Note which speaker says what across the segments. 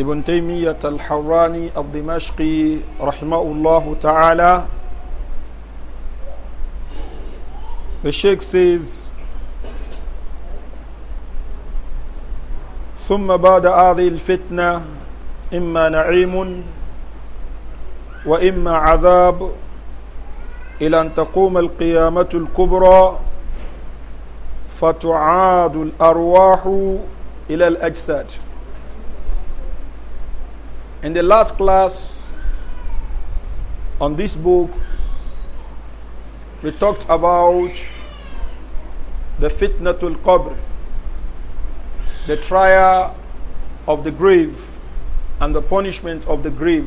Speaker 1: ابن تيمية الحراني الدمشقي رحمه الله تعالى The Sheikh says ثم بعد هذه الفتنة إما نعيم وإما عذاب إلى أن تقوم القيامة الكبرى فتعاد الأرواح إلى الأجساد In the last class on this book, we talked about the fitnatul qabr, the trial of the grave and the punishment of the grave.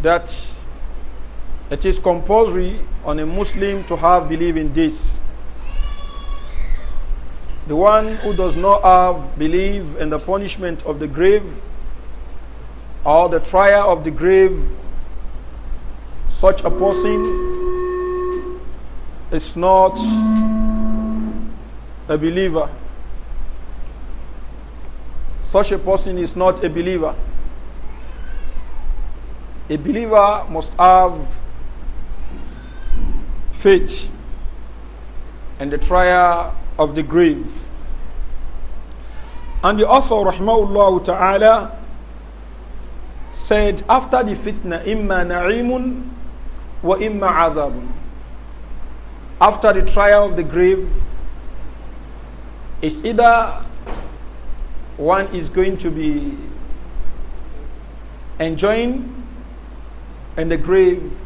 Speaker 1: That it is compulsory on a Muslim to have belief in this. The one who does not have belief in the punishment of the grave or the trial of the grave, such a person is not a believer. Such a person is not a believer. A believer must have faith and the trial of the grave. And the author, Rahmahullah Ta'ala, said after the fitna, imma na'imun wa imma After the trial of the grave, it's either one is going to be enjoying in the grave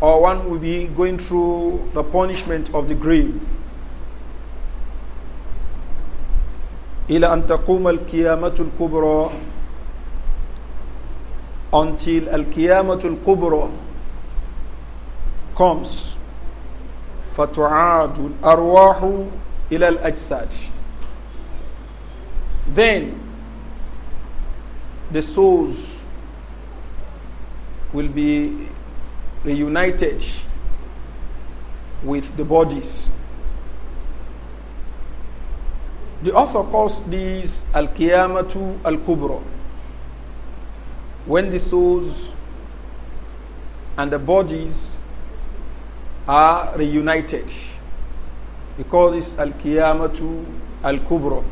Speaker 1: or one will be going through the punishment of the grave. إلى أن تقوم القيامة الكبرى until Al Qiyamatul Kubra comes. فَتُعَادُ ila al الْأَجْسَادِ Then the souls will be reunited with the bodies. The author calls these Al Qiyamatu Al Kubra when the souls and the bodies are reunited. We call this Al Qiyamatu Al Kubra.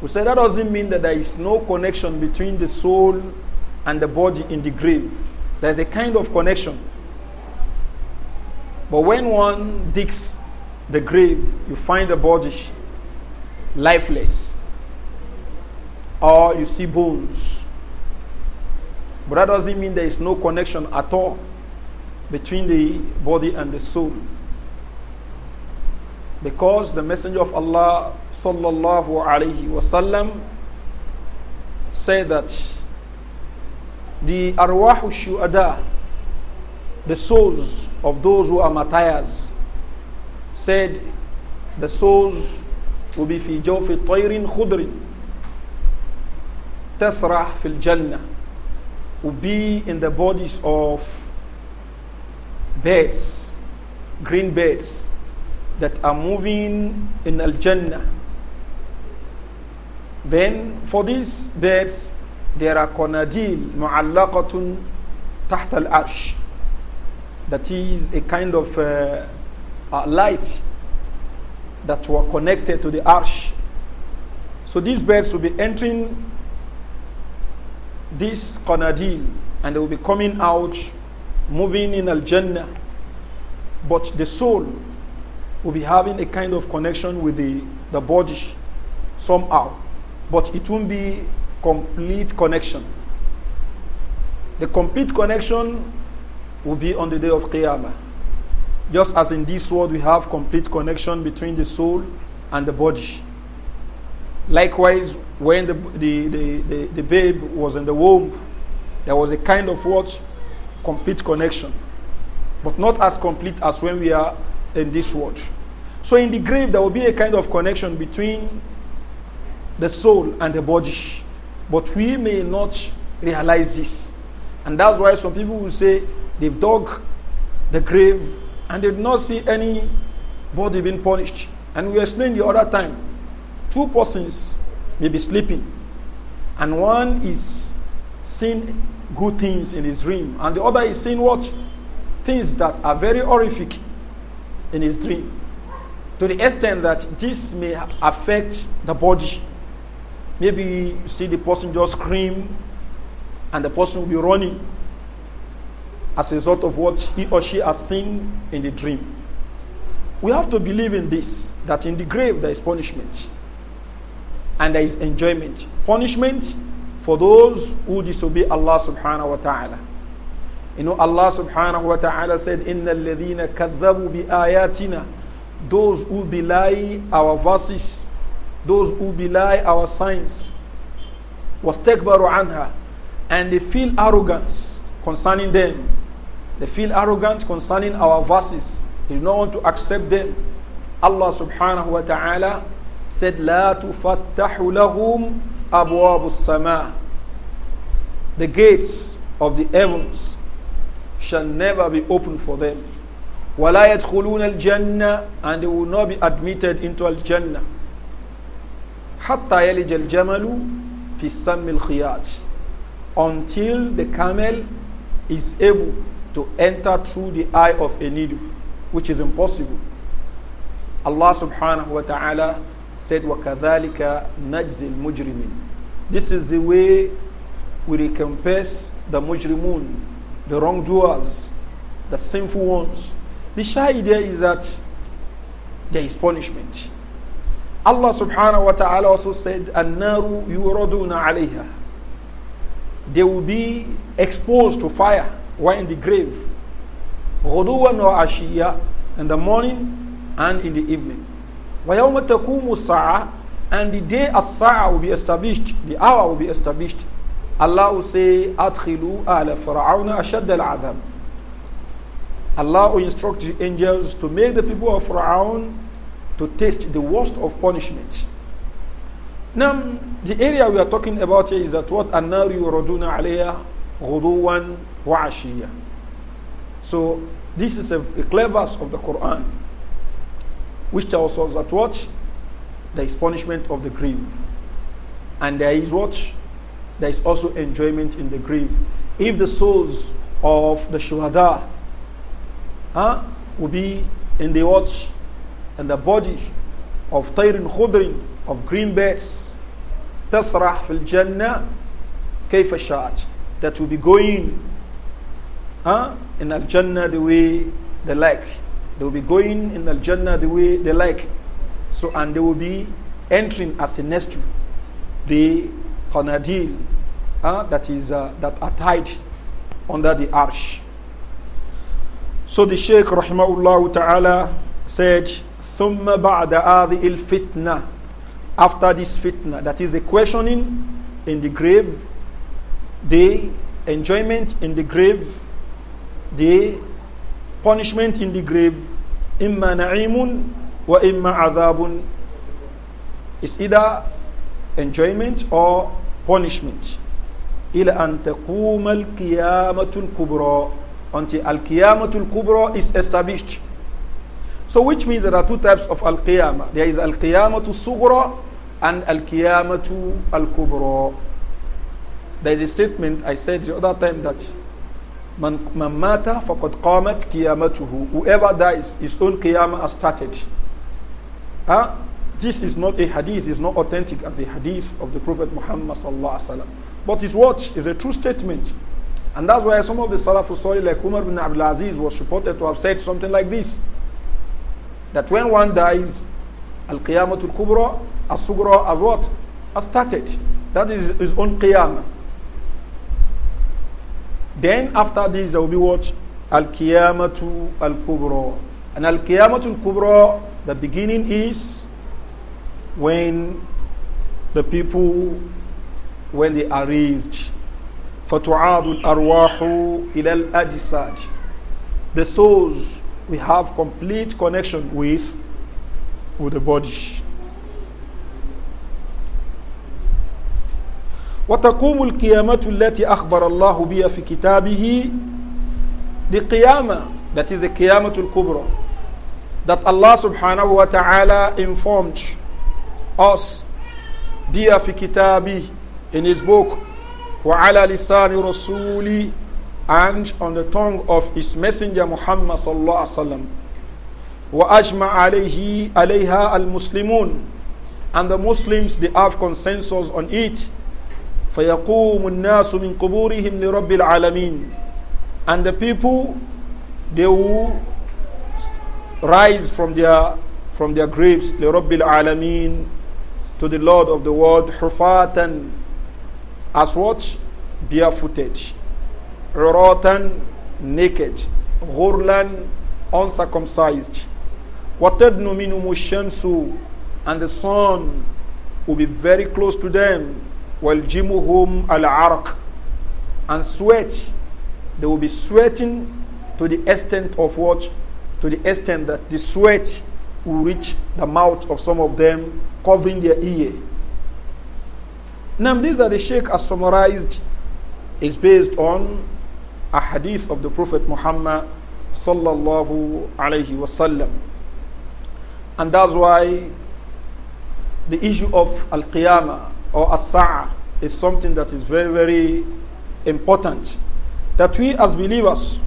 Speaker 1: We say that doesn't mean that there is no connection between the soul and the body in the grave. There's a kind of connection. But when one digs the grave, you find the body lifeless, or you see bones but that doesn't mean there is no connection at all between the body and the soul. Because the Messenger of Allah sallallahu alaihi wasallam said that the arwahu shuada, the souls of those who are martyrs, said the souls will be fi jawfi tayrin khudrin tasrah fil jannah will be in the bodies of birds, green birds that are moving in Al Jannah. Then for these birds, there are qanadil mu'allaqatun taht al ash. That is a kind of uh, light that were connected to the arsh. So these birds will be entering this Qanadil and they will be coming out, moving in Al Jannah. But the soul will be having a kind of connection with the, the body somehow. But it won't be complete connection. The complete connection will be on the day of Qiyamah. Just as in this world we have complete connection between the soul and the body. Likewise, when the, the, the, the, the babe was in the womb, there was a kind of what? Complete connection. But not as complete as when we are in this world. So in the grave, there will be a kind of connection between the soul and the body. But we may not realize this. And that's why some people will say they've dug the grave and they did not see any body being punished. And we explained the other time two persons may be sleeping and one is seeing good things in his dream and the other is seeing what things that are very horrific in his dream to the extent that this may affect the body maybe you see the person just scream and the person will be running as a result of what he or she has seen in the dream we have to believe in this that in the grave there is punishment and there is enjoyment. Punishment for those who disobey Allah subhanahu wa ta'ala. You know, Allah subhanahu wa ta'ala said, Inna الَّذِينَ كَذَّبُوا بِآيَاتِنَا Those who belie our verses, those who belie our signs, وَاسْتَكْبَرُوا عَنْهَا And they feel arrogance concerning them. They feel arrogant concerning our verses. They do not want to accept them. Allah subhanahu wa ta'ala said, لا تفتح لهم أبواب السماء The gates of the heavens shall never be opened for them. وَلَا يَدْخُلُونَ الْجَنَّةِ And they will not be admitted into الجنة حَتَّى يَلِجَ الْجَمَلُ فِي السَّمِّ الْخِيَاطِ Until the camel is able to enter through the eye of a needle, which is impossible. Allah subhanahu wa ta'ala said, وَكَذَلِكَ نَجْزِ الْمُجْرِمِينَ This is the way we recompense the mujrimun, the wrongdoers, the sinful ones. The shy idea is that there is punishment. Allah subhanahu wa ta'ala also said, النَّارُ يُرَدُونَ عَلَيْهَا They will be exposed to fire while in the grave. غُدُوًا وَعَشِيًّا In the morning and in the evening. وَيَوْمَ تَكُومُ السَّاعَةِ And the day as-sa'a will be established, the hour will be established. Allah will say, أَدْخِلُوا أَهْلَ فَرَعَوْنَ أَشَدَّ الْعَذَابِ Allah will instruct the angels to make the people of Fir'aun to taste the worst of punishment. Now, the area we are talking about here is that what annar yuraduna alayha ghuduwan wa So, this is a, a clever verse of the Quran which tells us that what? There is punishment of the grave. And there is what? There is also enjoyment in the grave. If the souls of the shuhada huh, will be in the what and the body of tayrin khudrin, of green beds, tasrah fil jannah Kaifashat, that will be going huh, in al-jannah the way they like. They will be going in the Jannah the way they like. So, and they will be entering as a nest, the qanadil, uh, that is uh, that are tied under the arch. So the Sheikh rahimahullah ta'ala said, ثُمَّ بَعْدَ il fitna, After this fitna, that is a questioning in the grave, the enjoyment in the grave, the punishment in the grave, إما نعيم وإما عذاب is either enjoyment or punishment إلى أن تقوم القيامة الكبرى until القيامة الكبرى is established so which means there are two types of القيامة there is القيامة الصغرى and القيامة الكبرى there is a statement I said the other time that Man, mata faqad qamat qiyamatuhu. Whoever dies, his own qiyamah has started. Huh? This is not a hadith, it's not authentic as a hadith of the Prophet Muhammad But his watch is a true statement. And that's why some of the Salafus Salih like Umar bin Abdul Aziz was reported to have said something like this. That when one dies, Al-Qiyamatul Kubra, As-Sugra, as what? has started. That is his own Qiyamah. Then after this, there will be what? Al-Qiyamatu Al-Kubra. And Al-Qiyamatu Al-Kubra, the beginning is when the people, when they are raised. فَتُعَادُ الْأَرْوَاحُ إِلَى الْأَجْسَادِ The souls, we have complete connection with, with the body. وتقوم القيامة التي أخبر الله بها في كتابه the Qiyamah that is the Qiyamatul Kubra that Allah subhanahu wa ta'ala informed us بها في كتابه in his book وعلى لسان رسولي and on the tongue of his messenger Muhammad sallallahu alaihi wasallam وأجمع عليه عليها المسلمون and the Muslims they have consensus on it فيقوم الناس من قبورهم لرب العالمين and the people they will rise from their from their graves لرب العالمين to the Lord of the world حفاة as what barefooted عراة naked غرلا uncircumcised وتدنو منهم الشمس and the sun will be very close to them al arq And sweat. They will be sweating to the extent of what? To the extent that the sweat will reach the mouth of some of them, covering their ear. Now, these are the Sheikh as summarized, is based on a hadith of the Prophet Muhammad sallallahu alayhi wasallam. And that's why the issue of Al Qiyamah or as is something that is very, very important. That we as believers,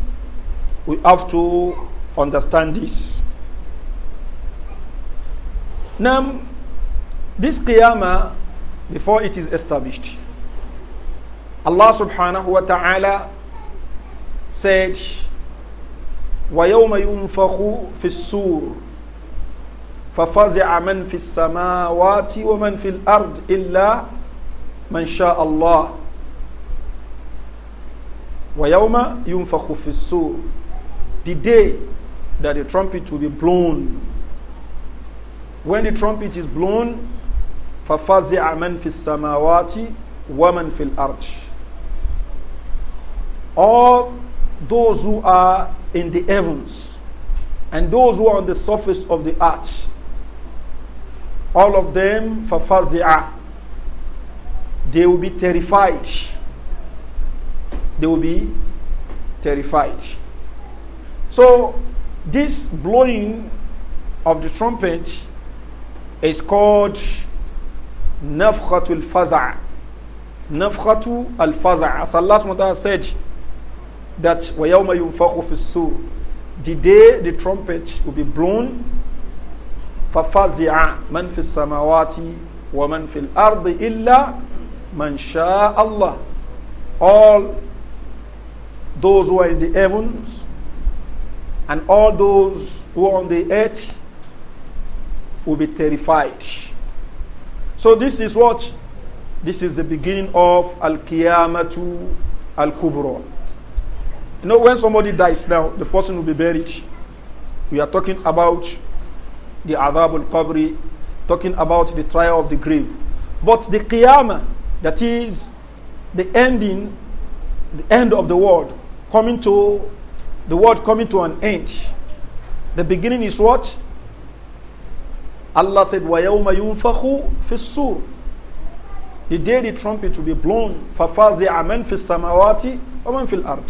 Speaker 1: we have to understand this. Now, this qiyamah, before it is established, Allah subhanahu wa ta'ala said, وَيَوْمَ يُنْفَخُ فِي السُّورِ فَفَزِعَ مَنْ فِي السَّمَاوَاتِ وَمَنْ فِي الْأَرْضِ إِلَّا مَنْ شَاءَ اللَّهِ وَيَوْمَ يُنْفَخُ فِي السُّورِ The day that the trumpet will be blown. When the trumpet is blown, فَفَزِعَ مَنْ فِي السَّمَاوَاتِ وَمَنْ فِي الْأَرْضِ All those who are in the heavens and those who are on the surface of the earth all of them fafazi'a they will be terrified they will be terrified so this blowing of the trumpet is called nafkhatul faza' nafkhatu al faza' as Allah SWT said that وَيَوْمَ يُنْفَخُ فِي السُّورِ the day the trumpet will be blown فَفَزِعَ مَنْ فِي السماوات وَمَنْ فِي الْأَرْضِ إِلَّا مَنْ شَاءَ اللَّهِ All those who are in the heavens and all those who are on the earth will be terrified. So this is what? This is the beginning of Al-Qiyamatu Al-Kubra. You know, when somebody dies now, the person will be buried. We are talking about the Adab al-Qabri, talking about the trial of the grave. But the Qiyamah, that is the ending, the end of the world, coming to the world coming to an end. The beginning is what? Allah said, وَيَوْمَ يُنْفَخُ فِي السُّورِ The day the trumpet will be blown, فَفَازِعَ مَنْ فِي السَّمَوَاتِ وَمَنْ فِي الْأَرْضِ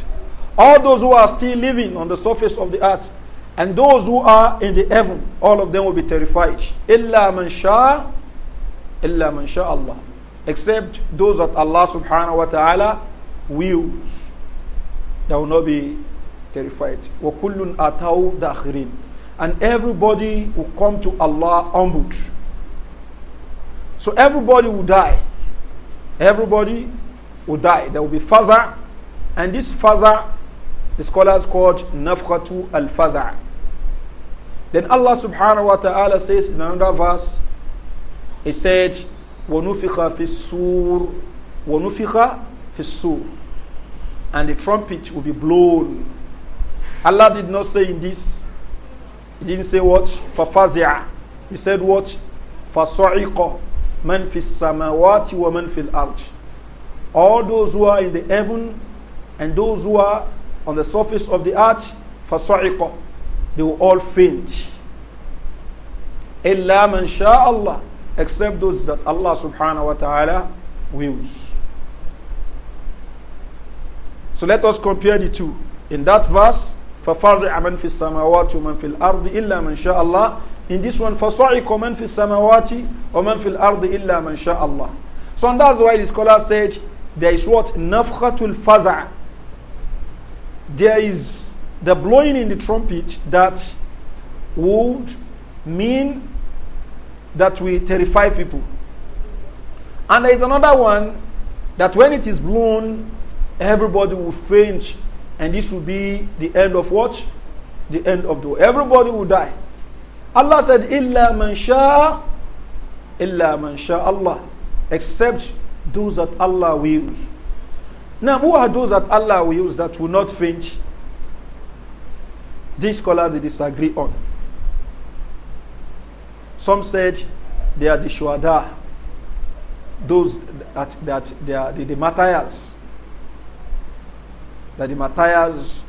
Speaker 1: All those who are still living on the surface of the earth, And those who are in the heaven, all of them will be terrified. Illa man sha, illa man sha Allah. Except those that Allah subhanahu wa ta'ala wills. They will not be terrified. وَكُلٌّ أَتَوْا دَاخِرِينَ And everybody will come to Allah humbled. So everybody will die. Everybody will die. There will be faza. And this faza The scholars called Nafkhatu al Faza. Then Allah subhanahu wa ta'ala says in another verse, He said, وَنُفِخَ فِي السُّورِ وَنُفِخَ فِي السُّورِ And the trumpet will be blown. Allah did not say in this, He didn't say what? فَفَزِعَ He said what? فَصَعِقَ مَنْ فِي السَّمَاوَاتِ وَمَنْ فِي الْأَرْضِ All those who are in the heaven and those who are on the surface of the earth, فَصَعِقَ They will all faint. إِلَّا مَنْ شَاءَ Allah, Except those that Allah subhanahu wa ta'ala wills. So let us compare the two. In that verse, فَفَازِعَ مَنْ فِي السَّمَاوَاتِ وَمَنْ فِي الْأَرْضِ إِلَّا مَنْ شَاءَ Allah. In this one, فَصَعِقَ مَنْ فِي السَّمَاوَاتِ وَمَنْ فِي الْأَرْضِ إِلَّا مَنْ شَاءَ Allah. So and that's why the scholar said, there is what? نَفْخَةُ الْفَزَعَ there is the blowing in the trumpet that would mean that we terrify people.
Speaker 2: And there is another
Speaker 1: one that when it is blown, everybody will faint, and this will be the end of what? The end of the world. Everybody will die. Allah said, Illa man sha, illa man sha Allah, except those that Allah wills. Now, who are those that Allah will use that will not faint? These scholars disagree on. Some said they are the shuhada, those that, that they are the, the martyrs, that the martyrs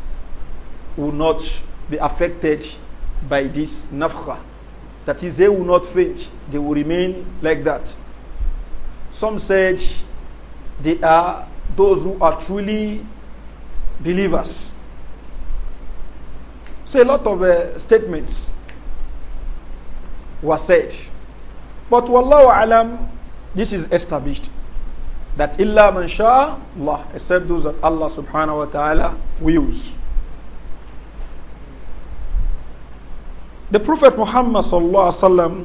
Speaker 1: will not be affected by this nafkha. That is, they will not faint, they will remain like that. Some said they are those who are truly believers. So a lot of uh, statements were said. But wallahu alam, this is established. That illa man sha Allah, except those that Allah subhanahu wa ta'ala wills. The Prophet Muhammad sallallahu wa sallam,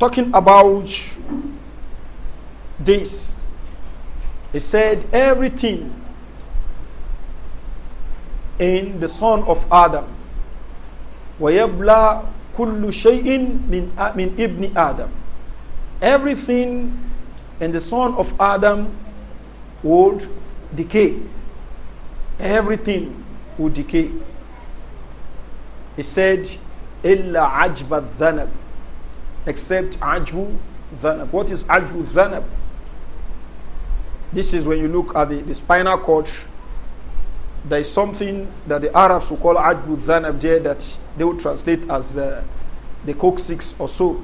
Speaker 1: talking about this he said, Everything in the son of Adam. وَيَبْلَى كُلُّ شَيْءٍ مِنْ, إِبْنِ Adam, Everything in the son of Adam would decay. Everything would decay. He said, إِلَّا عَجْبَ الذَّنَبِ Except عَجْبُ zanab. What is zanab?" This is when you look at the, the spinal cord. There is something that the Arabs will call Ajbu Zanabjeh that they would translate as uh, the coccyx or so.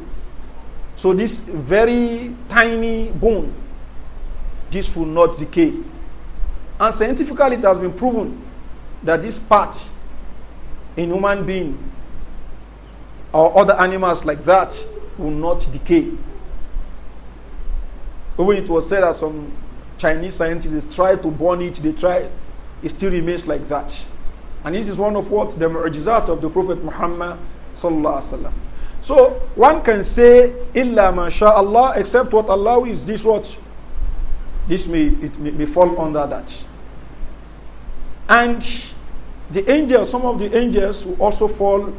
Speaker 1: So this very tiny bone, this will not decay. And scientifically it has been proven that this part in human being or other animals like that will not decay. Even it was said that some Chinese scientists try to burn it, they try, it still remains like that. And this is one of what the mu'jizat of the Prophet Muhammad sallallahu alaihi So one can say illa Allah, except what Allah is. This what this may it may, may fall under that. And the angels, some of the angels will also fall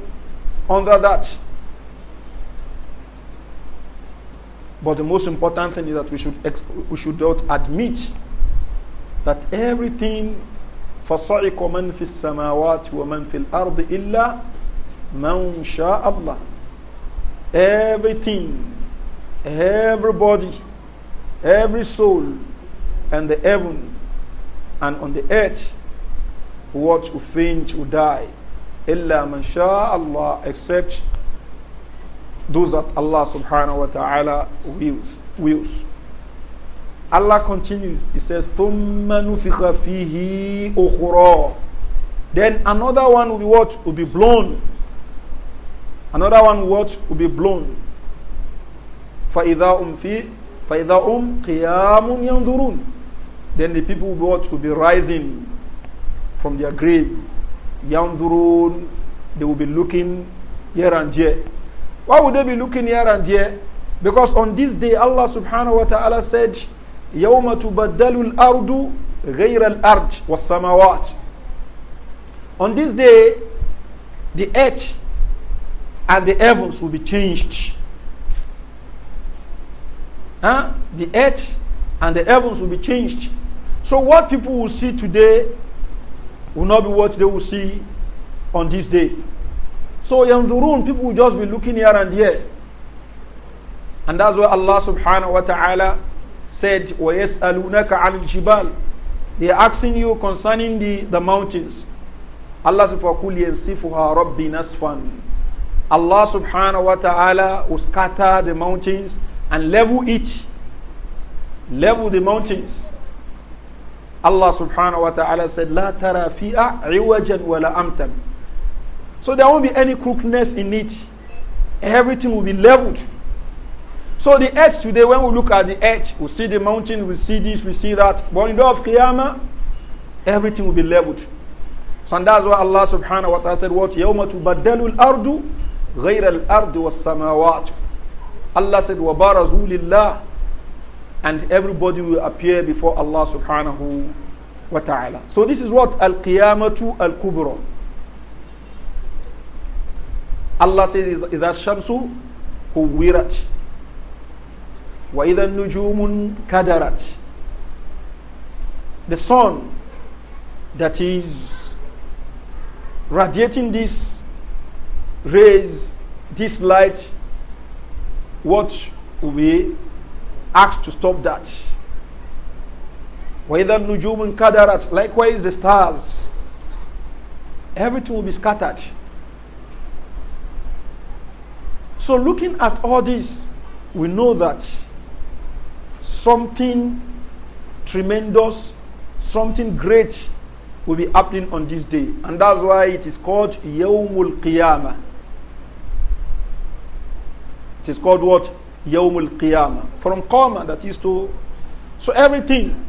Speaker 1: under that. But the most important thing is that we should, we should not admit that everything فَصَعِقَ مَنْ فِي السَّمَاوَاتِ وَمَنْ فِي الْأَرْضِ إِلَّا مَنْ شَاءَ اللَّهِ Everything, everybody, every soul, and the heaven, and on the earth, what to faint, who die, إِلَّا مَنْ شَاءَ اللَّهِ Except those that Allah subhanahu wa ta'ala wills. wills. Allah continues, He says, Then another one will be what? Will be blown. Another one what? Will be blown. Um um then the people will be what? Will be rising from their grave. They will be looking here and there. Why would they be looking here and there? Because on this day, Allah subhanahu wa ta'ala said, يَوْمَ تُبَدَّلُ الْأَرْضُ غَيْرَ الْأَرْضِ وَالسَّمَوَاتِ On this day, the earth and the heavens will be changed. Huh? The earth and the heavens will be changed. So what people will see today will not be what they will see on this day. So yanzurun, people will just be looking here and here. And that's why Allah subhanahu wa ta'ala said, وَيَسْأَلُونَكَ عَنِ الْجِبَالِ They are asking you concerning the, the mountains. Allah subhanahu Allah subhanahu wa ta'ala will scatter the mountains and level it. Level the mountains. Allah subhanahu wa ta'ala said, لا ترى فيها عوجا ولا أمتن so there won't be any crookedness in it. Everything will be leveled. So the earth today, when we look at the earth, we see the mountain, we see this, we see that. But in the day of Qiyamah, everything will be leveled. So and that's why Allah subhanahu wa ta'ala said, What? يَوْمَ تُبَدَّلُ الْأَرْضُ غَيْرَ الْأَرْضِ Samawat." Allah said, وَبَارَزُوا And everybody will appear before Allah subhanahu wa ta'ala. So this is what Al-Qiyamatu Al-Kubra. Allah says, إِذَا الشَّمْسُ كُوِّرَتْ وَإِذَا النُّجُومُ كَدَرَتْ The sun that is radiating these rays, this light, what we asked to stop that. وَإِذَا النُّجُومُ كَدَرَتْ Likewise the stars, everything will be scattered. So, looking at all this, we know that something tremendous, something great will be happening on this day. And that's why it is called Yawmul Qiyamah. It is called what? Yawmul Qiyamah. From Qama, that is to. So everything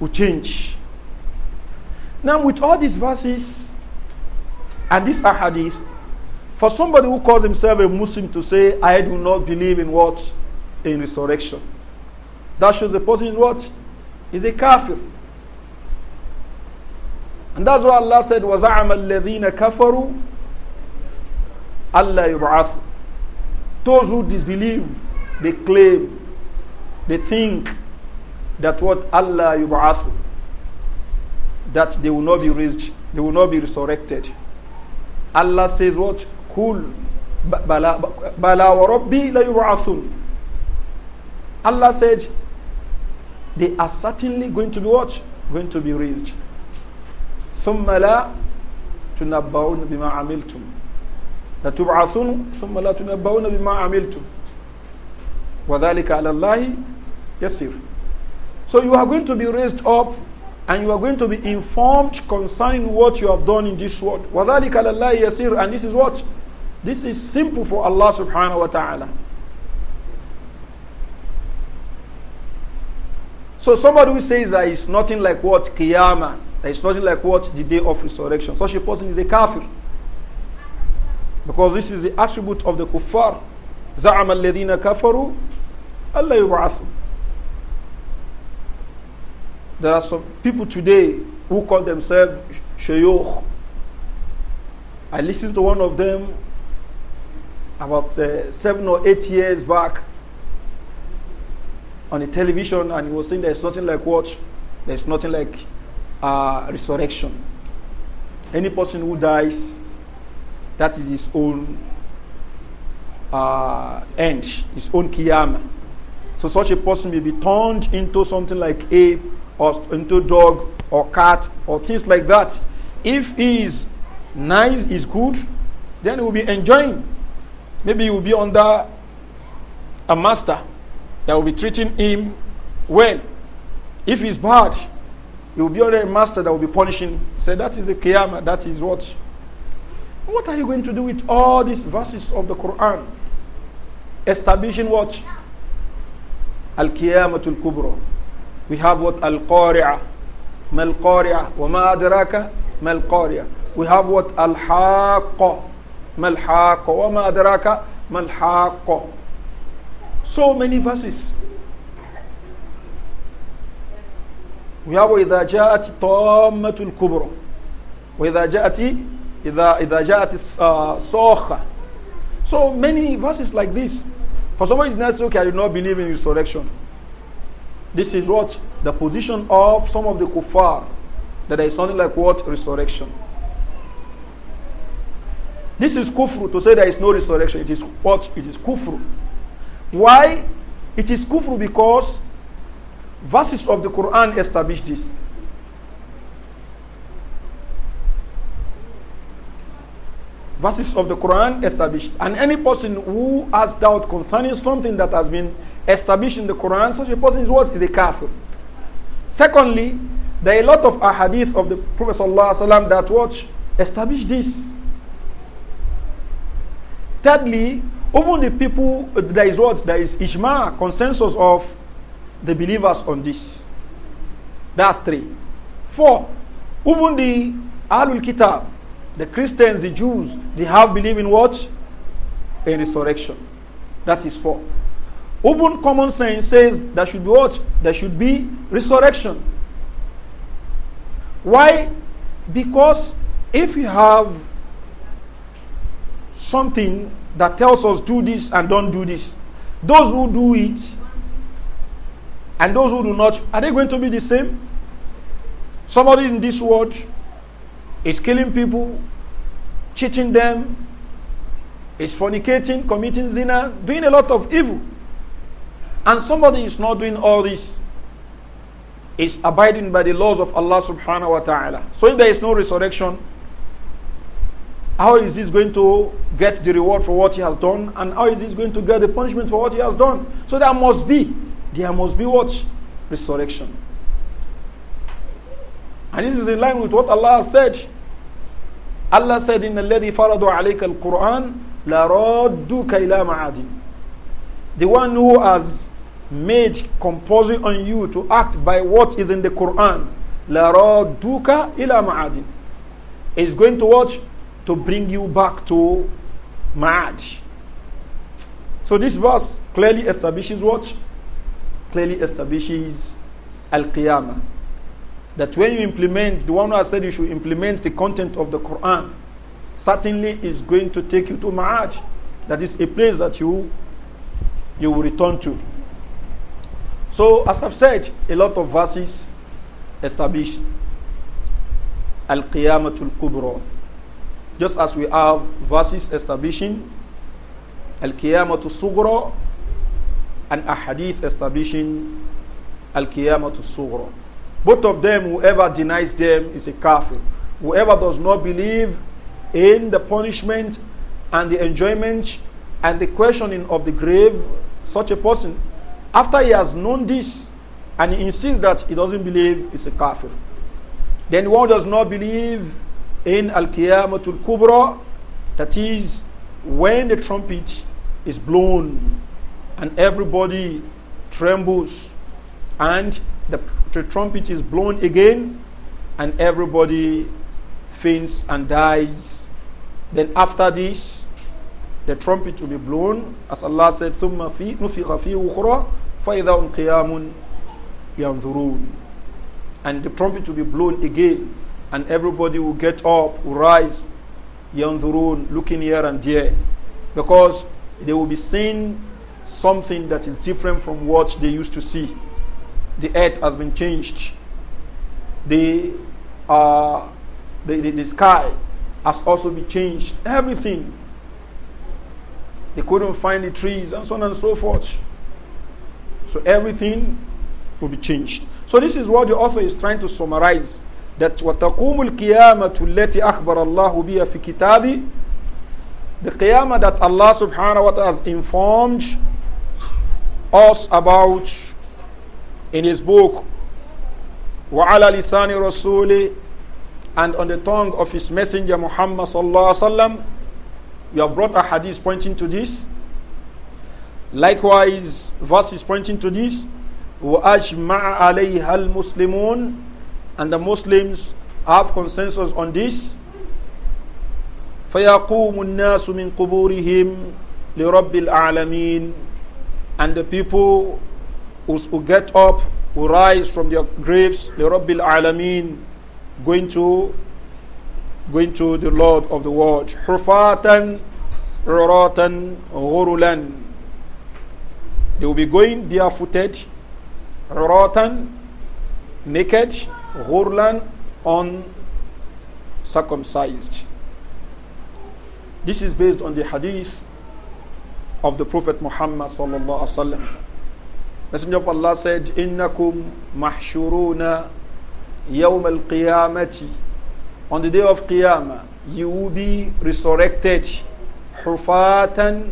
Speaker 1: will change. Now, with all these verses and this ahadith, for somebody who calls himself a Muslim to say, I do not believe in what? In resurrection. That shows the person is what? Is a kafir. And that's why Allah said, وَزَعَمَ الَّذِينَ كَفَرُوا Allah يُبْعَثُوا Those who disbelieve, they claim, they think that what Allah yub'athu, that they will not be raised, they will not be resurrected. Allah says what? Kul bala, bala wa rabbi la Allah said, they are certainly going to be what? Going to be raised. ثُمَّ لَا تُنَبَّعُونَ بِمَا عَمِلْتُمْ لا لَتُبْعَثُونَ ثُمَّ لَا تُنَبَّعُونَ بِمَا عَمِلْتُمْ وَذَلِكَ عَلَى اللَّهِ يَسِيرٌ So you are going to be raised up and you are going to be informed concerning what you have done in this world. وَذَلِكَ عَلَى اللَّهِ يَسِيرٌ And this is what? This is simple for Allah subhanahu wa ta'ala. So somebody who says that it's nothing like what? Qiyamah. That it's nothing like what? The day of resurrection. Such a person is a kafir. Because this is the attribute of the kuffar. زعم الذين كفروا Allah يبعثوا There are some people today who call themselves shayokh. I listened to one of them about uh, seven or eight years back on the television and he was saying there's nothing like what? There's nothing like uh, resurrection. Any person who dies, that is his own uh, end, his own kiyama. So such a person may be turned into something like ape or into dog or cat or things like that. If he is nice, is good, then he will be enjoying Maybe he will be under a master that will be treating him well. If he's bad, he will be under a master that will be punishing. Say, that is a qiyamah, that is what? What are you going to do with all these verses of the Quran? Establishing what? Al-Qiyamatul Kubra. We have what? Al-Qari'ah. Mal-Qari'ah. Wa ma adraka? Mal-Qari'ah. We have what? Al-Haqqa. ما الحق وما أدراك ما الحق so many verses we have وإذا جاءت طامة الكبرى وإذا جاءت إذا إذا جاءت الصاخة so many verses like this for somebody not say okay I do not believe in resurrection this is what the position of some of the kuffar that there is something like what resurrection This is kufru to say there is no resurrection. It is what? It is kufru. Why? It is kufru because verses of the Quran establish this. Verses of the Quran established. And any person who has doubt concerning something that has been established in the Quran, such a person is what? Is a kafir. Secondly, there are a lot of ahadith of the Prophet ﷺ that what? Establish this. Thirdly, even the people, uh, there is what? There is Ishma, consensus of the believers on this. That's three. Four, even the Ahlul Kitab, the Christians, the Jews, they have believed in what? A resurrection. That is four. Even common sense says there should be what? There should be resurrection. Why? Because if you have something that tells us do this and don't do this. Those who do it and those who do not, are they going to be the same? Somebody in this world is killing people, cheating them, is fornicating, committing zina, doing a lot of evil. And somebody is not doing all this, is abiding by the laws of Allah subhanahu wa ta'ala. So if there is no resurrection, how is he going to get the reward for what he has done? And how is he going to get the punishment for what he has done? So there must be, there must be what? Resurrection. And this is in line with what Allah said. Allah said, إِنَّ الَّذِي فَرَضُ عَلَيْكَ الْقُرْآنَ لَرَادُّكَ ila ma'adin The one who has made compulsory on you to act by what is in the Quran, لَرَادُّكَ ila ma'adin is going to watch to bring you back to Ma'aj. So this verse clearly establishes what? Clearly establishes Al-Qiyamah. That when you implement, the one who has said you should implement the content of the Quran, certainly is going to take you to Ma'aj. That is a place that you, you will return to. So as I've said, a lot of verses establish al al Kubra just as we have verses establishing Al-Qiyamatu Sughra and Ahadith establishing Al-Qiyamatu Sughra. Both of them, whoever denies them is a kafir. Whoever does not believe in the punishment and the enjoyment and the questioning of the grave, such a person, after he has known this and he insists that he doesn't believe, is a kafir. Then one does not believe in Al Qiyamatul Kubra, that is when the trumpet is blown and everybody trembles, and the, the trumpet is blown again, and everybody faints and dies. Then after this, the trumpet will be blown, as Allah said, ثُمَّ فِي نُفِخَ فِي أُخْرَى فَإِذَا قِيَامٌ يَنْظُرُونَ And the trumpet will be blown again and everybody will get up, will rise, yanzurun, looking here and there, because they will be seeing something that is different from what they used to see. The earth has been changed. The, uh, the, the, the sky has also been changed. Everything. They couldn't find the trees and so on and so forth. So everything will be changed. So this is what the author is trying to summarize that وَتَقُومُ الْقِيَامَةُ الَّتِي أَخْبَرَ اللَّهُ بِهَا فِي كتابي The Qiyamah that Allah subhanahu wa ta'ala has informed us about in His book وَعَلَى لِسَانِ رَسُولِ and on the tongue of His Messenger Muhammad sallallahu alaihi wasallam we have brought a hadith pointing to this likewise verses pointing to this وَأَجْمَعَ عَلَيْهَا الْمُسْلِمُونَ and the Muslims have consensus on this. فيقوم الناس من قبورهم لرب العالمين and the people who, who get up who rise from their graves لرب العالمين going to going to the Lord of the world حفاة عراة غرلا they will be going barefooted عراة naked Ghurlan uncircumcised. This is based on the hadith of the Prophet Muhammad sallallahu alaihi Messenger of Allah said, "Innakum mahshuruna yawm al-qiyamati." On the day of Qiyamah, you will be resurrected, hufatan,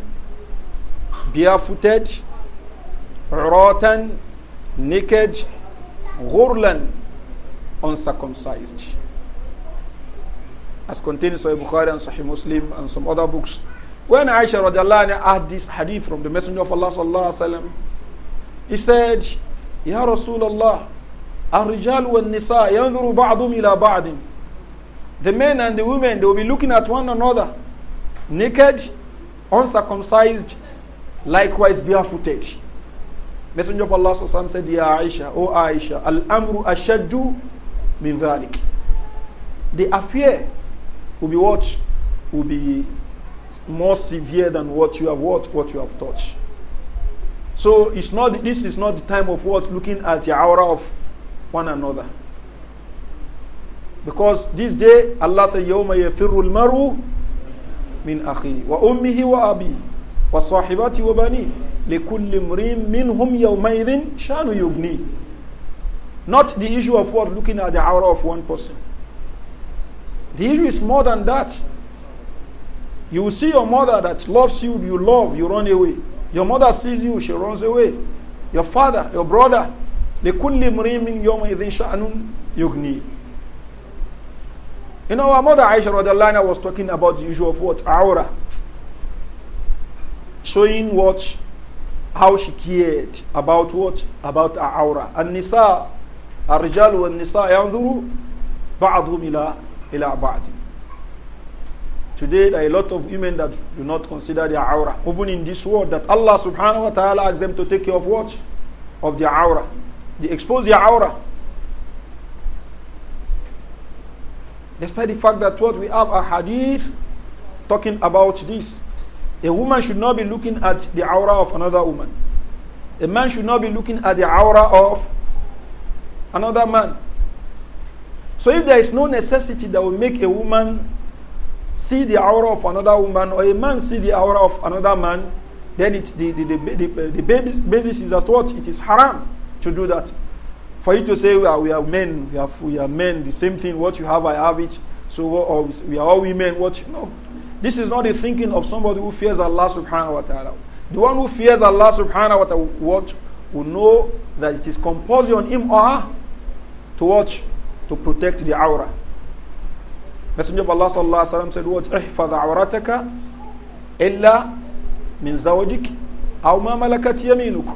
Speaker 1: barefooted, rotten, naked, ghurlan, uncircumcised. As contained in Sahih Bukhari and Sahih Muslim and some other books. When Aisha radiallahu anha had this hadith from the Messenger of Allah sallallahu alaihi wasallam, he said, "Ya Rasulullah, الرجال والنساء ينظر بعضهم إلى بعض." The men and the women they will be looking at one another, naked, uncircumcised, likewise barefooted. Messenger of Allah sallallahu alaihi wasallam said, "Ya Aisha, O Aisha, al-amru ashaddu min dhalik. The affair will be what? Will be more severe than what you have watched, what you have touched. So it's not this is not the time of what looking at the aura of one another. Because this day Allah said Yawma yafirul maru min akhi wa ummihi wa abi wa sahibati wa bani likulli imrin minhum yawma idhin shanu yugni. Not the issue of what looking at the aura of one person. The issue is more than that. You will see your mother that loves you, you love, you run away. Your mother sees you, she runs away. Your father, your brother, لكل امرئ من يومئذ شأن يغنيه you know, our mother Aisha Radalana was talking about the issue of what? Aura. Showing what? How she cared about what? About her aura. And Nisa الرجال والنساء ينظر بعضهم إلى إلى بعض. Today there are a lot of women that do not consider their aura. Even in this world that Allah subhanahu wa ta'ala asks them to take care of what? Of their aura. They expose their aura. Despite the fact that what we have a hadith talking about this. A woman should not be looking at the aura of another woman. A man should not be looking at the aura of another man. So if there is no necessity that will make a woman see the aura of another woman or a man see the aura of another man, then it, the, the, the, the, basis is that what? It is haram to do that. For you to say we are, we are men, we are, we are men, the same thing, what you have, I have it. So we are all women, what you know. This is not the thinking of somebody who fears Allah subhanahu wa ta'ala. The one who fears Allah subhanahu wa ta'ala will know that it is compulsory on him or her to watch to protect the aura. Messenger of Allah sallallahu alaihi wasallam said, "What ihfaz awrataka illa min zawjik aw ma malakat yaminuk."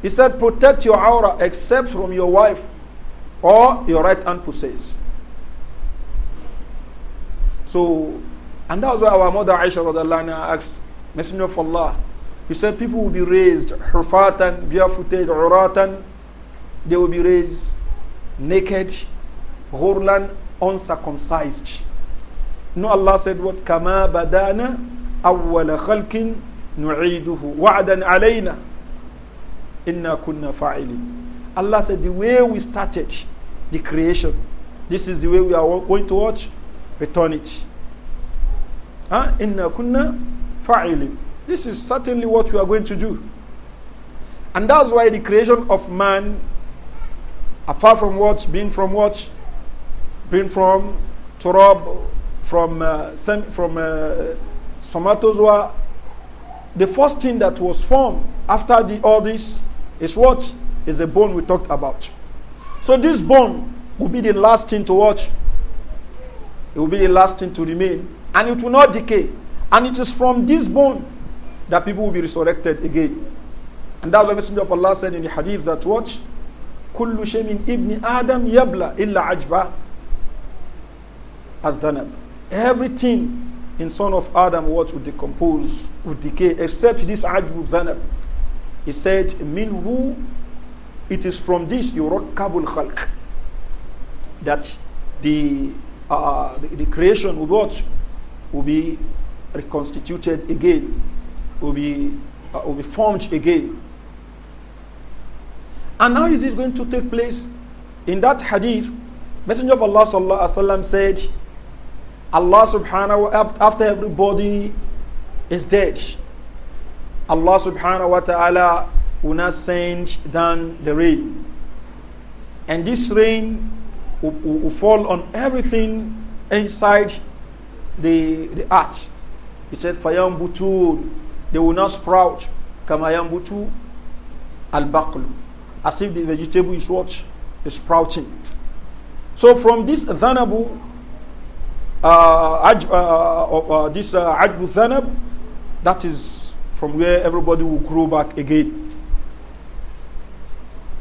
Speaker 1: He said, "Protect your aura except from your wife or your right hand possess." So, and that was why our mother Aisha radiallahu asked Messenger of Allah, he said, "People will be raised hurfatan, barefooted, uratan. They will be raised naked, ghurlan, uncircumcised. No, Allah said what? Kama badana awwala khalkin nu'iduhu wa'dan alayna inna kunna fa'ilin. Allah said the way we started the creation, this is the way we are going to watch, return it. Huh? Inna kunna fa'ilin. This is certainly what we are going to do. And that's why the creation of man Apart from what? Being from what? Being from Turab, from, uh, sem- from uh, somatozoa. The first thing that was formed after the, all this is what? Is the bone we talked about. So this bone will be the last thing to watch. It will be the last thing to remain. And it will not decay. And it is from this bone that people will be resurrected again. And that's what Messenger of Allah said in the hadith that what? كل شيء من ابن آدم يبلى إلا عجبا الذنب everything in son of Adam what would decompose would decay except this عجب الذنب he said منه it is from this يركب الخلق that the, uh, the, the creation would what will be reconstituted again will be uh, will be formed again And now is this going to take place? In that hadith, Messenger of Allah sallallahu alaihi wasallam said, Allah subhanahu wa after everybody is dead, Allah subhanahu wa ta'ala will not send down the rain. And this rain will, will, will fall on everything inside the, the earth. He said, Fayambutu, they will not sprout. Kamayambutu al-baqlu as if the vegetable is what? Is sprouting. So from this Zanabu, uh, uh, uh, uh, this uh, Ajbu Zanab, that is from where everybody will grow back again.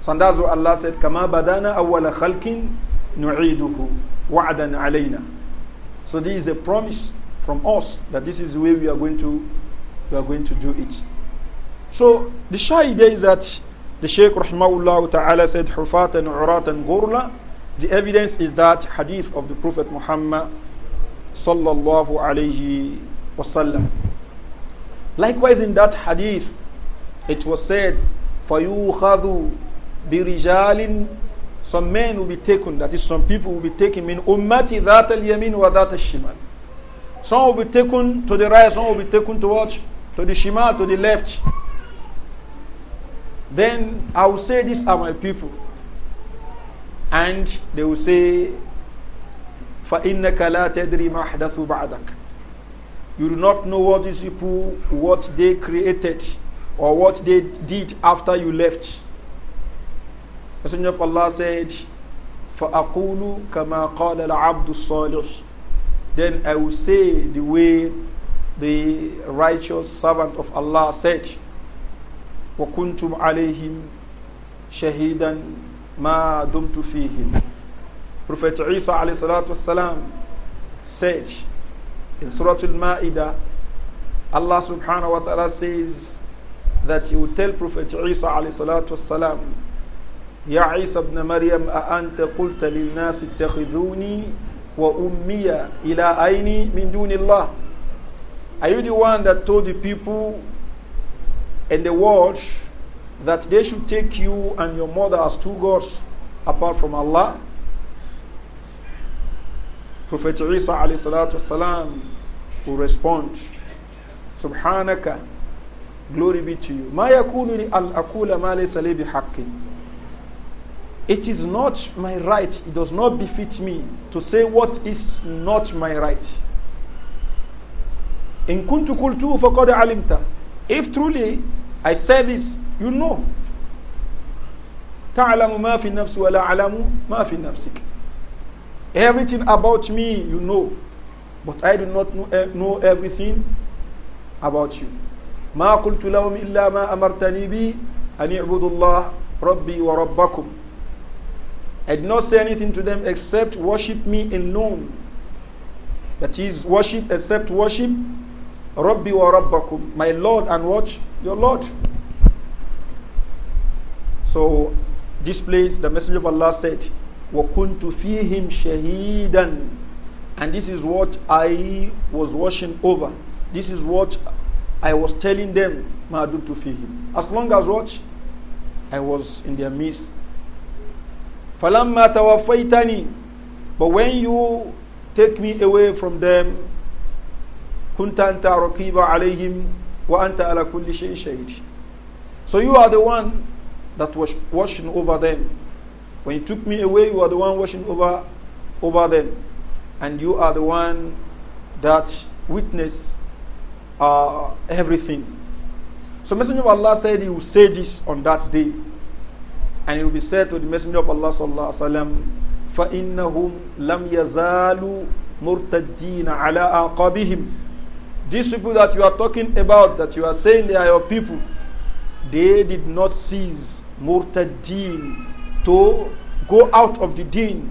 Speaker 1: So and that's what Allah said, كَمَا بَدَانَا أَوَّلَ خَلْقٍ نُعِيدُهُ waadan alayna." So this is a promise from us that this is the way we are going to, we are going to do it. So the shy idea is that the Shaykh rahimahullah ta'ala said, Hufat and Urat and Gurla. The evidence is that hadith of the Prophet Muhammad sallallahu alayhi wasallam. Likewise, in that hadith, it was said, فَيُوخَذُ بِرِجَالٍ Some men will be taken, that is, some people will be taken, min ummati ذَاتَ الْيَمِينُ وَذَاتَ الشِّمَالِ Some will be taken to the right, some will be taken to To the shimal, to the left. Then I will say, These are my people. And they will say, فَإِنَّكَ لَا تَدْرِي مَا حَدَثُ بَعْدَكَ You do not know what these people, what they created or what they did after you left. Messenger of Allah said, فَأَقُولُ كَمَا قَالَ الْعَبْدُ الصَّالِحِ Then I will say the way the righteous servant of Allah said, وكنتم عليهم شهيدا ما دمت فيهم Prophet Isa alayhi salatu wasalam said in Surah Al-Ma'idah Allah subhanahu wa ta'ala says that he would tell Prophet Isa alayhi salatu wasalam يا عيسى ابن qulta lil قلت للناس wa ummiya ila ayni min duni Allah Are you the one that told the people And the watch that they should take you and your mother as two gods apart from Allah? Prophet Isa والسلام, will respond, Subhanaka, glory be to you. It is not my right, it does not befit me to say what is not my right. In كنت قلته فقد if truly I say this, you know. تعلم ما في النفس ولا علم ما في نفسك. Everything about me you know, but I do not know, eh, know everything about you. ما قلت لهم إلا ما أمرتني به أن اعبدوا الله ربي وربكم. I did not say anything to them except worship me alone. That is worship except worship Rabbi wa Rabbakum, my Lord and what? Your Lord. So this place, the Messenger of Allah said, وَكُنْتُ Him, shahidan." And this is what I was watching over. This is what I was telling them, مَعْدُبْتُ Him." As long as what? I was in their midst. فَلَمَّا تَوَفَّيْتَنِي But when you take me away from them, كنت أنت رقيب عليهم وأنت على كل شيء شهيد So you are the one that was watching over them. When you took me away, you are the one watching over, over them. And you are the one that witness uh, everything. So Messenger of Allah said he will say this on that day. And it will be said to the Messenger of Allah sallallahu alaihi wasallam, فَإِنَّهُمْ لَمْ يَزَالُوا مُرْتَدِّينَ عَلَىٰ أَعْقَابِهِمْ These people that you are talking about, that you are saying they are your people, they did not seize murtadeen to go out of the deen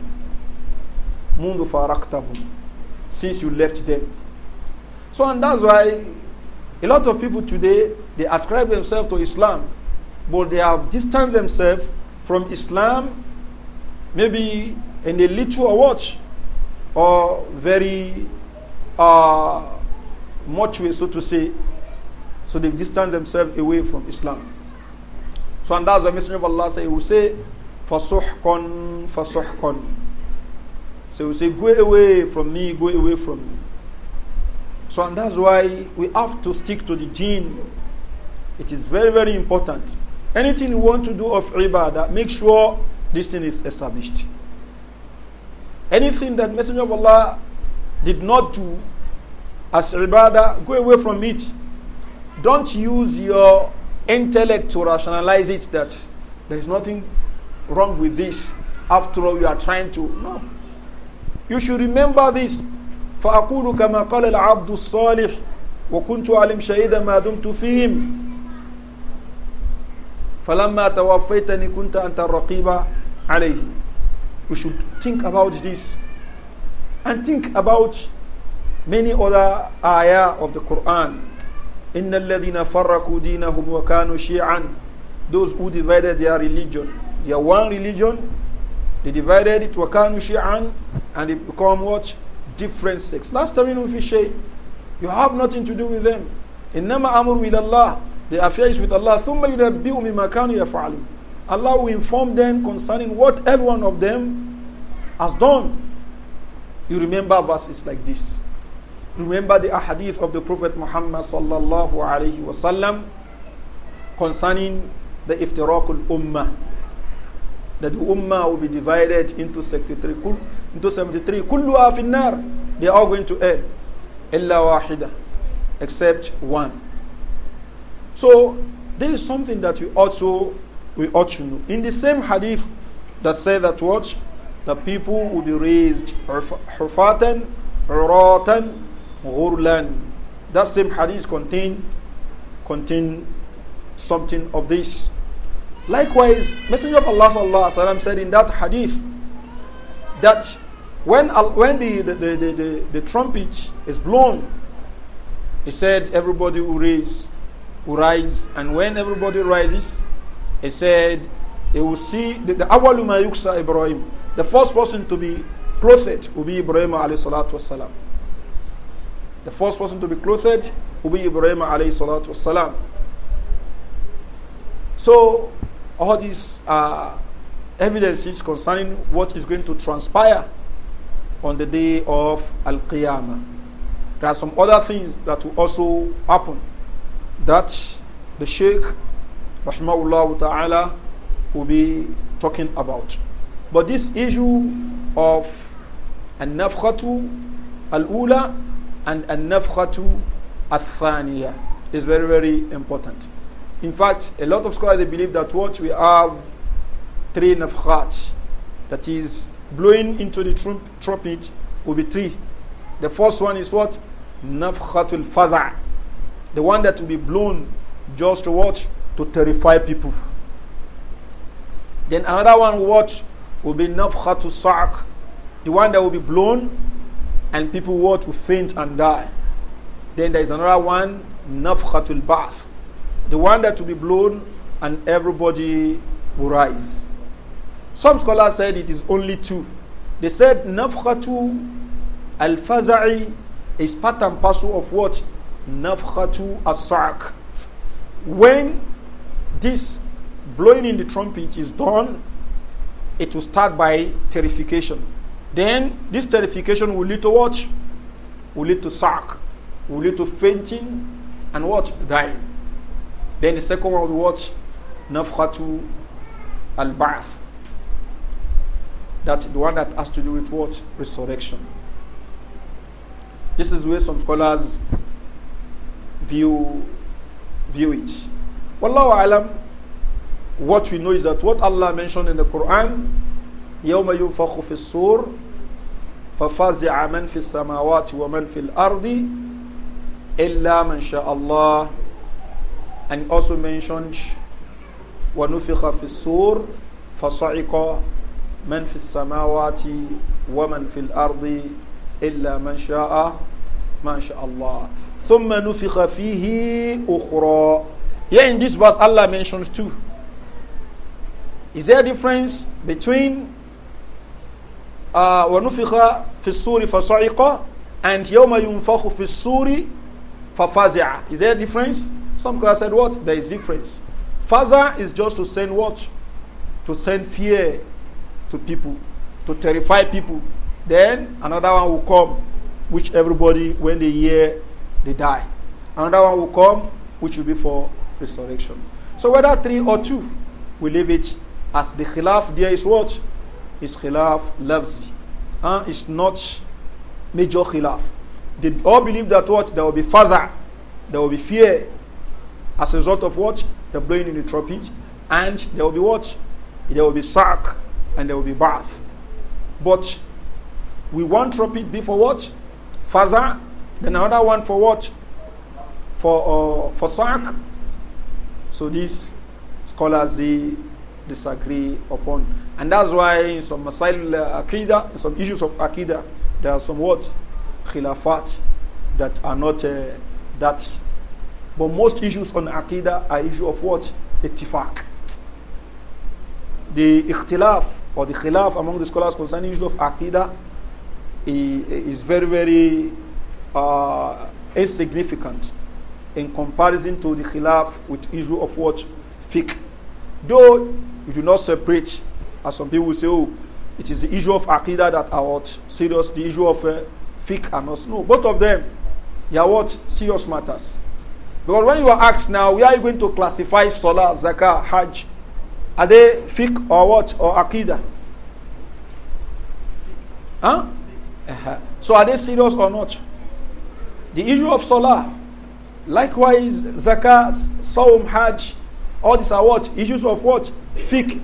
Speaker 1: mundu faraktahum since you left them so and that's why a lot of people today they ascribe themselves to islam but they have distanced themselves from islam maybe in a little watch or very uh, way, so to say. So they distance themselves away from Islam. So and that's the Messenger of Allah say, he will say, Fasuhkon, Fasuhkon. So he will say, go away from me, go away from me. So and that's why we have to stick to the gene. It is very, very important. Anything you want to do of ibadah, make sure this thing is established. Anything that Messenger of Allah did not do, as ibadah, go away from it. Don't use your intellect to rationalize it that there is nothing wrong with this. After all, you are trying to. No. You should remember this. فأقول كما قال العبد الصالح وكنت أعلم شهيدا ما دمت فيهم فلما توفيتني كنت أنت الرقيب عليه We should think about this and think about many other ayah of the Quran. Inna alladhina farraku dinahum wa kanu shi'an. Those who divided their religion. Their one religion, they divided it wa kanu shi'an and they become what? Different sects. Last time in Fishay, you have nothing to do with them. Innama amru with Allah. The affair is with Allah. Thumma yunabbi'u mimma kanu yaf'alun. Allah will inform them concerning what every one of them has done. You remember verses like this remember the ahadith of the Prophet Muhammad sallallahu alayhi wasallam concerning the al ummah that the ummah will be divided into 73 into 73 kulluha finnar they are going to hell illa wahida except one so there is something that we also we ought to know in the same hadith that said that what the people will be raised hufatan land. That same hadith contain, contain something of this. Likewise, Messenger of Allah sallallahu alaihi wasallam said in that hadith that when, when the, the, the, the, the trumpet is blown, he said everybody will raise, will rise, and when everybody rises, he said they will see the, the awaluma yuksa Ibrahim, the first person to be prophet, will be Ibrahim alayhi salatu wasalam. The first person to be clothed will be Ibrahim alayhi salatu wasalam. So all these uh, evidences concerning what is going to transpire on the day of Al-Qiyamah. There are some other things that will also happen that the Sheikh Rahimahullah Ta'ala will be talking about. But this issue of An-Nafkhatu Al-Ula and an-nafkhatu athaniya is very, very important. In fact, a lot of scholars they believe that what we have three nafkhat, that is blowing into the trump, trumpet will be three. The first one is what? Nafkhatul faza. The one that will be blown just to watch to terrify people. Then another one watch will be nafkhatul sa'q. The one that will be blown and people were to faint and die. Then there is another one, Nafhatul bas the one that will be blown and everybody will rise. Some scholars said it is only two. They said Nafkhatu al Faza'i is part and parcel of what? Nafkhatu as When this blowing in the trumpet is done, it will start by terrification. then this terrification will lead to what? Will lead to sack, will lead to fainting and what? Dying. Then the second one will what? Nafkhatu al Ba'ath. That's the one that has to do with what? Resurrection. This is where some scholars view view it. Wallahu alam, what we know is that what Allah mentioned in the Quran يوم ينفخ في الصور ففزع من في السماوات ومن في الأرض إلا من شاء الله and also mentioned ونفخ في الصور فصعق من في السماوات ومن في الأرض إلا من شاء ما شاء الله ثم نفخ فيه أخرى Here in this verse Allah mentions two Is there a difference between uh, wanufikha fi suri fasaiqa and yawma yunfakhu fi suri fafazi'a. Is there a difference? Some scholars said what? There is difference. Faza is just to send what? To send fear to people, to terrify people. Then another one will come, which everybody, when they hear, they die. Another one will come, which will be for resurrection. So whether three or two, we leave it as the khilaf there is what? is khilaf lafzi and it's not major khilaf. They all believe that what? There will be faza, there will be fear as a result of what? The blowing in the trumpet and there will be what? There will be sack and there will be bath. But we want trumpet be for what? Faza, then another one for what? For, uh, for sack. So these scholars, they disagree upon. And that's why in some masail uh, akida, in some issues of akida, there are some what? Khilafat that are not uh, that. But most issues on akida are issue of what? Ittifaq. The ikhtilaf or the khilaf among the scholars concerning issues of akida is very, very uh, insignificant in comparison to the khilaf with issue of what? Fiqh. Though you do not separate As some people say, oh, it is the issue of akida that are what serious, the issue of uh, fiqh and us. No, both of them, they are what serious matters. Because when you are asked now, where are you going to classify Salah, Zakah, Hajj? Are they fiqh or what? Or akida? Huh? Uh -huh. So are they serious or not? The issue of Salah, likewise, Zakah, Saum, Hajj, all these are what? Issues of what? Fiqh.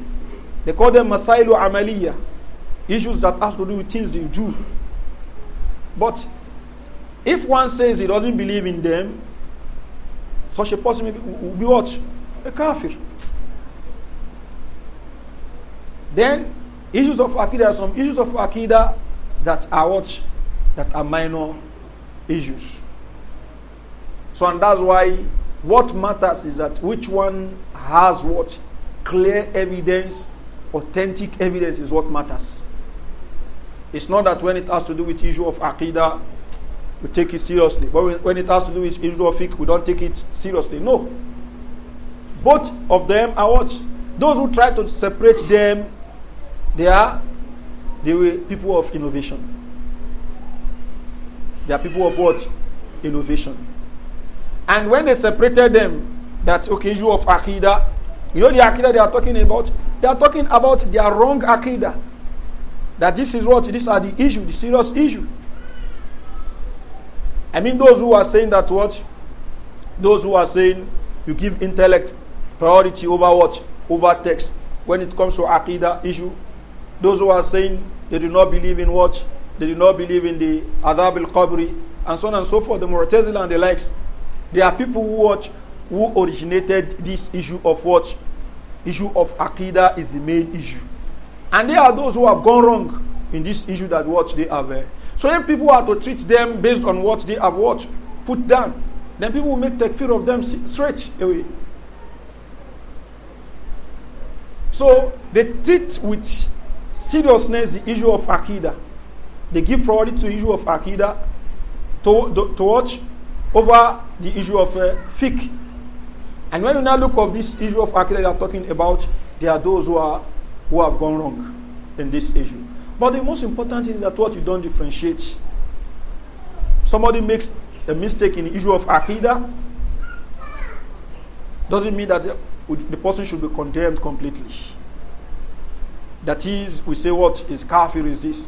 Speaker 1: They call them Masailu Amaliya, issues that have to do with things they do. But if one says he doesn't believe in them, such a person will be what? A kafir. Then issues of Akida, some issues of Akida that are what? That are minor issues. So, and that's why what matters is that which one has what? Clear evidence authentic evidence is what matters. It's not that when it has to do with issue of aqidah, we take it seriously. But when it has to do with issue of fiqh, we don't take it seriously. No. Both of them are what? Those who try to separate them, they are they were people of innovation. They are people of what? Innovation. And when they separated them, that okay, issue of aqidah, you know the akida they are talking about? They are talking about their wrong akida. That this is what, these are the issue, the serious issue. I mean those who are saying that what? Those who are saying you give intellect priority over what? Over text. When it comes to akida issue, those who are saying they do not believe in what? They do not believe in the Adab al-Qabri and so on and so forth, the Mu'tazila and the likes. There are people who watch who originated this issue of what? Issue of Akida is the main issue. And there are those who have gone wrong in this issue that what they have. Uh, so if people are to treat them based on what they have what put down, then people will make takfir of them straight away. So they treat with seriousness the issue of Akida. They give priority to the issue of Akida to, to, to watch over the issue of uh, fiqh And when you now look at this issue of Akida they are talking about, there are those who, are, who have gone wrong in this issue. But the most important thing is that what you don't differentiate. Somebody makes a mistake in the issue of Akida, doesn't mean that the, the person should be condemned completely. That is, we say what is kafir is this.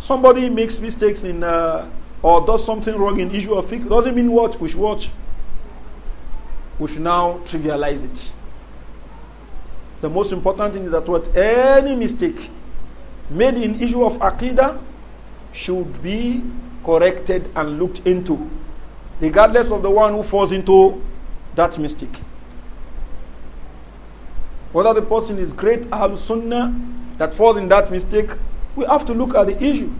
Speaker 1: Somebody makes mistakes in uh, or does something wrong in issue of fiqh doesn't mean what we should watch we should now trivialize it. The most important thing is that what any mistake made in issue of Aqidah should be corrected and looked into, regardless of the one who falls into that mistake. Whether the person is great Ahl Sunnah that falls in that mistake, we have to look at the issue.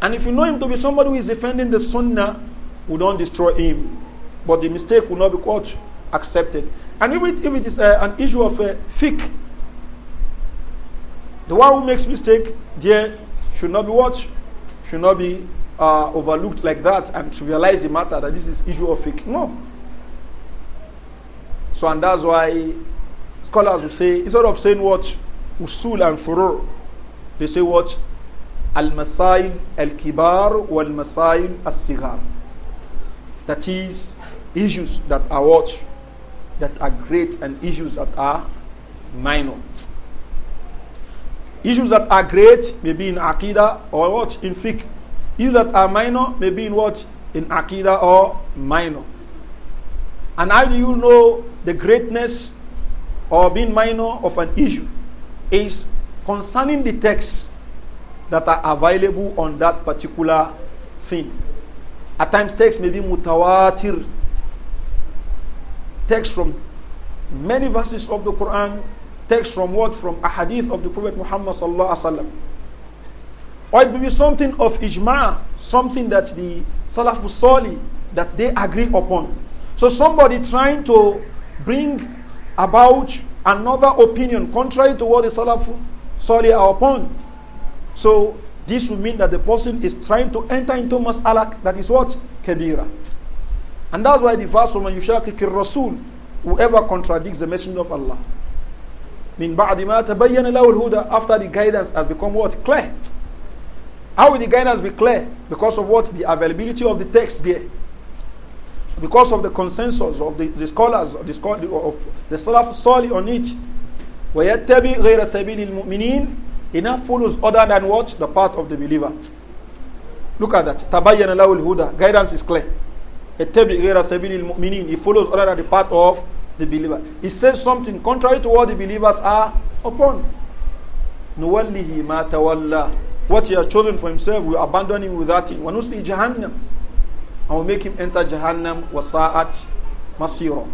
Speaker 1: And if you know him to be somebody who is defending the Sunnah, we don't destroy him. But the mistake will not be caught accepted. And if it, if it is uh, an issue of uh, fiqh, the one who makes mistake there should not be watched, should not be uh, overlooked like that and trivialize the matter that this is issue of fiqh. No. So and that's why scholars will say, instead of saying what usul and furor, they say what al-masail al-kibar wal-masail al-sigar. That is, issues that are watched that are great and issues that are minor. Issues that are great may be in akida or what? In fiqh. Issues that are minor may be in what? In akida or minor. And how do you know the greatness or being minor of an issue? Is concerning the texts that are available on that particular thing. At times, texts may be mutawatir text from many verses of the Quran, text from what? From a hadith of the Prophet Muhammad sallallahu alaihi wasallam. Or it may be something of ijma, something that the Salafus Sali, that they agree upon. So somebody trying to bring about another opinion contrary to what the Salafus Sali are upon. So this would mean that the person is trying to enter into mas'ala that is what? Kabira. And that's why the verse from Yushakikir Rasul, whoever contradicts the messenger of Allah. Min ba'dima tabayyana lahu huda after the guidance has become what? Clear. How will the guidance be clear? Because of what? The availability of the text there. Because of the consensus of the, the scholars of the, of the Salaf solely on it. وَيَتَّبِي غَيْرَ سَبِيلِ الْمُؤْمِنِينَ He now follows other than what? The path of the believer. Look at that. تَبَيَّنَ لَهُ الْهُدَى Guidance is clear. He follows other than the path of the believer. He says something contrary to what the believers are upon. Nuwallihi ma tawalla. What he has chosen for himself, we abandon him without him. thing. Wanusli jahannam. And we make him enter jahannam wasa'at masira.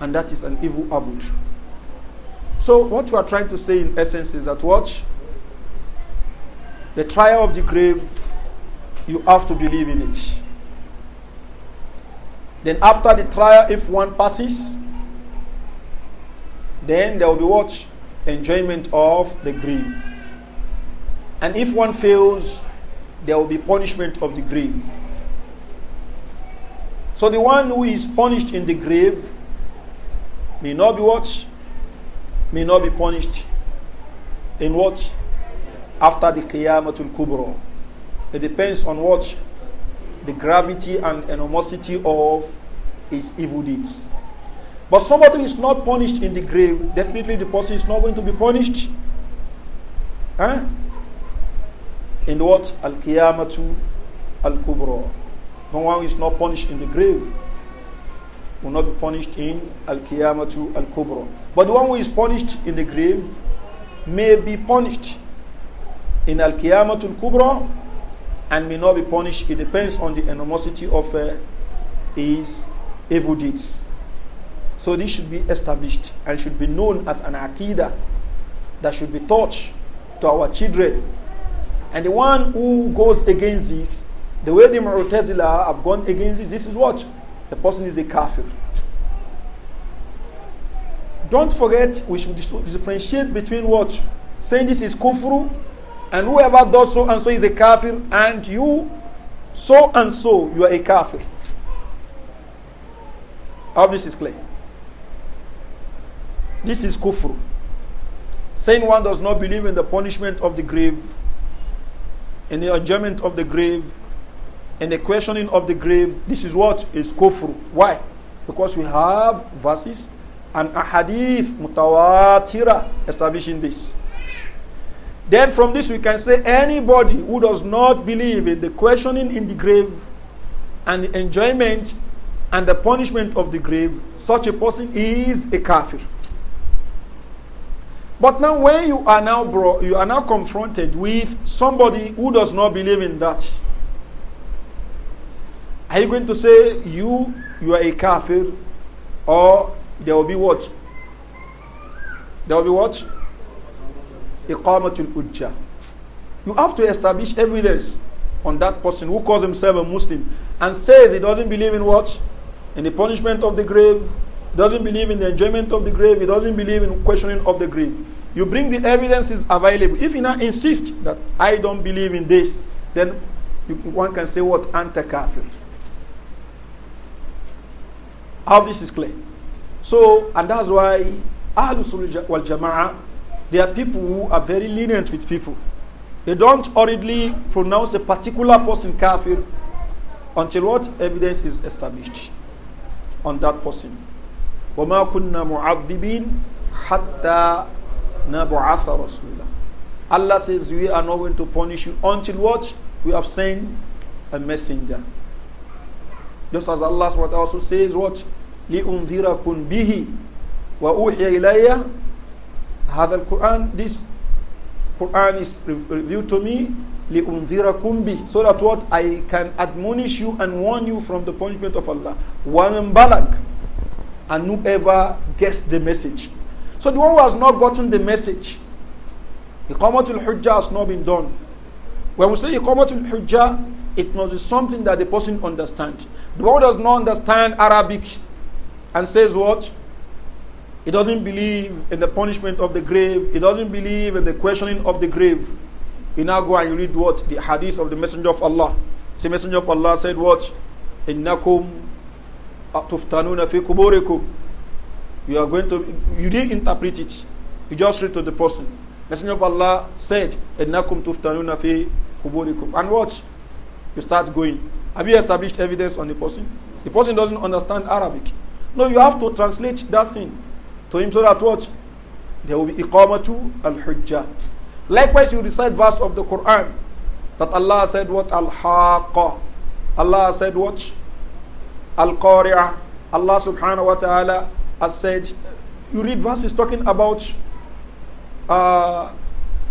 Speaker 1: And that is an evil abode. So what you are trying to say in essence is that what? The trial of the grave, you have to believe in it. Then after the trial, if one passes, then there will be what? Enjoyment of the grave. And if one fails, there will be punishment of the grave. So the one who is punished in the grave may not be what? May not be punished in what? After the Qiyamatul Kubra. It depends on what? the gravity and enormosity of his evil deeds. But somebody who is not punished in the grave, definitely the person is not going to be punished. Huh? In what? Al Qiyamatu Al Kubra. No one who is not punished in the grave will not be punished in Al Qiyamatu Al Kubra. But the one who is punished in the grave may be punished in Al Qiyamatu Al Kubra and may not be punished. It depends on the enormity of uh, his evil deeds. So this should be established and should be known as an akida that should be taught to our children. And the one who goes against this, the way the Mu'tazila have gone against this, this is what? The person is a kafir. Don't forget, we should differentiate between what? Saying this is kufru and whoever does so and so is a kafir, and you so and so, you are a kafir. All this is clear. This is kufr. Saying one does not believe in the punishment of the grave, in the adjournment of the grave, in the questioning of the grave, this is what is kufr. Why? Because we have verses and ahadith mutawatira establishing this. Then from this we can say anybody who does not believe in the questioning in the grave and the enjoyment and the punishment of the grave, such a person is a kafir. But now when you are now you are now confronted with somebody who does not believe in that. Are you going to say you you are a kafir or there will be what? There will be what? Iqamatul Ujjah. You have to establish evidence on that person who calls himself a Muslim and says he doesn't believe in what? In the punishment of the grave, doesn't believe in the enjoyment of the grave, he doesn't believe in questioning of the grave. You bring the evidences available. If you now insist that I don't believe in this, then you, one can say what? anti kafir. How this is clear. So, and that's why Ahlul Sunnah wal Jama'ah there are people who are very lenient with people. They don't hurriedly pronounce a particular person kafir until what evidence is established on that person. وَمَا كُنَّا مُعَذِّبِينَ حَتَّى نَبْعَثَ رَسُولًا Allah says we are not going to punish you until what? We have sent a messenger. Just as Allah also says what? لِأُنذِرَكُمْ بِهِ وَأُوحِيَ إِلَيَّ هذا القرآن this Quran is revealed to me لِأُنذِرَكُمْ بِهِ So that what I can admonish you and warn you from the punishment of Allah. وَمَنْ بَلَغْ And whoever gets the message. So the one who has not gotten the message, the Iqamatul Hujjah has not been done. When we say Iqamatul Hujjah, it must be something that the person understands. The one who does not understand Arabic and says what? He doesn't believe in the punishment of the grave. He doesn't believe in the questioning of the grave. You now go and you read what? The hadith of the Messenger of Allah. The Messenger of Allah said what? Innakum tuftanuna fi kuburikum. You are going to, you didn't interpret it. You just read to the person. Messenger of Allah said, Innakum tuftanuna fi kuburikum. And watch, You start going. Have you established evidence on the person? The person doesn't understand Arabic. No, you have to translate that thing to him so that what? There will be iqamatu al-hujjah. Likewise, you recite verse of the Quran that Allah said what? Al-haqqa. Allah said what? Al-qari'ah. Allah subhanahu wa ta'ala has said, you read verses talking about uh,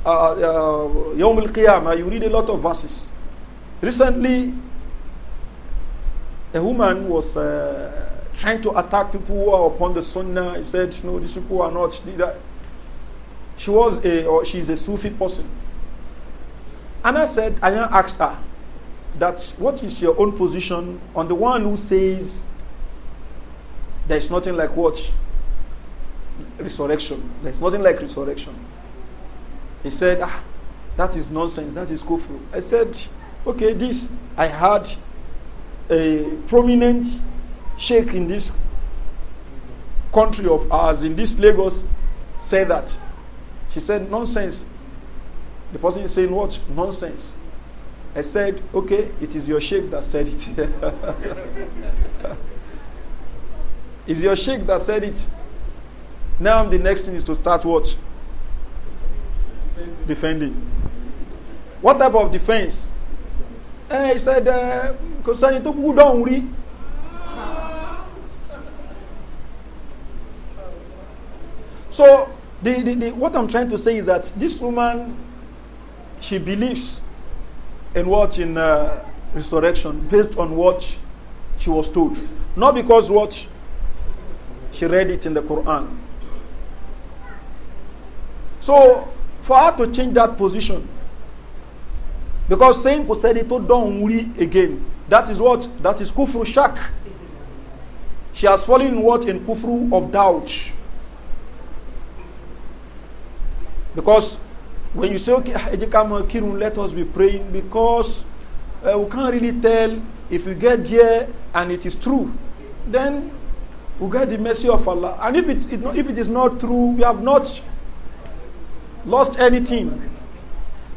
Speaker 1: uh, uh al-Qiyamah, you read a lot of verses. Recently, a woman was uh, trying to attack people who are upon the sunnah. He said, no, these people are not. She was a, or she's a Sufi person. And I said, I asked her that what is your own position on the one who says there's nothing like what? Resurrection. There's nothing like resurrection. He said, ah, that is nonsense. That is kufru. I said, okay, this, I had a prominent sheikh in this country of ours, in this Lagos, said that. She said, nonsense. The person is saying, what? Nonsense. I said, okay, it is your sheikh that said it. it's your sheikh that said it. Now the next thing is to start what? Defending. What type of defense? Eh, he said, eh, concerning to don't So the, the, the, what I'm trying to say is that this woman, she believes in what in uh, resurrection based on what she was told, not because what she read it in the Quran. So for her to change that position, because saying Poseidon don't worry again, that is what that is kufru shak. She has fallen in what in kufru of doubt. Because when you say, okay, Kirun, let us be praying, because uh, we can't really tell if we get there and it is true, then we get the mercy of Allah. And if it, it, if it is not true, we have not lost anything.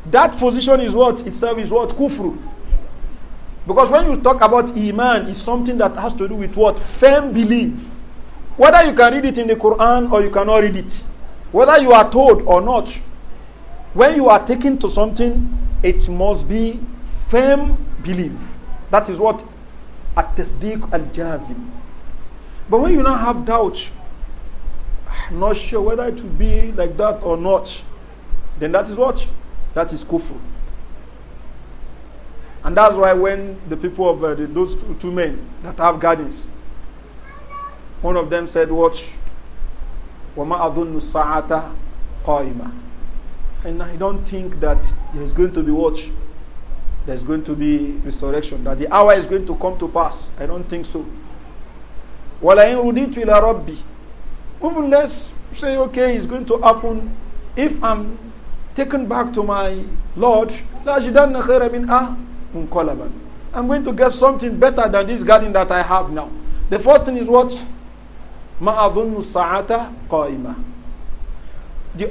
Speaker 1: That position is what itself is what kufru. Because when you talk about iman, it's something that has to do with what firm belief. Whether you can read it in the Quran or you cannot read it. Whether you are told or not, when you are taken to something, it must be firm belief. That is what at tasdiq al jazim. But when you now have doubt, not sure whether it will be like that or not, then that is what? That is kufr. And that's why when the people of uh, the, those two, two men that have gardens, one of them said, Watch, وَمَا أَظُنُّ السَّاعَةَ قَائِمَةً And I don't think that there's going to be watch. There's going to be resurrection. That the hour is going to come to pass. I don't think so. وَلَئِنْ رُدِيتُ إِلَى رَبِّي Even let's say, okay, it's going to happen. If I'm taken back to my Lord, لَأَجِدَنَّ خَيْرَ مِنْ أَهْ I'm going to get something better than this garden that I have now. The first thing is what? ما أظن الساعة قائمة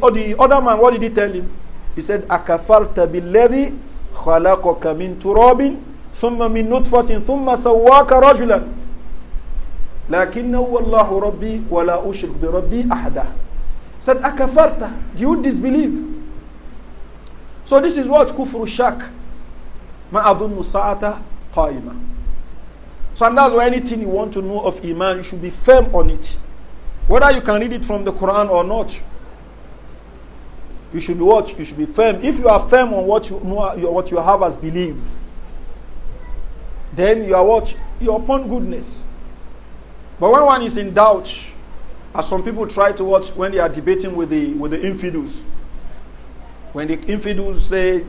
Speaker 1: oh, the, other man what did he tell him he said أكفرت بالذي خلقك من تراب ثم من نطفة ثم سواك رجلا لكنه والله ربي ولا أشرك بربي أحدا said أكفرت do you disbelieve so this is what كفر الشك ما أظن الساعة قائمة So and that's why anything you want to know of Iman, you should be firm on it. Whether you can read it from the Quran or not, you should watch. You should be firm. If you are firm on what you know, what you have as belief, then you are what? You are upon goodness. But when one is in doubt, as some people try to watch when they are debating with the with the infidels, when the infidels say,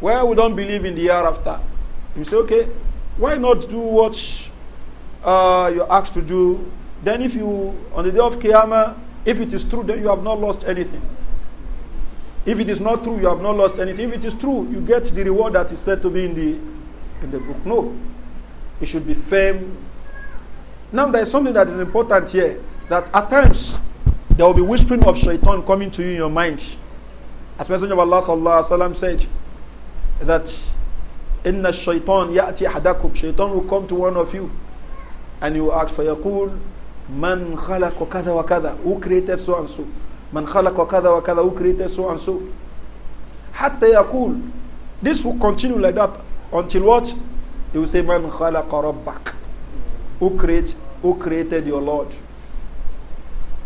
Speaker 1: "Well, we don't believe in the hereafter," you say, "Okay, why not do what uh, you're asked to do? Then if you, on the day of Qiyamah, if it is true, then you have not lost anything. If it is not true, you have not lost anything. If it is true, you get the reward that is said to be in the, in the book. No. It should be firm. Now, there is something that is important here that at times there will be whispering of shaitan coming to you in your mind. As Messenger of Allah sallallahu said, that إن الشيطان يأتي أحدكم شيطان will come to one of you and you ask فيقول من خلق كذا وكذا who created so and so من خلق كذا وكذا who created so and so حتى يقول this will continue like that until what he will say من خلق ربك who created who created your Lord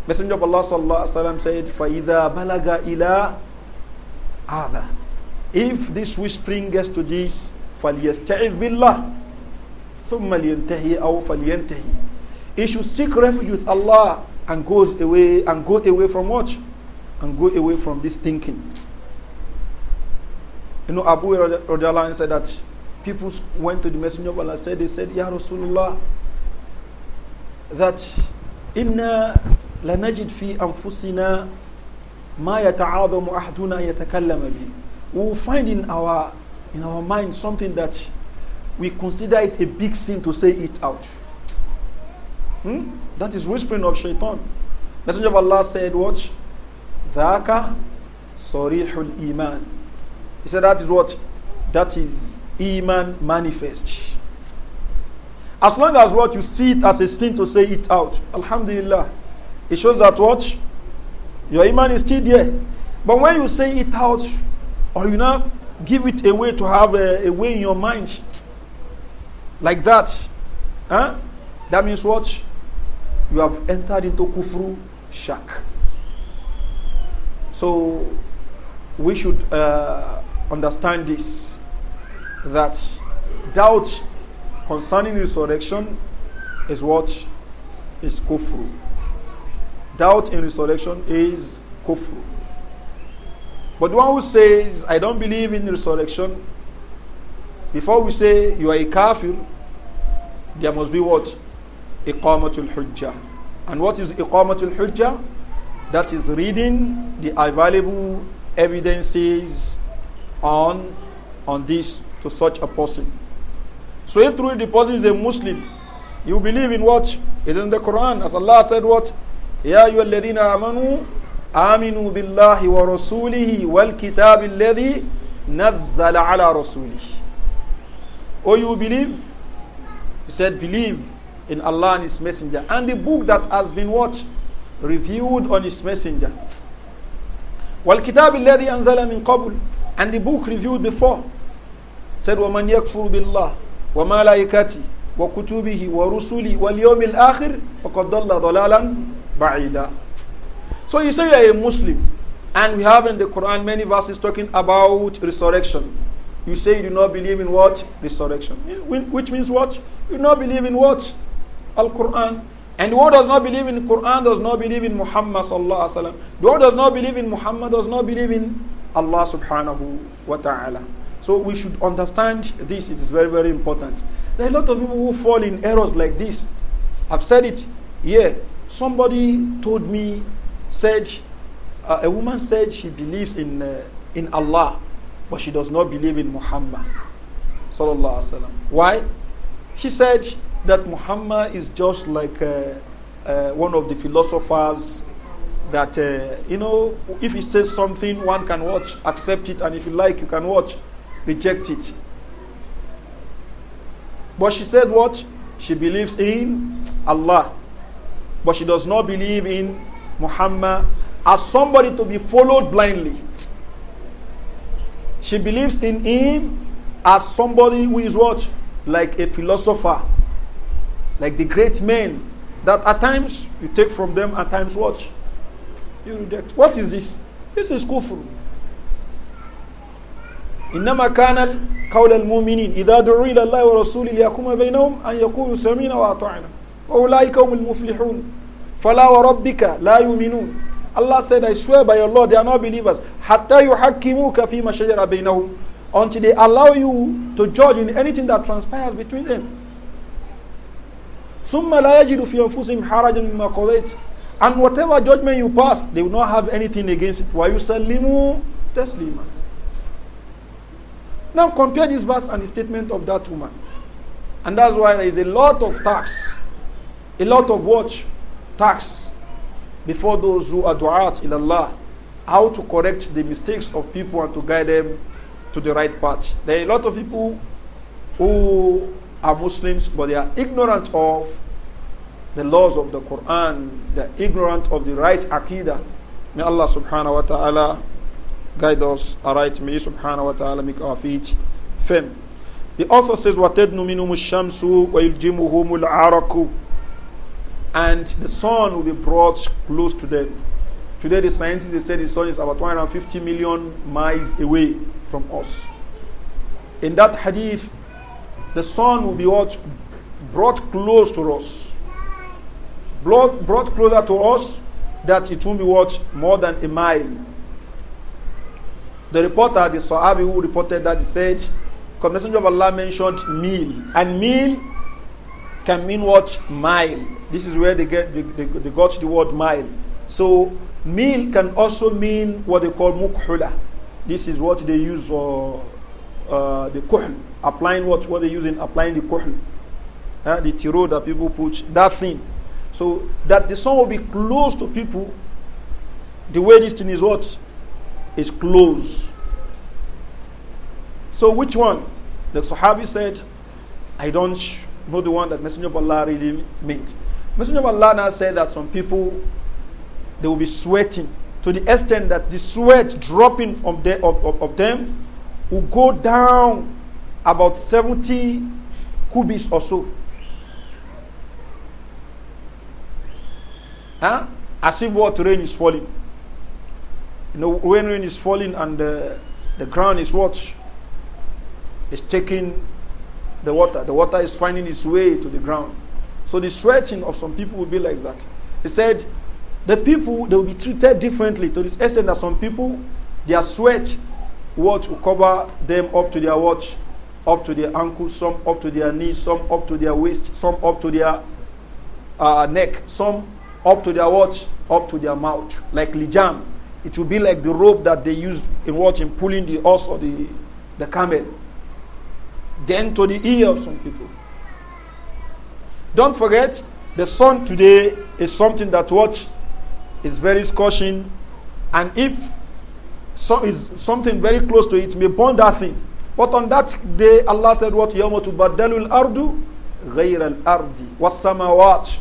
Speaker 1: Messenger of Allah الله عليه وسلم said فإذا بلغ إلى هذا if this whispering gets to this فليستعِف بِاللَّهِ ثُمَّ لْيَنْتَهِي أَوْ فَلْيَنْتَهِي He should seek refuge with Allah and goes away and go away from what? And go away from this thinking. You know, Abu Radhalan said that people went to the Messenger of Allah said they said, Ya Rasulullah, that inna lanajid fi anfusina ma yata'adhamu ahduna yatakallama bi. We will find in our in our mind something that we consider it a big sin to say it out. Hmm? That is whispering of shaitan. Messenger of Allah said, Watch, Dhaka Sarihul Iman. He said, That is what? That is Iman manifest. As long as what you see it as a sin to say it out, Alhamdulillah, it shows that what? Your Iman is still there. But when you say it out, or you now give it away to have a, eh, a way in your mind like that huh? that means what you have entered into kufru shak so we should uh, understand this that doubt concerning resurrection is what is kufru doubt in resurrection is kufru but the one who says, I don't believe in resurrection, before we say you are a kafir, there must be what? Iqamatul Hujjah. And what is Iqamatul Hujjah? That is reading the available evidences on, on this to such a person. So if truly the person is a Muslim, you believe in what? It is in the Quran. As Allah said what? Ya amanu آمنوا بالله ورسوله والكتاب الذي نزل على رسوله. ala rasuli. Oh, you believe? He said, believe in Allah and His Messenger. And the book that has been what? Reviewed on His Messenger. وَالْكِتَابِ الَّذِي lẹ́dí مِنْ min And the book reviewed before. Said, وَمَنْ يَكْفُرُ بِاللَّهِ وَمَلَائِكَتِهِ وكتبه ورسله وَالْيَوْمِ الْآخِرِ فقد ضل ضَلَالًا بَعِيدًا. So you say you're a Muslim, and we have in the Quran many verses talking about resurrection. You say you do not believe in what? Resurrection. Which means what? You do not believe in what? Al Quran. And who does not believe in Quran does not believe in Muhammad sallallahu alaihi wasallam. Who does not believe in Muhammad does not believe in Allah subhanahu wa ta'ala. So we should understand this. It is very, very important. There are a lot of people who fall in errors like this. I've said it. Yeah. Somebody told me said, uh, a woman said she believes in, uh, in Allah, but she does not believe in Muhammad. Sallallahu Alaihi Wasallam. Why? She said that Muhammad is just like uh, uh one of the philosophers that, uh, you know, if he says something, one can watch, accept it, and if you like, you can watch, reject it. But she said what? She believes in Allah, but she does not believe in Muhammad as somebody to be followed blindly. She believes in him as somebody who is what? Like a philosopher, like the great men that at times you take from them, at times what? You reject. What is this? This is kufr. إنما كان قول المؤمنين إذا دعوا إلى الله ورسوله ليحكم بينهم أن يقولوا سمعنا وأطعنا وأولئك هم المفلحون فَلَا وَرَبِّكَ لَا la Allah said, I swear by your Lord, they are not believers. Hatta yuhakkimuka fima shajara بَيْنَهُمْ Until they allow you to judge in anything that transpires between them. ثم لا يجد في أنفسهم حرجا مما قضيت and whatever judgment you pass, they will not have anything against it. Why you Now compare this verse and the statement of that woman. And that's why there is a lot of tax, a lot of watch tax before those who are du'at in Allah, how to correct the mistakes of people and to guide them to the right path. There are a lot of people who are Muslims, but they are ignorant of the laws of the Quran, they're ignorant of the right aqidah. May Allah subhanahu wa ta'ala guide us aright. May subhanahu wa ta'ala make our feet firm. The author says, وَتَدْنُ مِنُهُمُ الشَّمْسُ وَيُلْجِمُهُمُ الْعَرَقُ and the sun will be brought close to them. Today, the scientists they said the sun is about 250 million miles away from us. In that hadith, the sun will be what, brought close to us, brought, brought closer to us, that it will be what more than a mile. The reporter, the Sahabi who reported that, he said, "The Messenger of Allah mentioned meal, and meal can mean what? Mile. This is where they, get, they, they, they got the word mile. So mil can also mean what they call mukhula. This is what they use for uh, the kuhl, applying what, what they use in applying the kuhl. Uh, the tiro that people put, that thing. So that the sun will be close to people, the way this thing is what? Is close. So which one? The Sahabi said, I don't not the one that Messenger of Allah really meant. Messenger of Allah now said that some people they will be sweating to the extent that the sweat dropping from the, of, of, of them will go down about 70 cubits or so. Huh? As if what rain is falling. You know, when rain is falling and the, the ground is what? It's taking the water. The water is finding its way to the ground. So the sweating of some people will be like that. He said, the people, they will be treated differently to this extent that some people, their sweat, what will cover them up to their watch, up to their ankles, some up to their knees, some up to their waist, some up to their uh, neck, some up to their watch, up to their mouth, like lijam. It will be like the rope that they used in what in pulling the horse or the, the camel then to the ear of some people. Don't forget, the sun today is something that what is very scorching, and if so is something very close to it may burn that thing. But on that day, Allah said, "What yawma tubaddalu badalul ardu ghayra al-ardi was-samawat."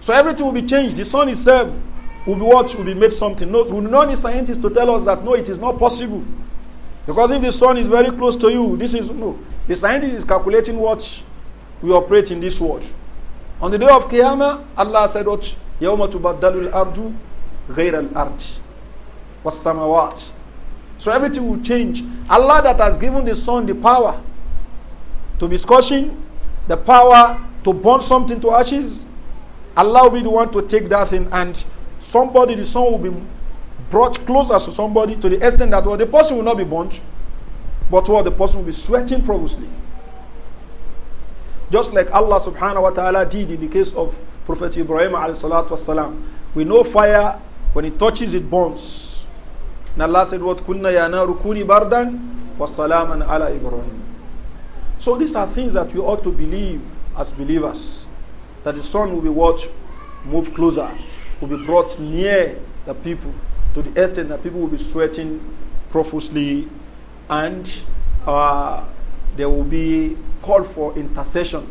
Speaker 1: So everything will be changed. The sun itself will be watched. will be made something. No, we do not need scientists to tell us that no, it is not possible. Because if the sun is very close to you, this is no. The scientist is calculating what we operate in this world. On the day of Qiyamah, Allah said what? يَوْمَ تُبَدَّلُ الْأَرْضُ غَيْرَ الْأَرْضِ وَالسَّمَوَاتِ So everything will change. Allah that has given the sun the power to be scorching, the power to burn something to ashes, Allah will be the one to take that thing and somebody, the sun will be brought closer to somebody to the extent that well, the person will not be burnt, but well, the person will be sweating profusely. Just like Allah subhanahu wa ta'ala did in the case of Prophet Ibrahim والسلام, We know fire, when it touches, it burns. And Allah said, What kunna ya narukuni bardan wa salaman ala Ibrahim. So these are things that we ought to believe as believers. That the sun will be what? Move closer, will be brought near the people to the extent that people will be sweating profusely and uh, there will be called for intercession.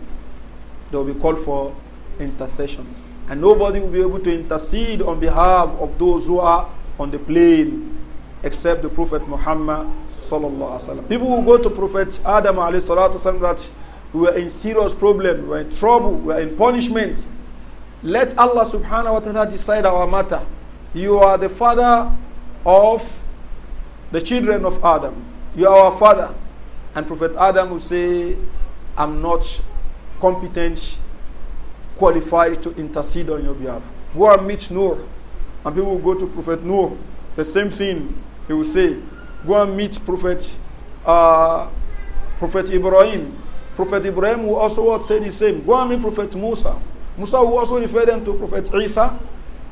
Speaker 1: There will be called for intercession. And nobody will be able to intercede on behalf of those who are on the plane except the Prophet Muhammad People will go to Prophet Adam alayhi salatu that we are in serious problem, we are in trouble, we are in punishment. Let Allah subhanahu wa ta'ala decide our matter. You are the father of the children of Adam. You are our father. And Prophet Adam will say, I'm not competent, qualified to intercede on your behalf. Go and meet Noor. And people will go to Prophet Noor. The same thing he will say. Go and meet Prophet, uh, Prophet Ibrahim. Prophet Ibrahim will also say the same. Go and meet Prophet Musa. Musa will also refer them to Prophet Isa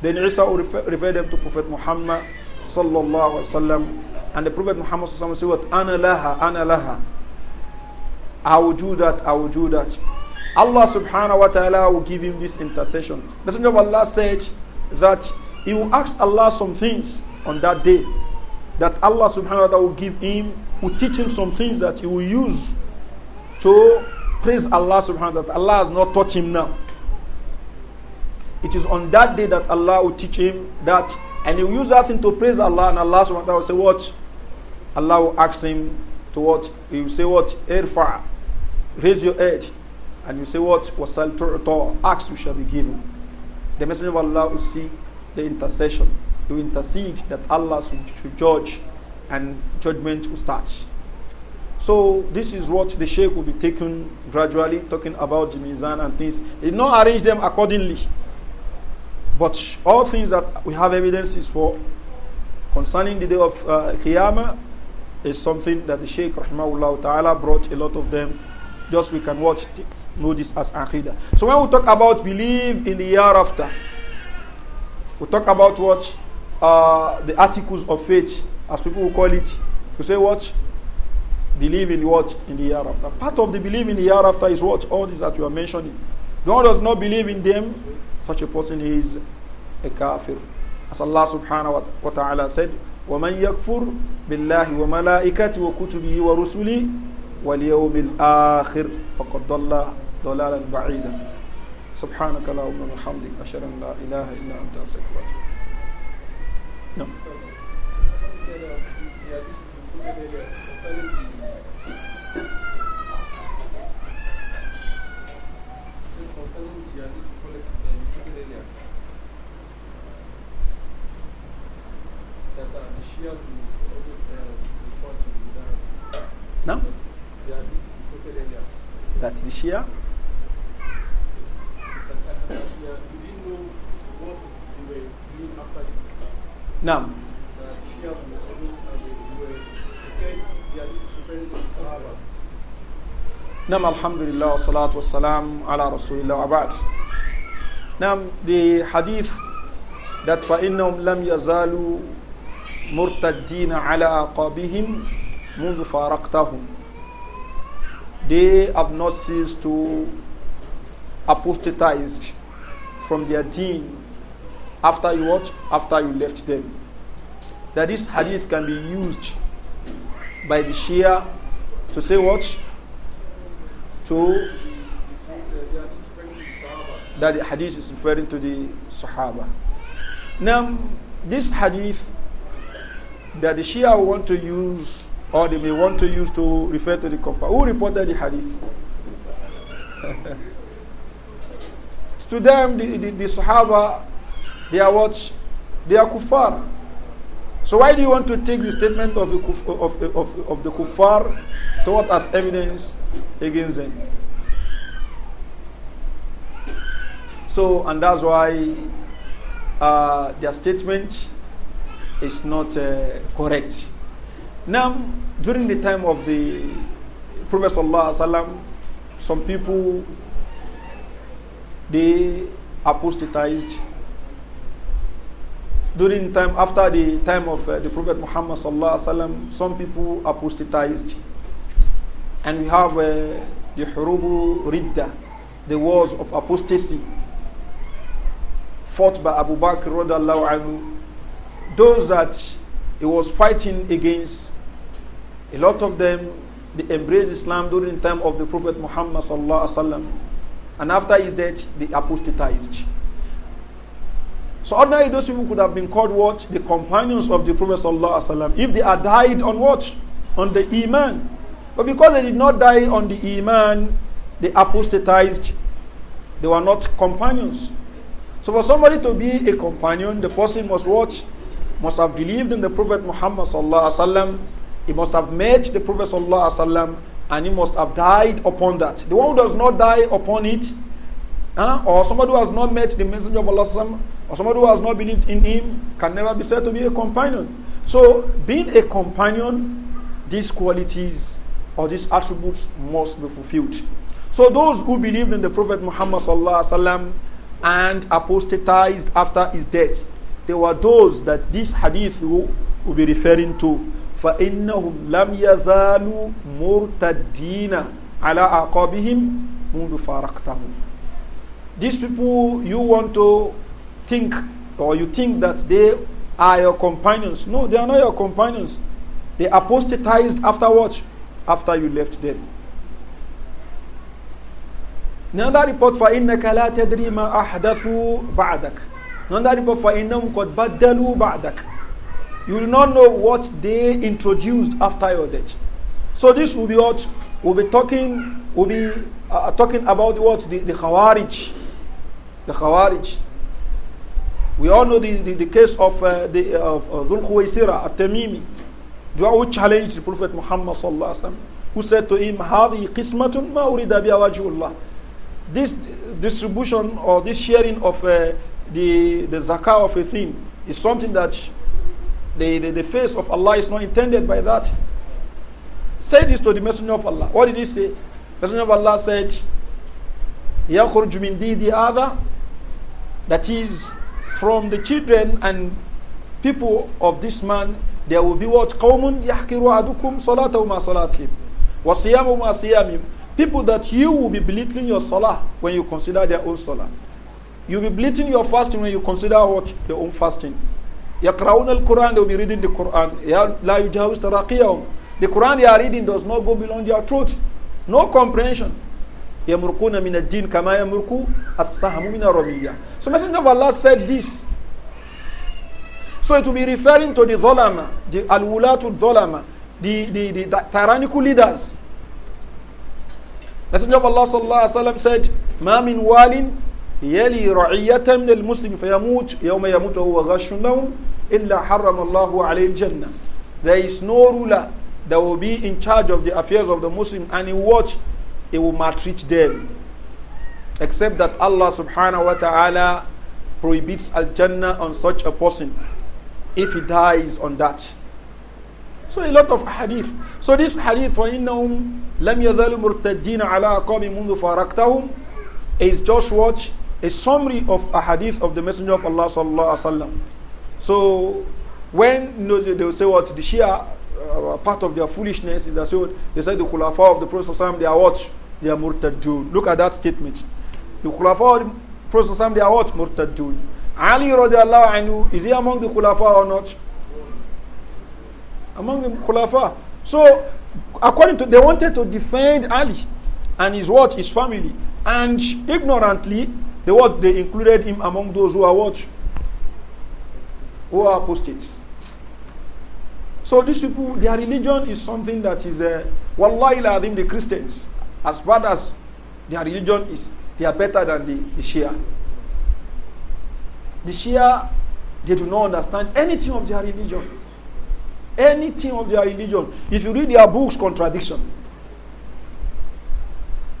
Speaker 1: then Isa will refer, refer them to Prophet Muhammad sallallahu alaihi wasallam, and the Prophet Muhammad said, "Ana laha, ana I will do that. I will do that. Allah subhanahu wa taala will give him this intercession. The Messenger of Allah said that he will ask Allah some things on that day that Allah subhanahu wa ta'ala will give him, will teach him some things that he will use to praise Allah subhanahu wa ta'ala. Allah has not taught him now. It is on that day that Allah will teach him that, and he will use that thing to praise Allah, and Allah subhanahu wa ta'ala will say, What? Allah will ask him to what? He will say, What? Irfa, raise your head. And you say, What? Wasal tu'ta, ask you shall be given. The Messenger of Allah will see the intercession. He will intercede that Allah should judge, and judgment will start. So this is what the sheikh will be taken gradually, talking about the mizan and things. He did not arrange them accordingly. But all things that we have evidences for concerning the day of uh, Qiyamah is something that the Shaykh Rahimahullah Ta'ala brought a lot of them. Just we can watch this, know this as Aqidah. So when we talk about believe in the year after, we talk about what? Uh, the articles of faith, as people will call it. We say what? Believe in what? In the year after. Part of the belief in the year after is what? All these that you are mentioning. The one does not believe in them such a person is a kafir. As Allah subhanahu wa ta'ala said, وَمَنْ يَكْفُرْ بِاللَّهِ وَمَلَائِكَةِ وَكُتُبِهِ وَرُسُلِهِ وَالْيَوْمِ الْآخِرِ فَقَدْ ضَلَّ ضَلَالًا بَعِيدًا سبحانك اللهم وبحمدك أشهد أن لا إله إلا أنت أستغفرك
Speaker 2: نعم. No?
Speaker 1: That the Shia? No. Nam alhamdulillah salatu salam ala rasulillah abad. Nam the hadith that innum lam yazalu. مرتدين ala aqabihim, منذ they have not ceased to apostatize from their deen after you what after you left them that this hadith can be used by the Shia to say what to that the hadith is referring to the Sahaba now this hadith that the Shia want to use or they may want to use to refer to the kuffar. Who reported the hadith? to them, the, the, the, Sahaba, they are what? They are kuffar. So why do you want to take the statement of the, kuf, of, of, of the kuffar taught as evidence against them? So, and that's why uh, their statement is not uh, correct. Now, during the time of the Prophet Sallallahu some people, they apostatized. During time, after the time of uh, the Prophet Muhammad Sallallahu some people apostatized. And we have uh, the Hurubu Ridda, the wars of apostasy, fought by Abu Bakr radiallahu anhu those that he was fighting against, a lot of them, they embraced Islam during the time of the Prophet Muhammad and after his death, they apostatized. So ordinarily, those people could have been called what the companions of the Prophet if they had died on what on the iman, but because they did not die on the iman, they apostatized. They were not companions. So for somebody to be a companion, the person must what must have believed in the Prophet Muhammad sallallahu alaihi wasallam. He must have met the Prophet sallallahu alaihi wasallam, and he must have died upon that. The one who does not die upon it, huh, or somebody who has not met the Messenger of Allah sallam, or somebody who has not believed in him, can never be said to be a companion. So, being a companion, these qualities or these attributes must be fulfilled. So, those who believed in the Prophet Muhammad sallallahu alaihi wasallam and apostatized after his death There were those that this hadith will, will be referring to. فَإِنَّهُمْ لَمْ يَزَالُوا مُرْتَدِّينَ عَلَىٰ أَقَابِهِمْ مُنْذُ فَارَقْتَهُمْ These people you want to think or you think that they are your companions. No, they are not your companions. They apostatized afterwards, after you left them. Another report, فَإِنَّكَ لَا تَدْرِي مَا أَحْدَثُوا بَعْدَكَ You will not know what they introduced after your death. So this will be what we'll be talking, we'll be uh, uh talking about what? The, the Khawarij. The Khawarij. We all know the, the, the case of uh, the uh, of uh, Dhul Khuwaisira at-Tamimi, who challenged the Prophet Muhammad sallallahu alaihi wasallam, who said to him, "Hadi qismatun ma urida biha wajhullah." This distribution or this sharing of uh, the, the zakah of a thing is something that the, the, the face of Allah is not intended by that. Say this to the Messenger of Allah. What did he say? Messenger of Allah said, Yakhruj min the other, that is, from the children and people of this man, there will be what? Qawmun yahkiru adukum salatahu ma salatim. Wasiyamu ma People that you will be belittling your salah when you consider their own salah. You'll be bleating your fasting when you consider what? Your own fasting. the Quran. القرآن they'll be reading the Quran لا يجاوز تراقيهم the Quran they are reading does not go beyond their truth. no comprehension يمرقون من الدين كما يمرق السهم من الرمية so Messenger of Allah said this so it will be referring to the ظلمة the al-wulatul ظلمة the, the, the, the tyrannical leaders Messenger of Allah sallallahu alaihi wasallam said "Ma min والٍ يلي رعية من المسلم فيموت يوم يموت وهو غش النوم إلا حرم الله عليه الجنة There is no ruler that will be in charge of the affairs of the Muslim and in what it will maltreat them. Except that Allah subhanahu wa ta'ala prohibits al-Jannah on such a person if he dies on that. So a lot of hadith. So this hadith, فَإِنَّهُمْ لَمْ يَزَالُوا مُرْتَدِّينَ عَلَىٰ قَوْمٍ مُنْذُ فَارَقْتَهُمْ is just what a summary of a hadith of the Messenger of Allah sallallahu alaihi wasallam. So when you know, they, they will say what the Shia uh, part of their foolishness is that they say the Khulafa of the Prophet they are what they are murtadun. Look at that statement. The Khulafa of the Prophet they are what murtadun. Ali radiallahu anhu is he among the Khulafa or not? Among the Khulafa. So according to they wanted to defend Ali and his what his family and ignorantly they what they included him among those who are what? Who are apostates. So these people, their religion is something that is uh, wallahi ladim the Christians, as bad as their religion is, they are better than the, the Shia. The Shia, they do not understand anything of their religion. Anything of their religion. If you read their books, contradiction.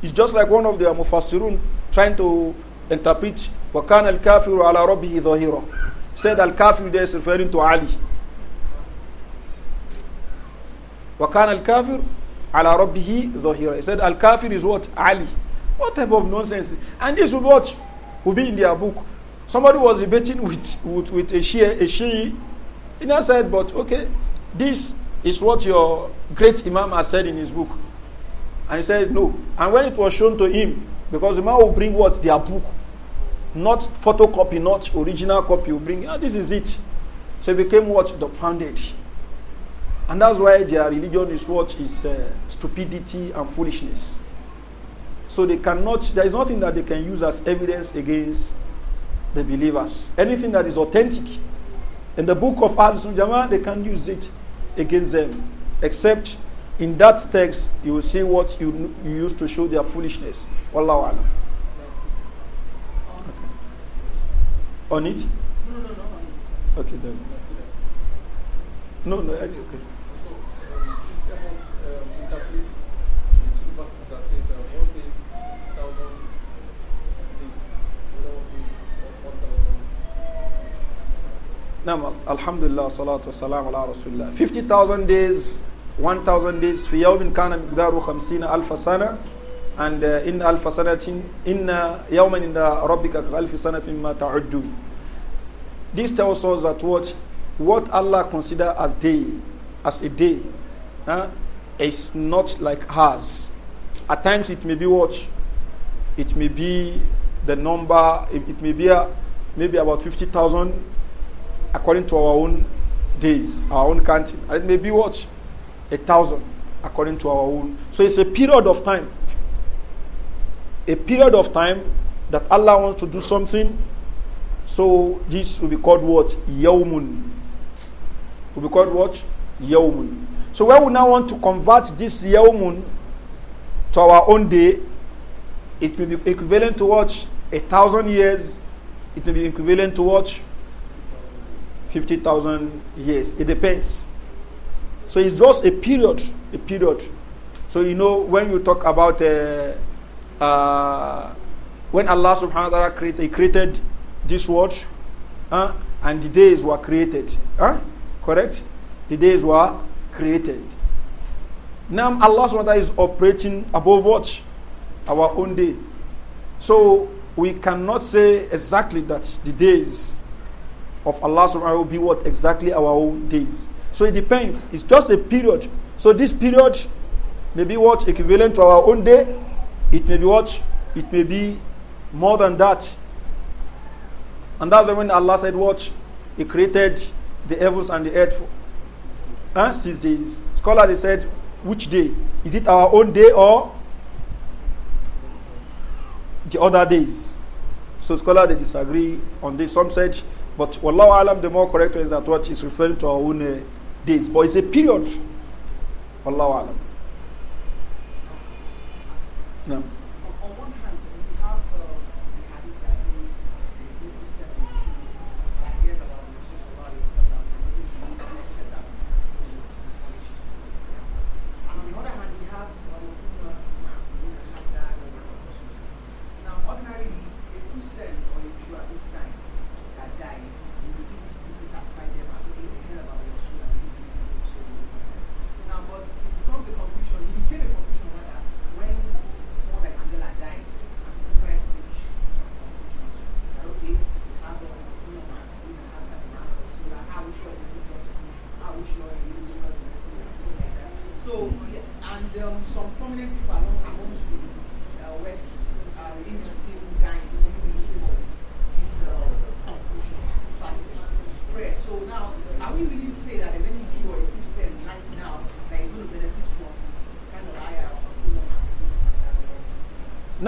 Speaker 1: It's just like one of their Mufassirun trying to interpret وَكَانَ الْكَافِرُ عَلَى رَبِّهِ ظَهِيرًا said al-kafir there is referring to Ali وَكَانَ الْكَافِرُ عَلى رَبِّهِ ظَهِيرًا he said al-kafir is what? Ali what type of nonsense and this will what? will be in their book somebody was debating with, with, with a Shia, a Shia and I said but okay this is what your great Imam has said in his book and he said no and when it was shown to him because the man will bring what? their book not photocopy, not original copy. You bring, this is it. So it became what? The founded. And that's why their religion is what is uh, stupidity and foolishness. So they cannot, there is nothing that they can use as evidence against the believers. Anything that is authentic in the book of Al Sunnah, they can use it against them. Except in that text, you will see what you, you used to show their foolishness. Wallahu alam. On it? No, no, no, no. Okay, then. No, no, okay.
Speaker 2: So, um, this almost um, interpret the two verses that says, uh, one says 2,006, the one says 1,000.
Speaker 1: Now, alhamdulillah, salatu wassalam ala Rasulullah. 50,000 days, 1,000 days, Fi yawmin kana مقداره khamsina ألف سنة and uh, in alfa sanatin inna yawman inda rabbika ka alfi sanatin ma ta'uddu this tells us that what what Allah consider as day as a day huh, is not like ours at times it may be what it may be the number it, may be a, uh, maybe about 50,000 according to our own days our own counting and it may be what a thousand according to our own so it's a period of time a period of time that Allah wants to do something, so this will be called what? Yawmun. Will be called what? Yawmun. So when we now want to convert this Yawmun to our own day, it will be equivalent to what? A thousand years. It will be equivalent to what? 50,000 years. It depends. So it's just a period, a period. So you know when you talk about uh, uh, when Allah subhanahu wa ta'ala created, he created this watch, uh, and the days were created. Correct? The days were created. Now Allah subhanahu wa ta'ala is operating above what? Our own day. So we cannot say exactly that the days of Allah subhanahu wa ta'ala will be what exactly our own days. So it depends. It's just a period. So this period may be what equivalent to our own day it may be what? It may be more than that. And that's when Allah said, What? He created the heavens and the earth. Huh? Six days. Scholars they said, Which day? Is it our own day or the other days? So scholars they disagree on this. Some said, but Wallahu Alam, the more correct is that what is referring to our own uh, days. But it's a period. Wallahu Alam. No.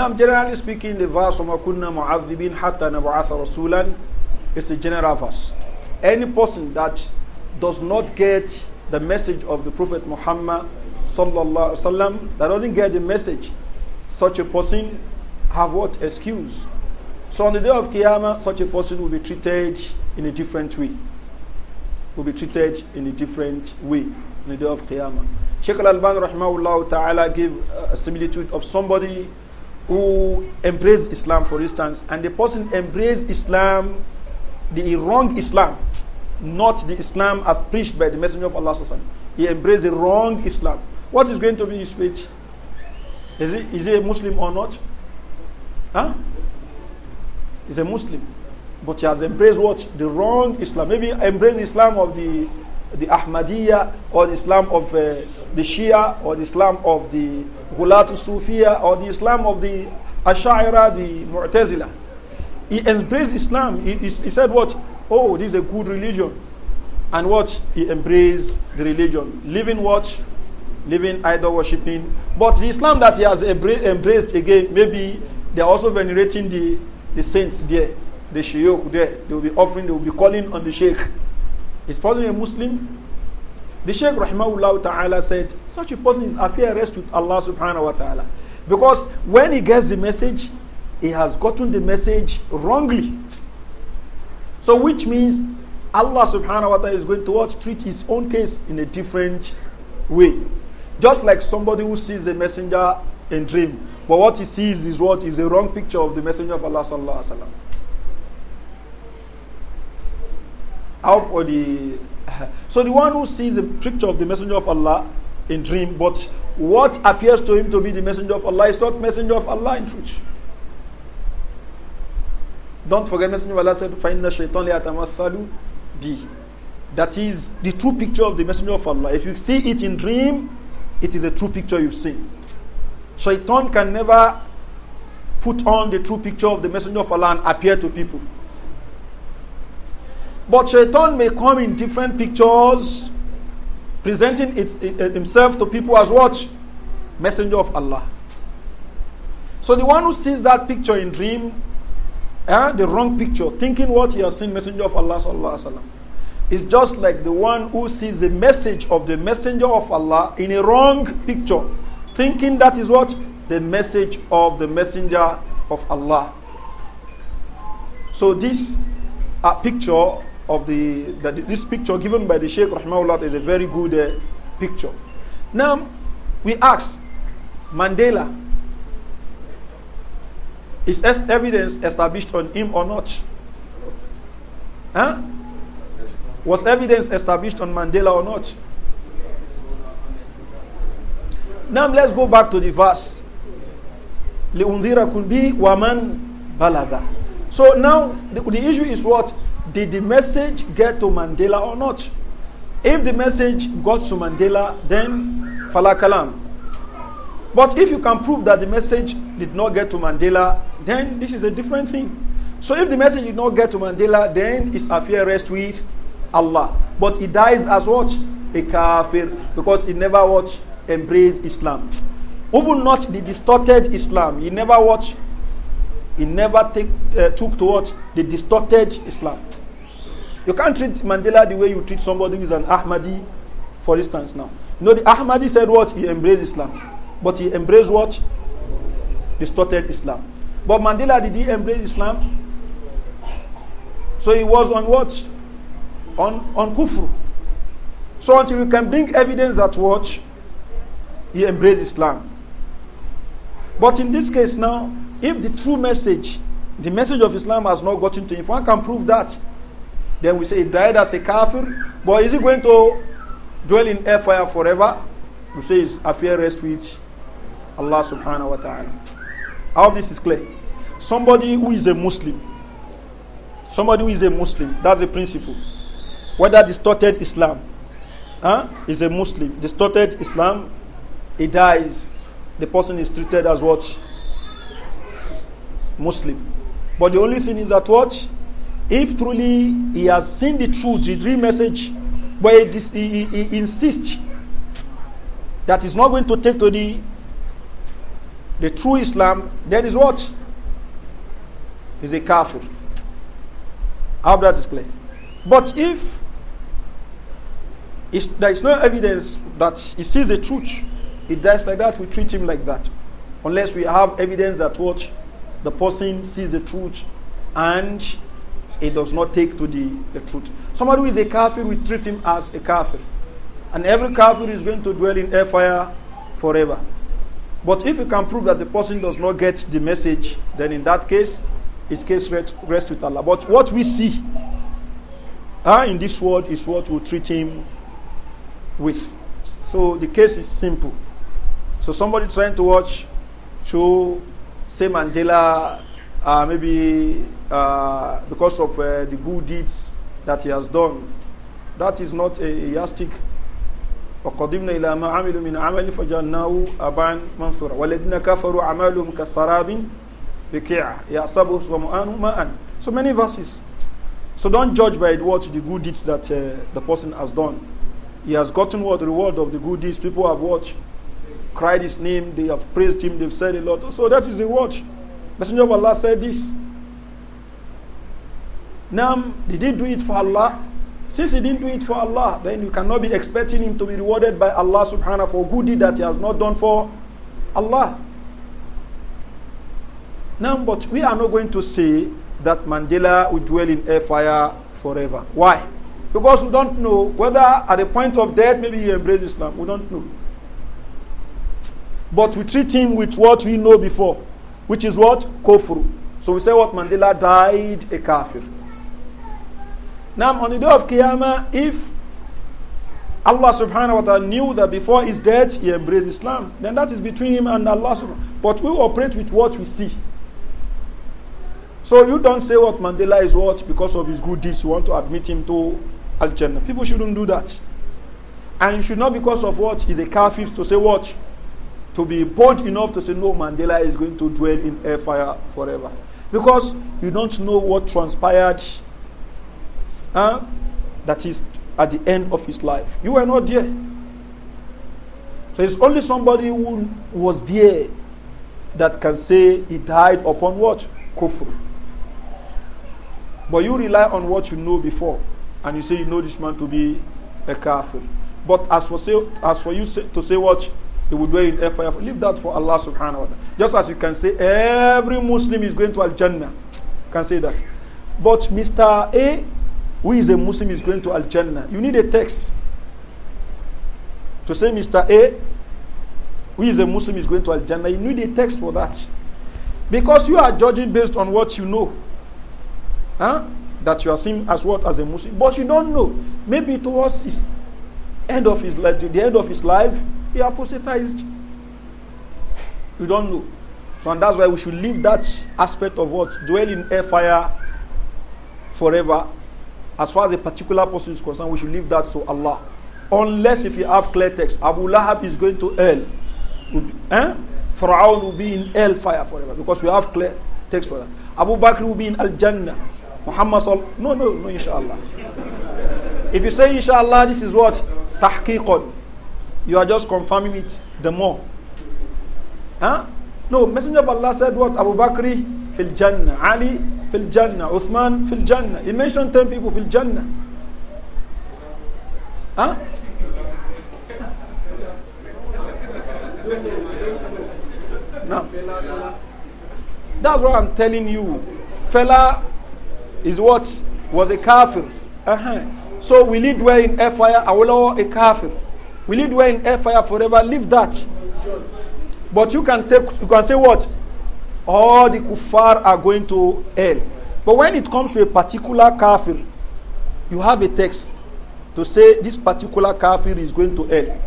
Speaker 1: Now, generally speaking, the verse of Makunna Mu'adhibin Hatta Nabu'atha Rasulan is a general verse. Any person that does not get the message of the Prophet Muhammad sallallahu wasallam that doesn't get the message, such a person have what excuse. So on the day of Qiyamah, such a person will be treated in a different way. Will be treated in a different way on the day of Qiyamah. Sheikh Al-Alban rahimahullah ta'ala gave a similitude of somebody who embrace Islam, for instance, and the person embrace Islam, the wrong Islam, not the Islam as preached by the Messenger of Allah. He embraced the wrong Islam. What is going to be his fate? Is he, is he a Muslim or not? Huh? He's a Muslim. But he has embraced what? The wrong Islam. Maybe embrace Islam of the the Ahmadiyya or the Islam of uh, the Shia or the Islam of the Gulatu Sufiya or the Islam of the Ash'ira, the Mu'tazila. He embraced Islam. He, he, he, said what? Oh, this is a good religion. And what? He embraced the religion. Living what? Living idol worshipping. But the Islam that he has embraced again, maybe they are also venerating the, the saints there, the shaykh there. They will be offering, they will be calling on the sheikh. Is probably a Muslim? The Shaykh Rahimahullah Ta'ala said, such a person is at rest with Allah subhanahu wa ta'ala. Because when he gets the message, he has gotten the message wrongly. So which means Allah subhanahu wa ta'ala is going to what? Treat his own case in a different way. Just like somebody who sees a messenger in dream, but what he sees is what is a wrong picture of the messenger of Allah sallallahu alaihi wasallam. out the so the one who sees a picture of the messenger of Allah in dream, but what appears to him to be the messenger of Allah is not messenger of Allah in truth. Don't forget, messenger of Allah said, "Find the shaitan bi." That is the true picture of the messenger of Allah. If you see it in dream, it is a true picture you've seen. Shaitan can never put on the true picture of the messenger of Allah and appear to people. But shaitan may come in different pictures, presenting it, it, himself to people as what? Messenger of Allah. So the one who sees that picture in dream, eh, the wrong picture, thinking what he has seen, Messenger of Allah sallallahu is just like the one who sees the message of the Messenger of Allah in a wrong picture, thinking that is what the message of the Messenger of Allah. So this uh, picture of the, the this picture given by the Sheikh Rahimahullah is a very good uh, picture. Now, we ask Mandela, is evidence established on him or not? Huh? Was evidence established on Mandela or not? Now let's go back to the verse. So now the, the issue is what? did the message get to Mandela or not? If the message got to Mandela, then falakalam. But if you can prove that the message did not get to Mandela, then this is a different thing. So if the message did not get to Mandela, then it's a fair rest with Allah. But he dies as what? A kafir. Because he never what? Embraced Islam. Even not the distorted Islam. He never what? He never take, uh, took towards the distorted Islam. You can't treat Mandela the way you treat somebody who is an Ahmadi, for instance, now. You know, the Ahmadi said what? He embraced Islam. But he embraced what? Distorted Islam. But Mandela, did he embrace Islam? So he was on what? On, on kufr. So until you can bring evidence that what? He embraced Islam. But in this case now, if the true message, the message of Islam has not gotten to him, if one can prove that, then we say he died as a kafir. But is he going to dwell in hellfire forever? We say his affair rests with Allah subhanahu wa ta'ala. I hope this is clear. Somebody who is a Muslim, somebody who is a Muslim, that's a principle. Whether distorted Islam huh, is a Muslim, distorted Islam, he dies, the person is treated as what? Muslim. But the only thing is that what? If truly he has seen the truth, the dream message, where he, he, he insists that he's not going to take to the the true Islam, then is what, he's a kafir. I hope that is clear. But if there is no evidence that he sees the truth, he dies like that, we treat him like that. Unless we have evidence that what the person sees the truth and it does not take to the, the truth. Somebody who is a kafir, we treat him as a kafir. And every kafir is going to dwell in air fire forever. But if you can prove that the person does not get the message, then in that case, his case rests rest with Allah. But what we see uh, in this world is what we treat him with. So the case is simple. So somebody trying to watch to say Mandela, uh, maybe uh, because of uh, the good deeds that he has done, that is not a, yastik. وقدمنا إلى ما عملوا من عمل فجعلناه والذين كفروا كسراب ماء So many verses. So don't judge by what the good deeds that uh, the person has done. He has gotten what the reward of the good deeds. People have watched cried his name, they have praised him, they've said a lot. So that is the watch. Messenger of Allah said this. Now, did he do it for Allah? Since he didn't do it for Allah, then you cannot be expecting him to be rewarded by Allah subhanahu for good deed that he has not done for Allah. Now, but we are not going to say that Mandela will dwell in air fire forever. Why? Because we don't know whether at the point of death, maybe he embraced Islam. We don't know. But we treat him with what we know before, which is what? Kofru. So we say what Mandela died a kafir. Now on the day of Qiyamah, if Allah subhanahu wa ta'ala knew that before his death he embraced Islam, then that is between him and Allah Subhanahu. But we operate with what we see. So you don't say what Mandela is what because of his good deeds you want to admit him to Al Jannah. People shouldn't do that. And you should not because of what is a kafir to say what to be bold enough to say, no, Mandela is going to dwell in fire forever. Because you don't know what transpired huh, that is at the end of his life. You were not there. So it's only somebody who was there that can say he died upon what? Kufr. But you rely on what you know before. And you say you know this man to be a kafir. But as for, say, as for you say, to say what? He would wear in hellfire. Leave that for Allah subhanahu wa ta'ala. Just as you can say every Muslim is going to Al Jannah. Can say that. But Mr. A, who is a Muslim, is going to Al Jannah. You need a text to say Mr. A, who is a Muslim, is going to Al Jannah. You need a text for that. Because you are judging based on what you know. Huh? That you are seen as what? As a Muslim. But you don't know. Maybe towards his end of his life, the end of his life, he apostatized. You don't know. So and that's why we should leave that aspect of what? Dwell in air fire forever. As far as a particular person is concerned, we should leave that to Allah. Unless if you have clear text, Abu Lahab is going to hell. Eh? Fir'aun will be in hell fire forever because we have clear text for that. Abu Bakr will be in Al Jannah. Muhammad Sal No, no, no, inshallah. if you say inshallah, this is what? Tahqiqan you are just confirming it the more. Huh? No, Messenger of Allah said what? Abu Bakr fil Jannah, Ali fil Jannah, Uthman fil Jannah. He mentioned 10 people fil Jannah. Huh?
Speaker 2: No.
Speaker 1: That's what I'm telling you. Fella is what? Was a kafir. Uh -huh. So will he dwell in air fire? Awolowo a kafir. We need where in fire forever? Leave that. But you can take you can say what? All the kuffar are going to hell. But when it comes to a particular kafir, you have a text to say this particular kafir is going to hell.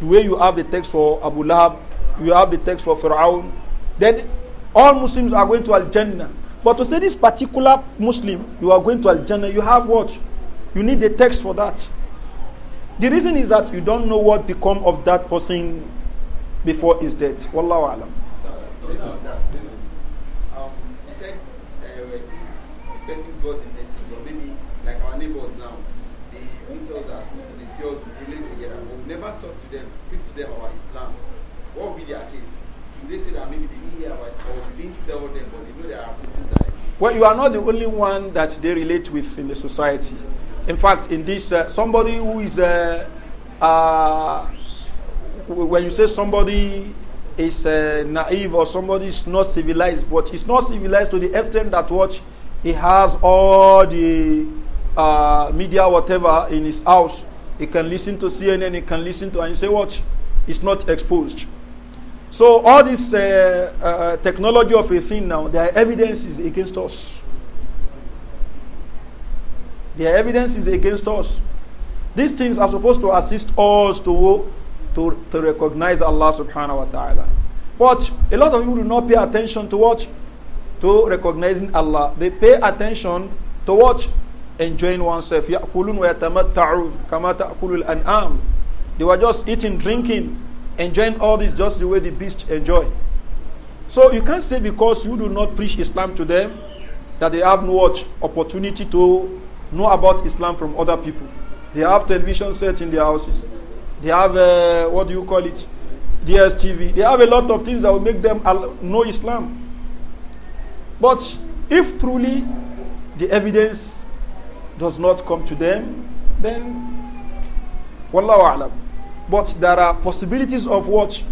Speaker 1: The way you have the text for Abu Lahab, you have the text for Fir'aun, then all Muslims are going to Al Jannah. But to say this particular Muslim, you are going to Al Jannah, you have what? You need the text for that. The reason is that you don't know what become of that person before his death. Wallahu alam.
Speaker 3: you
Speaker 2: said uh, person in the message, maybe like our neighbors now, the meet are supposed to be see us relate together, but we never talk to them, speak to them about Islam. What will be their case? they say that maybe they didn't hear about Islam, or didn't tell them, but you know there are Muslims that
Speaker 1: exist? Well, you are not the only one that they relate with in the society. In fact, in this, uh, somebody who is, uh, uh, when you say somebody is uh, naive or somebody is not civilized, but it's not civilized to the extent that what he has all the uh, media, whatever, in his house. He can listen to CNN, he can listen to, and you say, what? It's not exposed. So all this uh, technology of a thing now, there are evidences against us. The evidence is against us. These things are supposed to assist us to, to, to recognize Allah subhanahu wa ta'ala. But a lot of people do not pay attention to what? To recognizing Allah. They pay attention to what? Enjoying oneself. They were just eating, drinking, enjoying all this just the way the beasts enjoy. So you can't say because you do not preach Islam to them that they have no opportunity to know about Islam from other people. They have television sets in their houses. They have, uh, what do you call it, DSTV. They have a lot of things that will make them know Islam. But if truly the evidence does not come to them, then Wallahu alam. But there are possibilities of what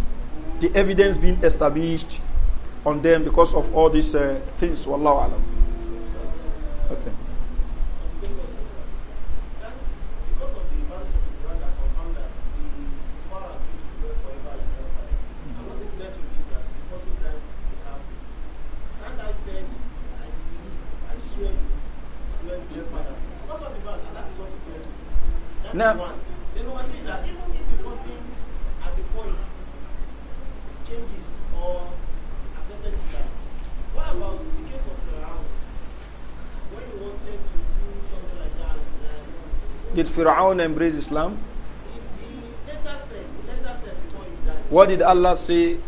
Speaker 1: the evidence being established on them because of all these uh, things. Wallahu alam. Okay.
Speaker 3: Now, You know number three is that even if the person at the point changes or accepted Islam, what about the case of Pharaoh? When he wanted to do something like that,
Speaker 1: like, did Pharaoh embrace Islam?
Speaker 3: let let us us say, say before the said,
Speaker 1: what did Allah say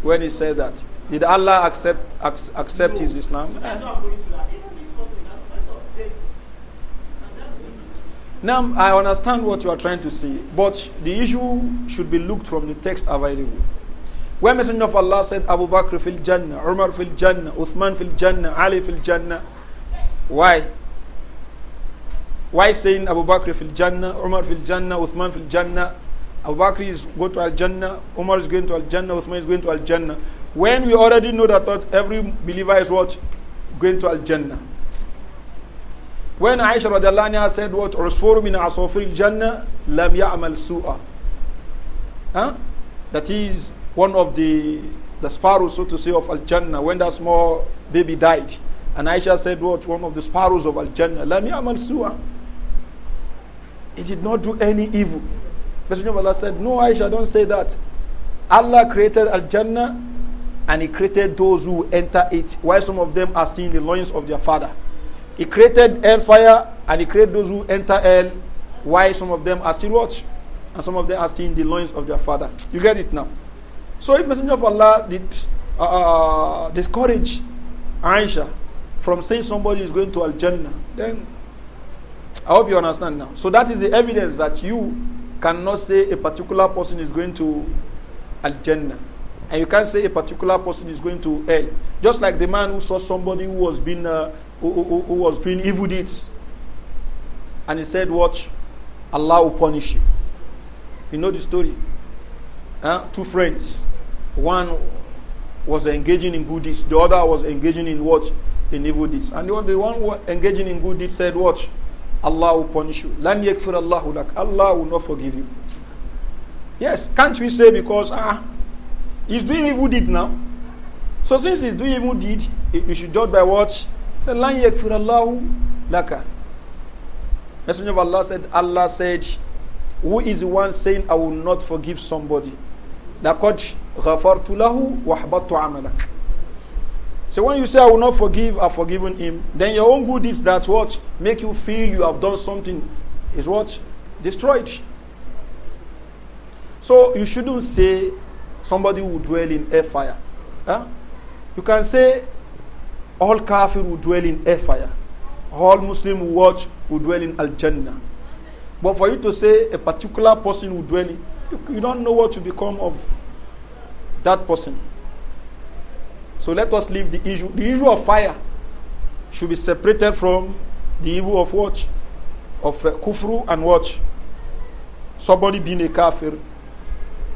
Speaker 1: when he said that? Did Allah accept ac accept no. his Islam? So Now, I understand what you are trying to say, but the issue should be looked from the text available. When Messenger of Allah said Abu Bakr fil Jannah, Umar fil Jannah, Uthman fil Jannah, Ali fil Jannah, why? Why saying Abu Bakr fil Jannah, Umar fil Jannah, Uthman fil Jannah? Abu Bakr is going to Al Jannah, Umar is going to Al Jannah, Uthman is going to Al Jannah. When we already know that every believer is what? Going to Al Jannah. When Aisha radiallahu said what Usfur min asafir jannah lam ya'mal su'a. Huh? That is one of the the sparrows, so to say, of Al Jannah. When that small baby died, and Aisha said, "What? One of the sparrows of Al Jannah, lam ya'mal su'a." He did not do any evil. Messenger of Allah said, "No, Aisha, don't say that. Allah created Al Jannah, and He created those who enter it. While some of them are still in the loins of their father." He created hellfire and he created those who enter hell. Why some of them are still watch, And some of them are still in the loins of their father. You get it now. So if Messenger of Allah did uh, uh discourage Aisha from saying somebody is going to Al Jannah, then I hope you understand now. So that is the evidence that you cannot say a particular person is going to Al Jannah. And you can't say a particular person is going to hell. Just like the man who saw somebody who was being uh, who, who, who was doing evil deeds. And he said, Watch, Allah will punish you. You know the story. Huh? Two friends. One was engaging in good deeds, the other was engaging in what? In evil deeds. And the one, who was engaging in good deeds said, Watch, Allah will punish you. Allah will not forgive you. Yes, can't we say because ah, he's doing evil deed now? So since he's doing evil deed, we should judge by what said, Lan yakfirallahu laka. Messenger of Allah said, Allah said, Who is the one saying, I will not forgive somebody? لَقَدْ غَفَرْتُ لَهُ وَحْبَطْتُ amalak. So when you say, I will not forgive, I've forgiven him, then your own good deeds that what make you feel you have done something is what? Destroyed. So you shouldn't say somebody will dwell in a fire. Huh? You can say all kafir will dwell in fire. All Muslim will watch will dwell in Al Jannah. But for you to say a particular person will dwell in, you, you don't know what to become of that person. So let us leave the issue. The issue of fire should be separated from the evil of what? Of uh, kufru and what? Somebody being a kafir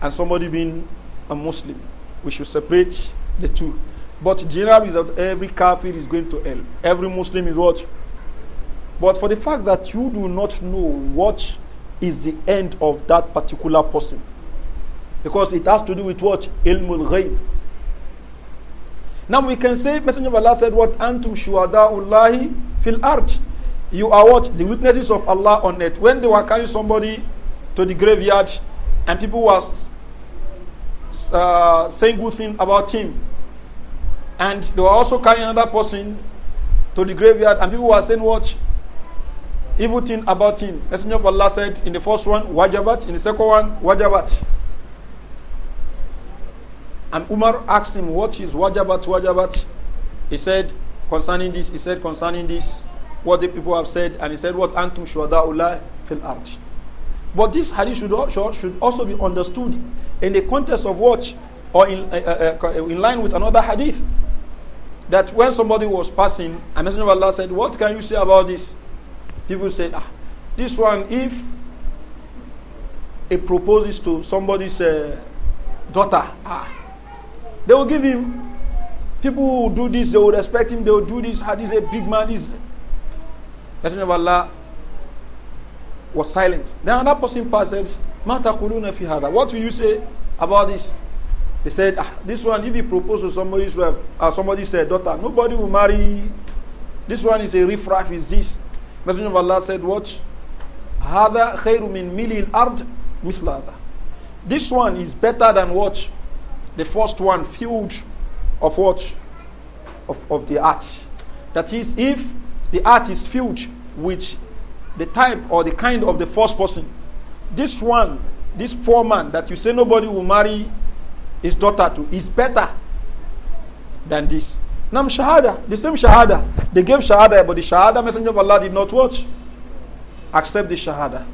Speaker 1: and somebody being a Muslim. We should separate the two. But generally, general is that every kafir is going to hell. Every Muslim is what? But for the fact that you do not know what is the end of that particular person. Because it has to do with what? Ilmul raib. Now we can say, Messenger of Allah said, What antum shuada'ullahi fil art. You are what? The witnesses of Allah on earth. When they were carrying somebody to the graveyard and people were uh, saying good things about him, and they were also carrying another person to the graveyard, and people were saying, What? Evil thing about him. Messenger of Allah said in the first one, Wajabat, in the second one, Wajabat. And Umar asked him, What is Wajabat, Wajabat? He said, Concerning this, he said, Concerning this, what the people have said, and he said, What Antum Shuada'ullah fil out." But this hadith should, should also be understood in the context of what, or in, uh, uh, uh in line with another hadith that when somebody was passing, a messenger of Allah said, What can you say about this? People said, Ah, this one, if he proposes to somebody's uh, daughter, ah, they will give him. People who do this, they will respect him, they will do this, ah, this is a big man, this. Messenger of Allah was silent. Then another person passed, Mata kuluna What will you say about this? He said, ah, this one, if he proposed to somebody, wife, have, uh, somebody said, daughter, nobody will marry. This one is a riffraff, is this. Messenger of Allah said, what? Hada khairu min milil ard This one is better than what? The first one, huge of what? Of, of the art. That is, if the art is huge with the type or the kind of the first person, this one, this poor man that you say nobody will marry, his daughter to is better than this. Nam Shahada, the same Shahada. They gave Shahada, but the Shahada Messenger of Allah did not watch. Accept the Shahada.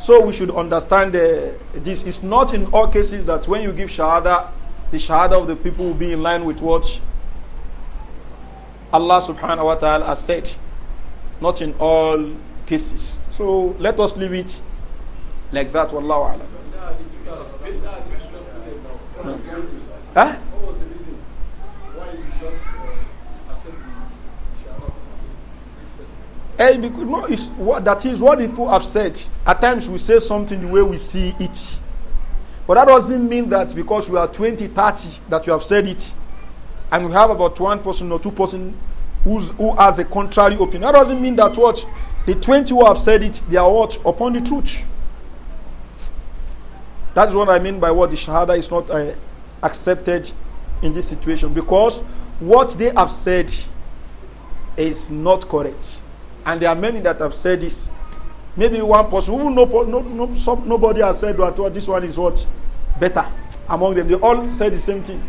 Speaker 1: So we should understand uh, this. It's not in all cases that when you give Shahada, the Shahada of the people will be in line with what Allah subhanahu wa ta'ala has said. Not in all cases. So let us leave it like that. Wallahu alam.
Speaker 2: Huh? What was the reason why you did not uh, accept
Speaker 1: the Hey, eh, because no, it's what that is what people have said. At times we say something the way we see it. But that doesn't mean that because we are 20, 30 that you have said it, and we have about one person or two person who's, who has a contrary opinion. That doesn't mean that what the 20 who have said it, they are what upon the truth. That's what I mean by what the Shahada is not a, uh, accepted in this situation because what they have said is not correct. And there are many that have said this. Maybe one person, who no, no, no some, nobody has said that oh, this one is what better among them. They all said the same thing.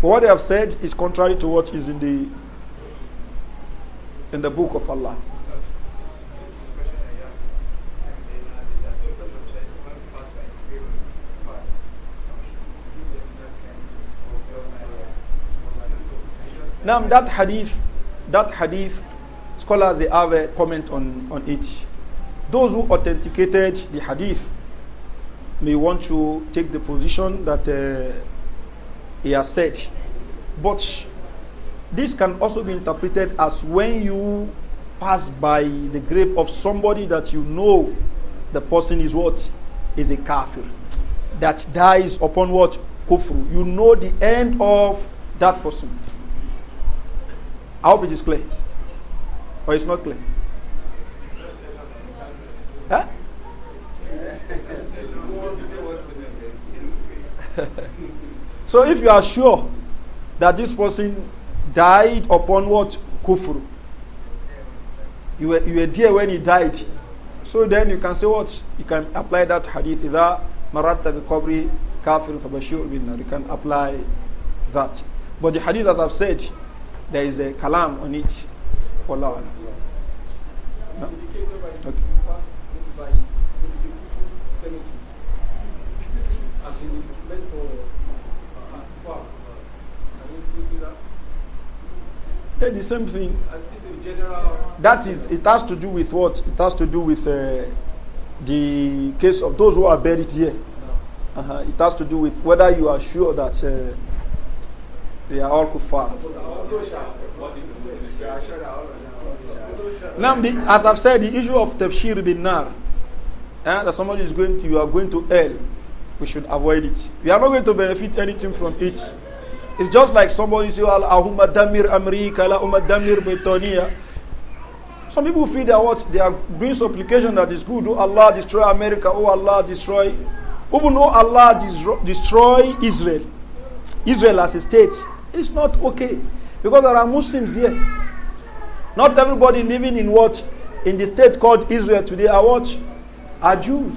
Speaker 1: But what they have said is contrary to what is in the in the book of Allah. Now that hadith, that hadith, scholars they have a comment on, on it. Those who authenticated the hadith may want to take the position that uh, he has said. But this can also be interpreted as when you pass by the grave of somebody that you know the person is what? Is a kafir. That dies upon what? Kufru. You know the end of that person. I hope it is clear. Or it's not clear. Huh? so if you are sure that this person died upon what? Kufru. You were, you were there when he died. So then you can say what? You can apply that hadith. إِذَا مَرَتَّ kafir كَافِرٍ فَبَشِّرْ بِالنَّارِ You can apply that. But the hadith, as I've said, there is a kalam on it. Wallah.
Speaker 2: No? Okay.
Speaker 1: the same thing. That is, it has to do with what? It has to do with uh, the case of those who are buried here. Uh -huh. It has to do with whether you are sure that uh, They are all kuffar.
Speaker 2: Now, the, as
Speaker 1: I've said, the issue of tafsir bin nar, eh, that somebody is going to, you are going to hell, we should avoid it. We are not going to benefit anything from it. It's just like somebody say, Allahumma damir amrika, Allahumma damir betoniya. Some people feel that what they are doing supplication that is good. Oh Allah, destroy America. Oh Allah, destroy. Even though Allah destroy Israel, Israel as a state, It's not okay. Because there are Muslims here. Not everybody living in what? In the state called Israel today are what? Are Jews.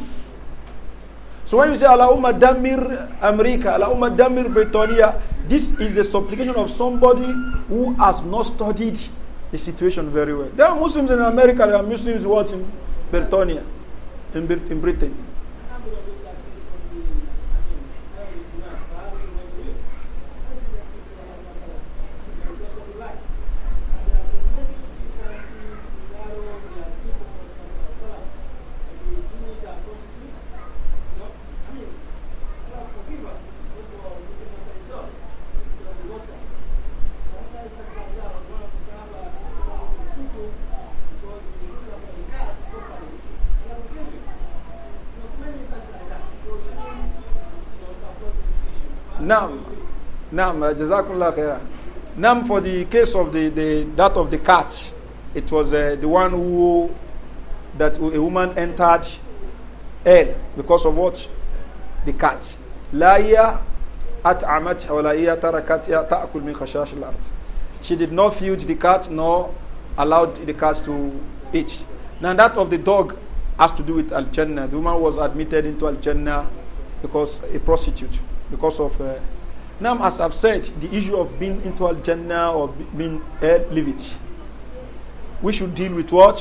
Speaker 1: So when you say Allahumma damir America, Allahumma damir Britannia, this is a supplication of somebody who has not studied the situation very well. There are Muslims in America, there are Muslims what in Britannia, in, Brit in Britain. Now, now, uh, Jazakumullah khairan. Now, for the case of the, the that of the cat, it was uh, the one who that a woman entered hell because of what the cat. لا هي أطعمتها ولا هي تركتها تأكل من خشاش الأرض. She did not feed the cat nor allowed the cat to eat. Now that of the dog has to do with Al Jannah. The woman was admitted into Al Jannah because a prostitute. because of. Uh, now, as I've said, the issue of being into Al Jannah or being uh, leave it. We should deal with what?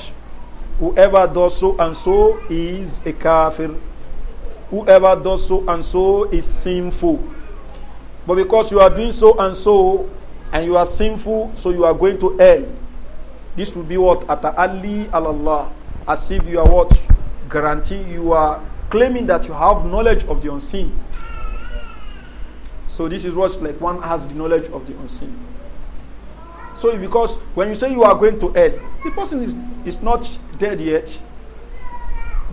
Speaker 1: Whoever does so and so is a kafir. Whoever does so and so is sinful. But because you are doing so and so and you are sinful, so you are going to hell. This will be what? at ali Allah. As if you are what? Guaranteeing you are claiming that you have knowledge of the unseen. So this is what's like one has the knowledge of the unseen. So because when you say you are going to hell, the person is, is not dead yet.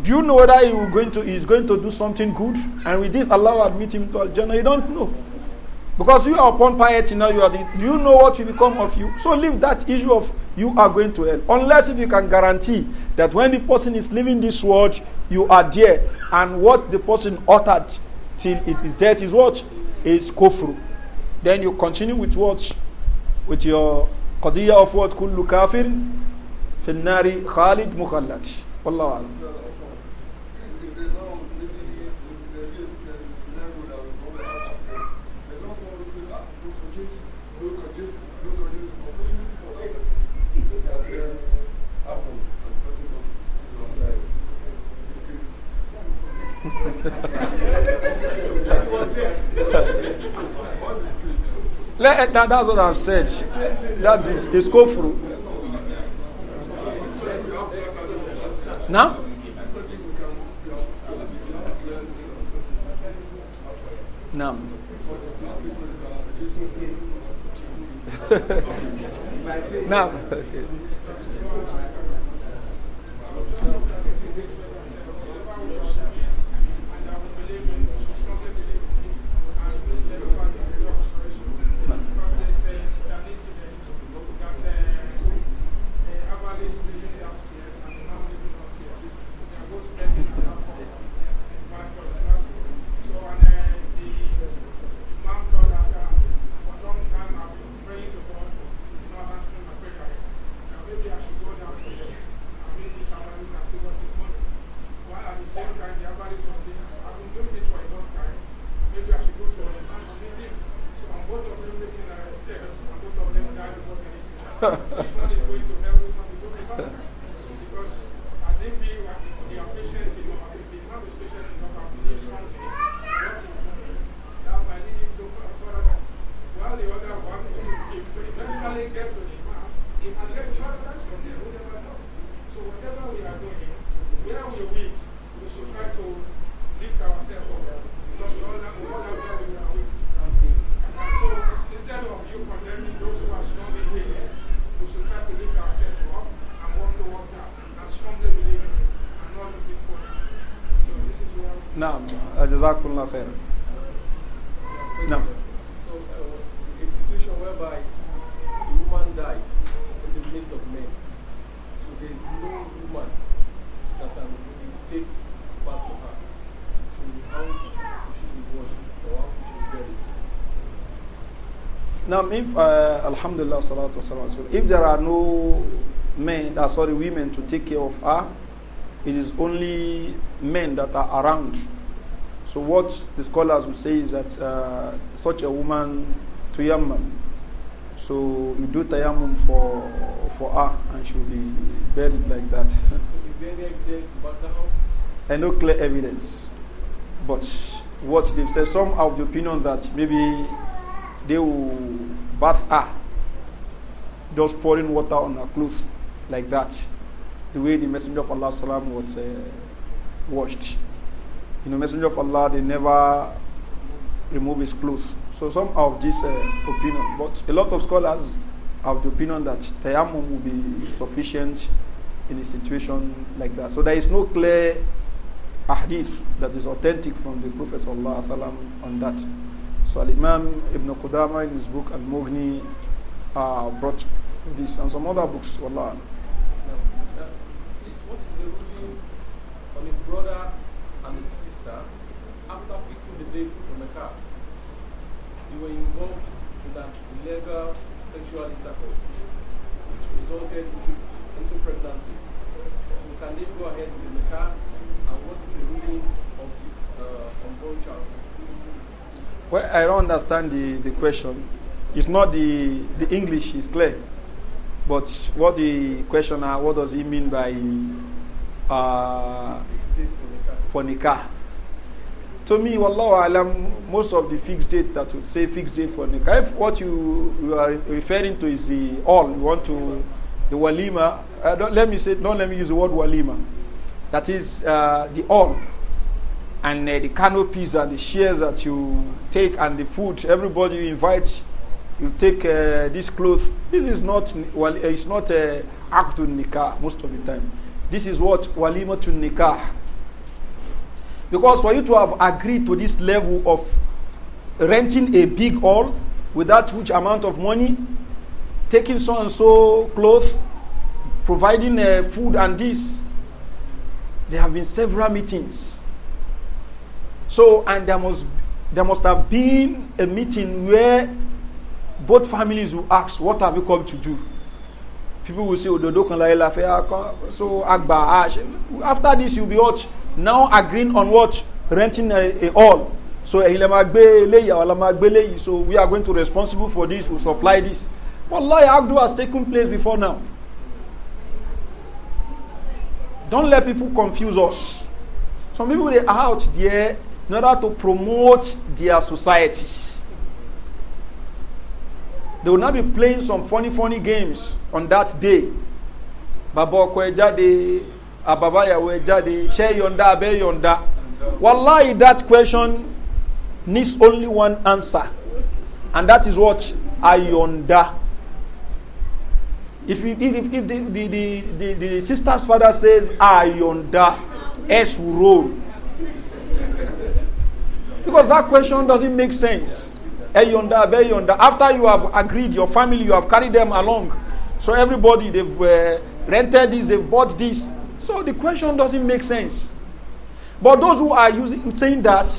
Speaker 1: Do you know whether he is going to is going to do something good? And with this Allah will admit him to Al Jannah. You don't know. Because you are upon piety now, you are the, do you know what will become of you? So leave that issue of you are going to hell. Unless if you can guarantee that when the person is leaving this world, you are there. And what the person uttered till it is dead is what? is kufru. Then you continue with what? With your qadiyya of what? Kullu kafir fil nari khalid mukhallad. Wallahu alam. Let, that, that's what I've said. That is it's kufru.
Speaker 2: Now?
Speaker 3: Now. now.
Speaker 1: Now, if, uh, alhamdulillah, salatu if there are no men, uh, sorry, women to take care of her, it is only men that are around. So what the scholars will say is that uh, such a woman to so you do tayammum for for her and she will be buried like that. so is
Speaker 2: there any evidence to back that up?
Speaker 1: And uh, no clear evidence. But what they say, said, some have the opinion that maybe they will bath her, just pouring water on her clothes like that, the way the Messenger of Allah salam, was uh, washed. You know, Messenger of Allah, they never remove his clothes. So some of this uh, opinion, but a lot of scholars have the opinion that tayammum will be sufficient in a situation like that. So there is no clear hadith that is authentic from the Prophet on that. So Al-Imam Ibn Qudama in his book Al-Mughni uh, brought this and some other books. Wallah.
Speaker 2: Now, please, what is the ruling on a brother and a sister after fixing the date on the car? They were involved in that illegal sexual intercourse, which resulted into, into pregnancy. So can they go ahead with the car? And what is the ruling of the uh, unborn child?
Speaker 1: Well, I don't understand the, the question. It's not the, the English is clear, but what the questioner, what does he mean by uh, for nikah? To me, wallahu alam, most of the fixed date that would say fixed date for nikah. If what you, you are referring to is the all, you want to the walima. Uh, don't, let me say, don't let me use the word walima. That is uh, the all and uh, the canopies and the chairs that you take and the food everybody you invite you take uh, this cloth this is not well uh, it's not a uh, aqdun nikah most of the time this is what walimatun nikah because for you to have agreed to this level of renting a big hall with that huge amount of money taking so and so cloth, providing uh, food and this there have been several meetings So, and there must, there must have been a meeting where both families will ask, What have you come to do? People will say, Ododo kan laye la fe, so agba ash. After this, you'll be what? Now agreeing on what? Renting a, a hall. So, So, we are going to responsible for this, we'll supply this. Wallahi, Abdu has taken place before now. Don't let people confuse us. Some people, they are out there in order to promote their society. They will not be playing some funny, funny games on that day. Babo ọkọ ẹ jáde, àbàbá ìyàwó ẹ jáde, ṣé yọ̀ǹda abẹ́ yọ̀ǹda? Wallahi, that question needs only one answer. And that is what ayọ̀ǹda. If, you, if, if the, the, the, the, the sister's father says ayọ̀ǹda, S will roll. Because that question doesn't make sense. Eyonda, After you have agreed, your family, you have carried them along. So everybody, they've uh, rented this, they've bought this. So the question doesn't make sense. But those who are using, saying that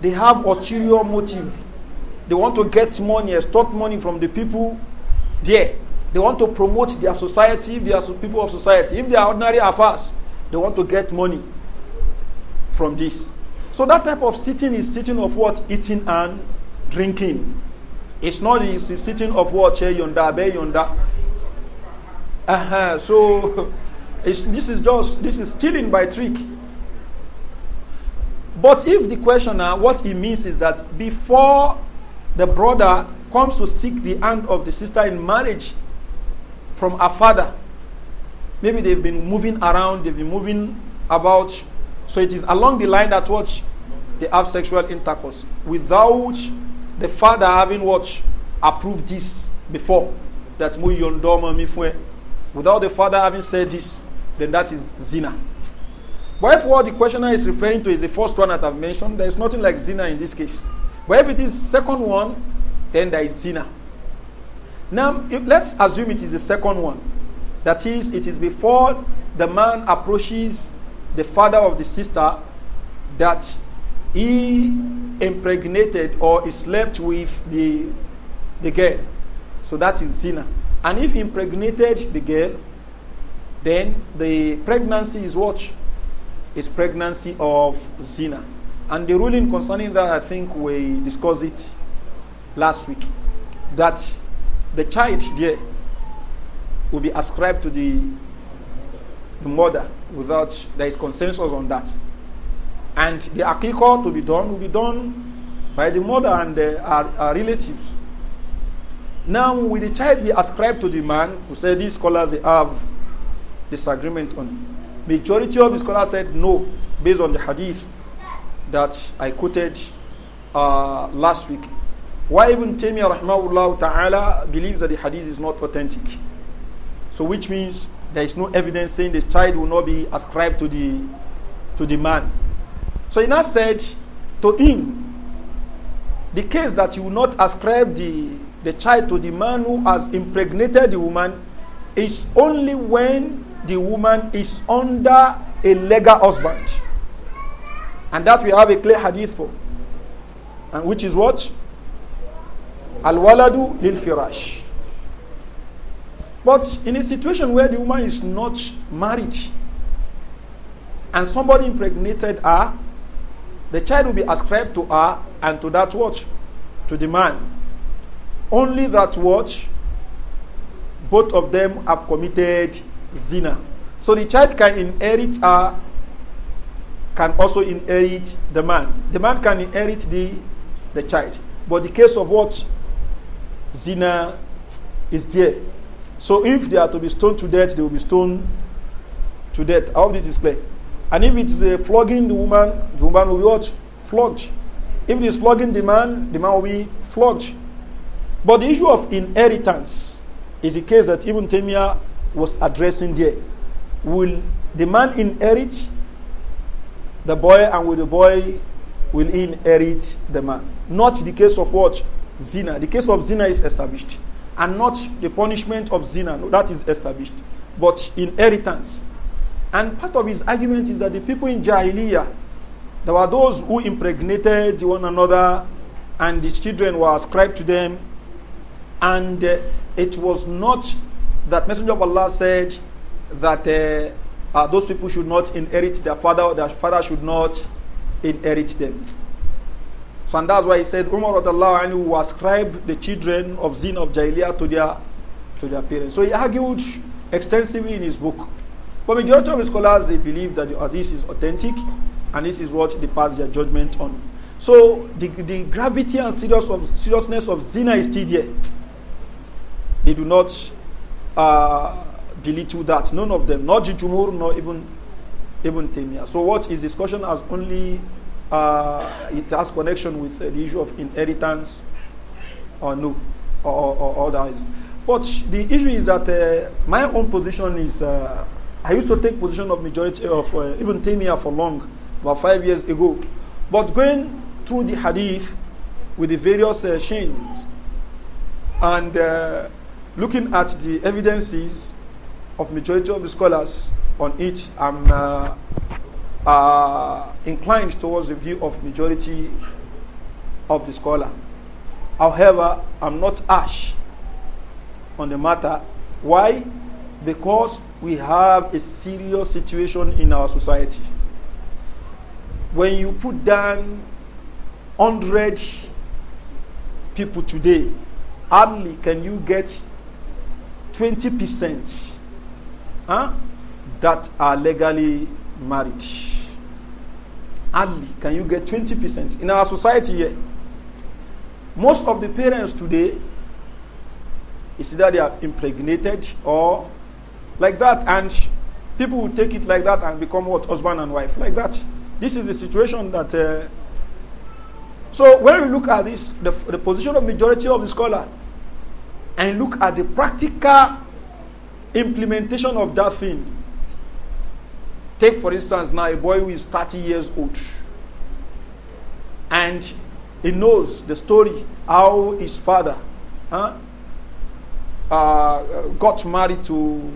Speaker 1: they have ulterior motive, they want to get money, extort money from the people there. They want to promote their society, if they are people of society. If they are ordinary affairs, they want to get money from this. So that type of sitting is sitting of what? Eating and drinking. It's not the sitting of what? Uh-huh. So this is just, this is stealing by trick. But if the questioner, what he means is that before the brother comes to seek the hand of the sister in marriage from her father, maybe they've been moving around, they've been moving about so it is along the line that what they have sexual intercourse without the father having what approved this before that mu yondoma mifwe. Without the father having said this, then that is zina. But if what the questioner is referring to is the first one that I've mentioned, there is nothing like zina in this case. But if it is second one, then there is zina. Now, if, let's assume it is the second one. That is, it is before the man approaches the father of the sister that he impregnated or he slept with the, the girl. So that is zina. And if impregnated the girl, then the pregnancy is what? Is pregnancy of zina. And the ruling concerning that, I think we discussed it last week. That the child there will be ascribed to the, the mother without there is consensus on that. And the akiko to be done will be done by the mother and the, our, our, relatives. Now, will the child be ascribed to the man who said these scholars have disagreement on? Majority of the scholars said no, based on the hadith that I quoted uh, last week. Why Ibn Taymiyyah ta'ala believes that the hadith is not authentic. So which means there is no evidence saying the child will not be ascribed to the to the man. So he now said to him, the case that you will not ascribe the, the child to the man who has impregnated the woman is only when the woman is under a legal husband. And that we have a clear hadith for. And which is what? Al waladu lil firash. But in a situation where the woman is not married and somebody impregnated her, the child will be ascribed to her and to that watch, to the man. Only that watch, both of them have committed zina. So the child can inherit her, can also inherit the man. The man can inherit the, the child. But the case of what? Zina is there. So if they are to be stoned to death, they will be stoned to death. I hope this is clear. And if it is a flogging the woman, the woman will be what? Flogged. If it is flogging the man, the man will be flogged. But the issue of inheritance is a case that Ibn Taymiyyah was addressing there. Will the man inherit the boy and will the boy will inherit the man? Not the case of what? Zina. The case of Zina is established and not the punishment of zina. No, that is established. But inheritance. And part of his argument is that the people in Jahiliyyah, there were those who impregnated one another and the children were ascribed to them. And uh, it was not that Messenger of Allah said that uh, uh, those people should not inherit their father, their father should not inherit them. So and that's why he said Umar anhu ascribed the children of Zin of Jahiliyyah to their, to their parents. So he argued extensively in his book. But majority of scholars, they believe that the hadith is authentic and this is what they pass their judgment on. So the, the gravity and serious of, seriousness of zina is still there. They do not uh, belittle that. None of them, not Jumhur, nor even, even Temia. So what is discussion has only uh, it has connection with the issue of inheritance or no, or, or, that is. But the issue is that uh, my own position is, uh, I used to take position of majority of uh, ten years for long, about five years ago. But going through the hadith with the various uh, chains and uh, looking at the evidences of majority of the scholars on it, I'm uh, are inclined towards the view of majority of the scholar. However, I'm not ash on the matter. Why? Because we have a serious situation in our society. When you put down 100 people today, hardly can you get 20% huh, that are legally Marriage. Hardly can you get 20%. In our society here, most of the parents today is that they are impregnated or like that, and people will take it like that and become what? Husband and wife, like that. This is the situation that. Uh, so when we look at this, the, the position of majority of the scholar, and look at the practical implementation of that thing, Take, for instance, now a boy who is 30 years old and he knows the story how his father huh, uh, got married to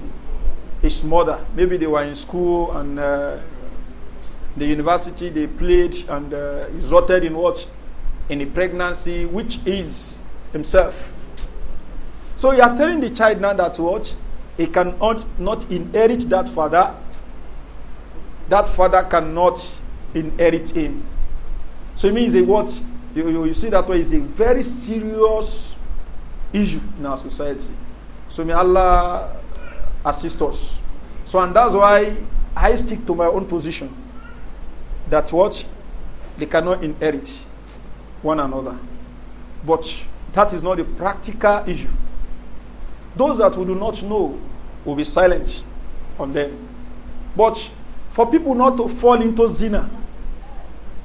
Speaker 1: his mother. Maybe they were in school and uh, the university, they played and uh, resulted in what? In a pregnancy, which is himself. So you are telling the child now that what? He cannot not inherit that father that father cannot inherit him. So it means a what? You, you, you see that way is a very serious issue in our society. So may Allah assist us. So and that's why I stick to my own position. That what they cannot inherit one another. But that is not a practical issue. Those that we do not know will be silent on them. But For people not to fall into zina,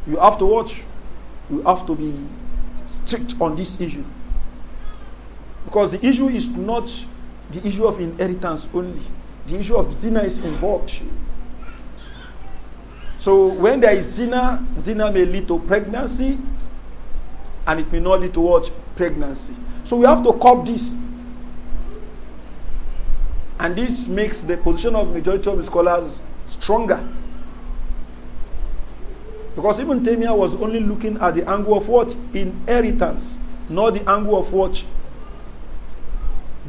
Speaker 1: you have to watch. You have to be strict on this issue. Because the issue is not the issue of inheritance only. The issue of zina is involved. So when there is zina, zina may lead to pregnancy, and it may not lead to what? Pregnancy. So we have to curb this. And this makes the position of majority of scholars stronger. Because even Tamiya was only looking at the angle of what? Inheritance, not the angle of what?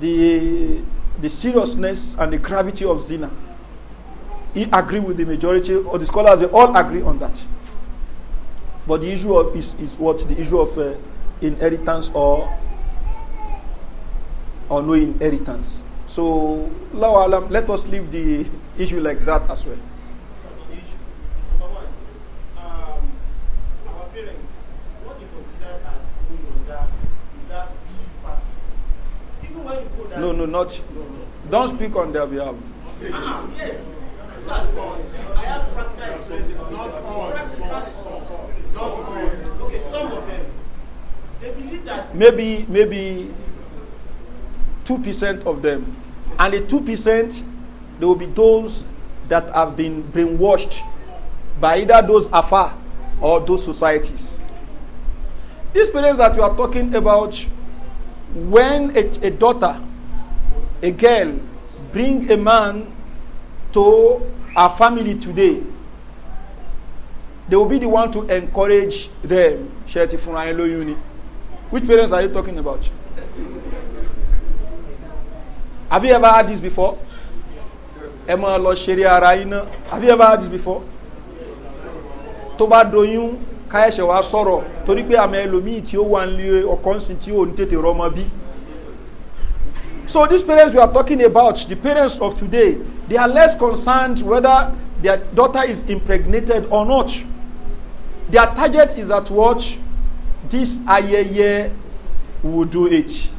Speaker 1: The, the seriousness and the gravity of zina. He agreed with the majority of the scholars, they all agree on that. But the issue of, is, is what? The issue of uh, inheritance or, or no inheritance. So, let us leave the issue like that as well.
Speaker 3: No, no, not.
Speaker 1: Don't speak on their behalf.
Speaker 3: Ah, yes. I have practical experiences. Not all. Not all. Okay, some of them. They believe that.
Speaker 1: Maybe, maybe 2% of them. And the 2% there will be those that have been brainwashed by either those afar or those societies. These parents that you are talking about, when a, a daughter, a girl, bring a man to our family today, they will be the one to encourage them. Which parents are you talking about? Have you ever heard this before? ẹ máa lọ ṣeré ara yín náà have you ever heard this before tó bá doyún ká ẹ̀ṣẹ̀ sọ̀rọ̀ torí pé àmì ẹlòmíì tí ó wà nílé ọkàn sí tí ò ní tètè rọmọ bí. so these parents we are talking about the parents of today they are less concerned whether their daughter is impregnated or not their target is at what this ayẹyẹ would do it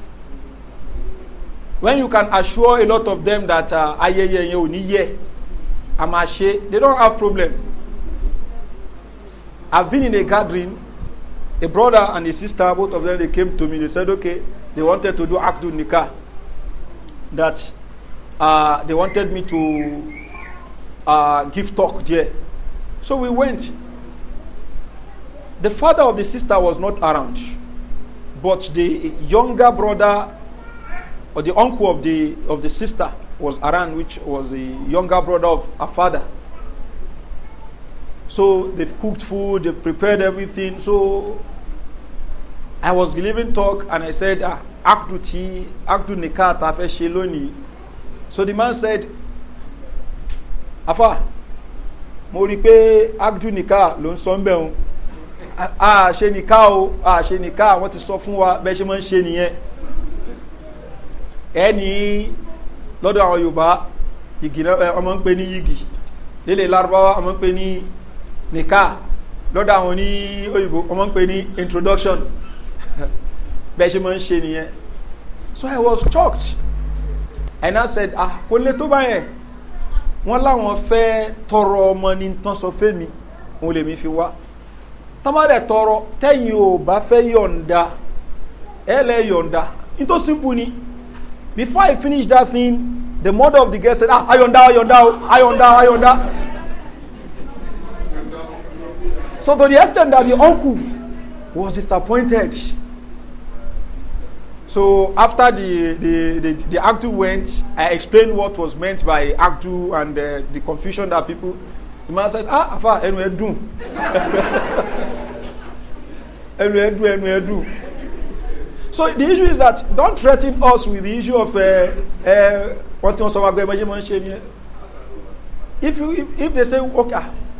Speaker 1: When you can assure a lot of them that Iye Iye ò ní they don't have problem. I've been in a gathering, a brother and a sister, both of them, they came to me, they said, okay, they wanted to do Akdu Nika. That uh, they wanted me to uh, give talk there. So we went. The father of the sister was not around, but the younger brother or the uncle of the of the sister was Aran, which was the younger brother of her father. So they've cooked food, they've prepared everything. So I was giving talk and I said, Akdu ah, ti, Akdu nikat afesheloni. So the man said, Afa, mo rí pé Akdu nikah ló ń sọ ń bẹ̀rùn. A ah, ṣe nikah o, a ah, ṣe nikah, wọ́n ti sọ fún wa bẹ́ẹ̀ ṣe máa ń ẹni lọ́dọ̀ àwọn yorùbá igi ọmọ ń pè ní yigi lélẹ̀ lárúbáwá ọmọ ń pè ní nìka lọ́dọ̀ àwọn ní òyìnbó ọmọ ń pè ní introduction bẹ́ẹ̀ ṣe máa ń ṣe nìyẹn so i was shocked and i said ah kò lè tó báyẹn wọ́n láwọn fẹ́ tọrọ ọmọ ní tán sọ fẹ́mi òun lèmi fi wá tọ́mọ́dẹ̀ tọrọ tẹ́yìn ò bá fẹ́ yọ̀ǹda ẹ lẹ́ yọ̀ǹda nítòsí bu ni. Before I finished that thing, the mother of the girl said, ah, ayonda, ayonda, ayonda, ayonda." So to the extent that the uncle was disappointed. So after the, the, the, the Act went, I explained what was meant by Act and uh, the confusion that people, the man said, ah, Afa, anyway, do. anyway, do, anyway, do. So the issue is that don't threaten us with the issue of eh, eh, what uh, uh, if you if, if they say okay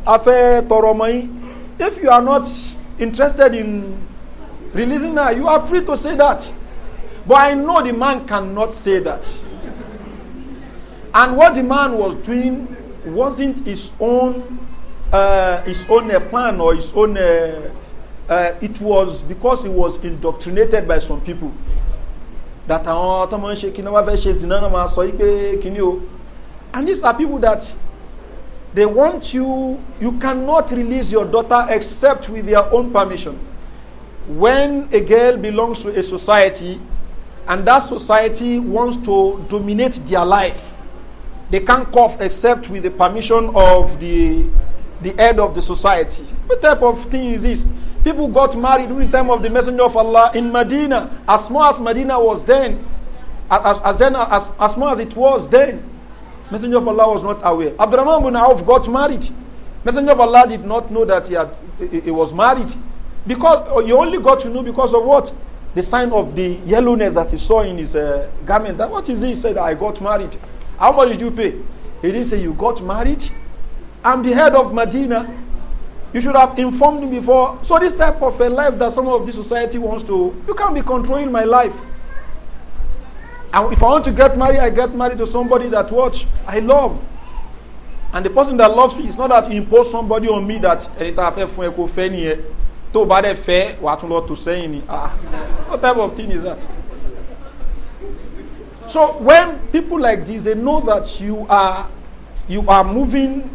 Speaker 1: afẹ tọrọ ọmọ yín if you are not interested in releasing her you are free to say that but I know the man cannot say that and what the man was doing wasn't his own uh, his own uh, plan or his own. Uh, uh, it was because he was indoctrinated by some people that àwọn tó máa ń ṣe kíni wọ́n fẹ́ ṣe zina náà máa sọ yí pé kíni o and these are people that they want you you cannot release your daughter except with their own permission when a girl belongs to a society and that society wants to dominate their life they can't cough except with the permission of the the head of the society what type of thing is this People got married during time of the Messenger of Allah in Medina. As small as Medina was then, as, as, then, as, as small as it was then, Messenger of Allah was not aware. Abdurrahman bin Auf got married. Messenger of Allah did not know that he, had, he, he was married. Because oh, he only got to know because of what? The sign of the yellowness that he saw in his uh, garment. That what is it? He said, I got married. How much did you pay? He didn't say, You got married? I'm the head of Medina. You should have informed me before. So this type of a life that some of this society wants to, you can't be controlling my life. And if I want to get married, I get married to somebody that what I love. And the person that loves me, it's not that you impose somebody on me that ẹni tá a fẹ́ fún ẹ kó fẹ́ ah what type of thing is that? So when people like this, they know that you are you are moving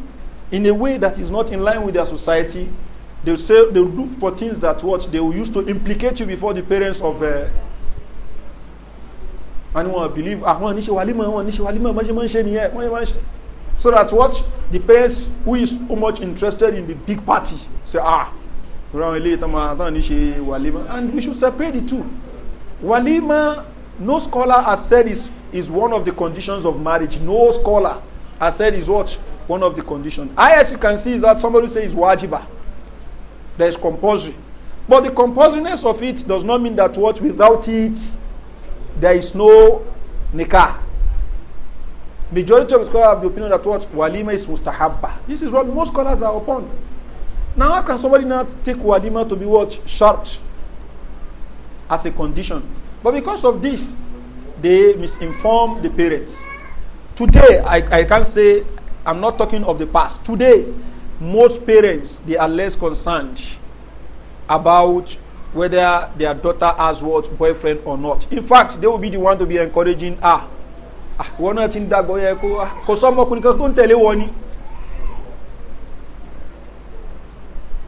Speaker 1: in a way that is not in line with their society. they say they look for things that what they will use to implicate you before the parents of uh, and believe ah? níṣe wàlímọ̀ àwọn níṣe wàlímọ̀ mọ́ṣe mọ́ ń ṣe nìyẹn wọ́n so that what the parents who is so much interested in the big party say ah ìran ilé ìtàn níṣe wàlímọ̀ and we should separate the two Walima, no scholar has said is, is one of the conditions of marriage no scholar has said is what one of the conditions. Highest you can see is that somebody says wajiba. There is compulsory. But the compulsoriness of it does not mean that what without it there is no nikah. Majority of scholars have the opinion that what walima is mustahabba. This is what most scholars are upon. Now how can somebody not take walima to be what short as a condition? But because of this, they misinform the parents. Today I, I can't say I'm not talking of the past. Today, most parents, they are less concerned about whether their daughter has what boyfriend or not. In fact, they will be the one to be encouraging her. Ah, Wọ́n náà ti ń dàgbọ́ yẹ kó ah, kò sọ́mọkùnrin kan tó ń tẹ̀lé wọn ni.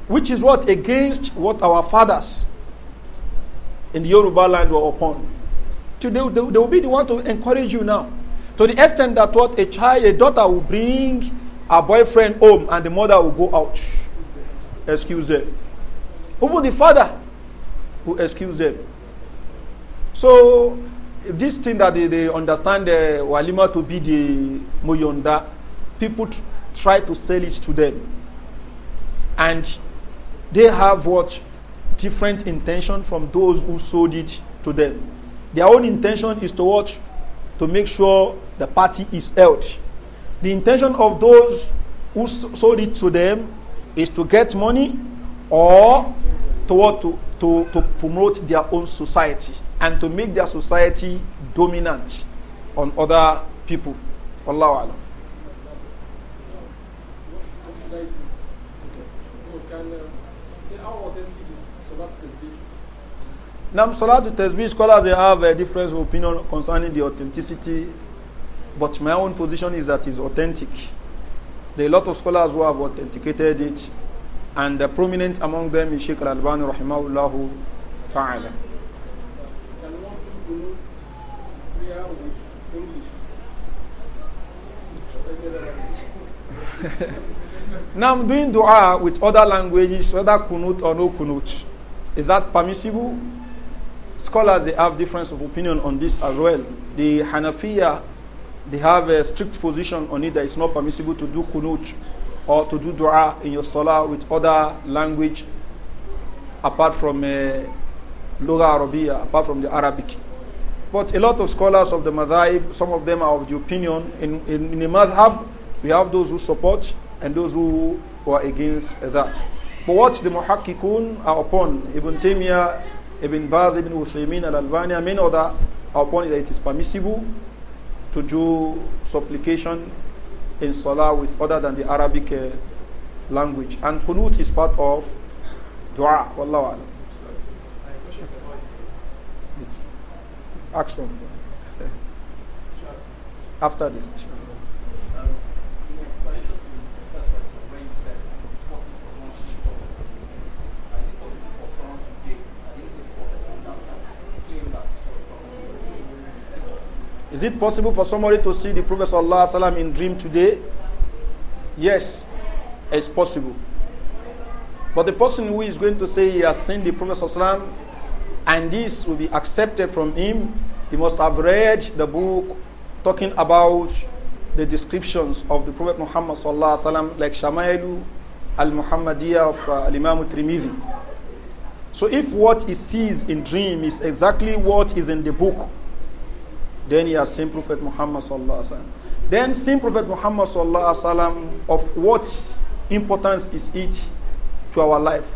Speaker 1: Which is what against what our fathers in the Yoruba land were upon. Today, they, they will be the one to encourage you now. To the extent that what a child, a daughter will bring a boyfriend home and the mother will go out. Excuse them. Even the father will excuse them. So this thing that they, they understand the uh, Walima to be the Moyonda, people try to sell it to them. And they have what different intention from those who sold it to them. Their own intention is to watch to make sure the party is held. The intention of those who sold it to them is to get money or to, to, to, to promote their own society and to make their society dominant on other people. Allahu Alam. Now, Salatul Tasbih scholars, they have a different opinion concerning the authenticity, but my own position is that it's authentic. There are a lot of scholars who have authenticated it, and the prominent among them is Sheikh Al-Albani, rahimahullahu ta'ala. now I'm doing dua with other languages, whether kunut or no kunut. Is that permissible? Scholars, they have difference of opinion on this as well. The Hanafiya, they have a strict position on it that it's not permissible to do kunut or to do dua in your salah with other language apart from uh, Arabiya, apart from the Arabic. But a lot of scholars of the madhab, some of them are of the opinion, in, in, in the madhab, we have those who support and those who are against that. But what the muhakkikun are upon, Ibn Taymiyyah Ibn Baz, Ibn Uthaymeen, Al-Albani, and many other upon it that it is permissible to do supplication in Salah with other than the Arabic uh, language. And Qunut is part of Dua. Wallahu alam. Action. After this. Is it possible for somebody to see the Prophet ﷺ in dream today? Yes, it's possible. But the person who is going to say he has seen the Prophet ﷺ and this will be accepted from him, he must have read the book talking about the descriptions of the Prophet Muhammad ﷺ, like Shamailu al-Muhammadiyah of uh, al Imam So if what he sees in dream is exactly what is in the book, then he has seen Prophet Muhammad sallallahu alaihi wasallam. Then seen Prophet Muhammad sallallahu alaihi wasallam of what importance is it to our life?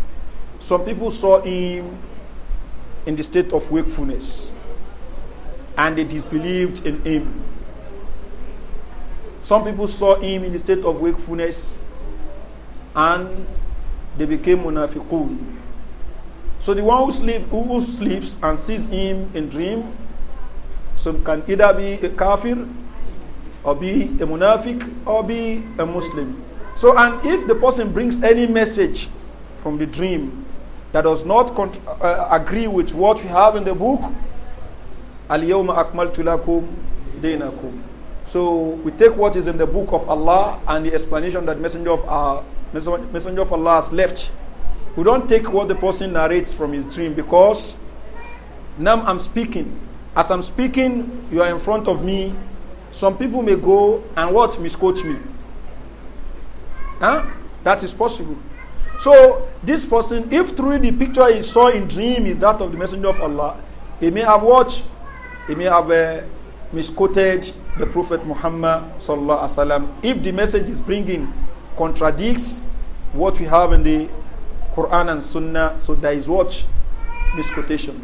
Speaker 1: Some people saw him in the state of wakefulness and they disbelieved in him. Some people saw him in the state of wakefulness and they became munafiqun. So the one who, sleep, who sleeps and sees him in dream can either be a kafir, or be a munafiq, or be a Muslim. So, and if the person brings any message from the dream that does not uh, agree with what we have in the book, Al-Yawma Akmaltu Lakum Dinakum. So we take what is in the book of Allah and the explanation that Messenger of, our uh, Messenger of Allah has left. We don't take what the person narrates from his dream because now I'm speaking. As I'm speaking, you are in front of me. Some people may go and what? Misquote me. Huh? That is possible. So this person, if through the picture he saw in dream is that of the messenger of Allah, he may have watched, he may have uh, misquoted the Prophet Muhammad sallallahu alaihi wasallam. If the message he's bringing contradicts what we have in the Quran and Sunnah, so there is what misquotation.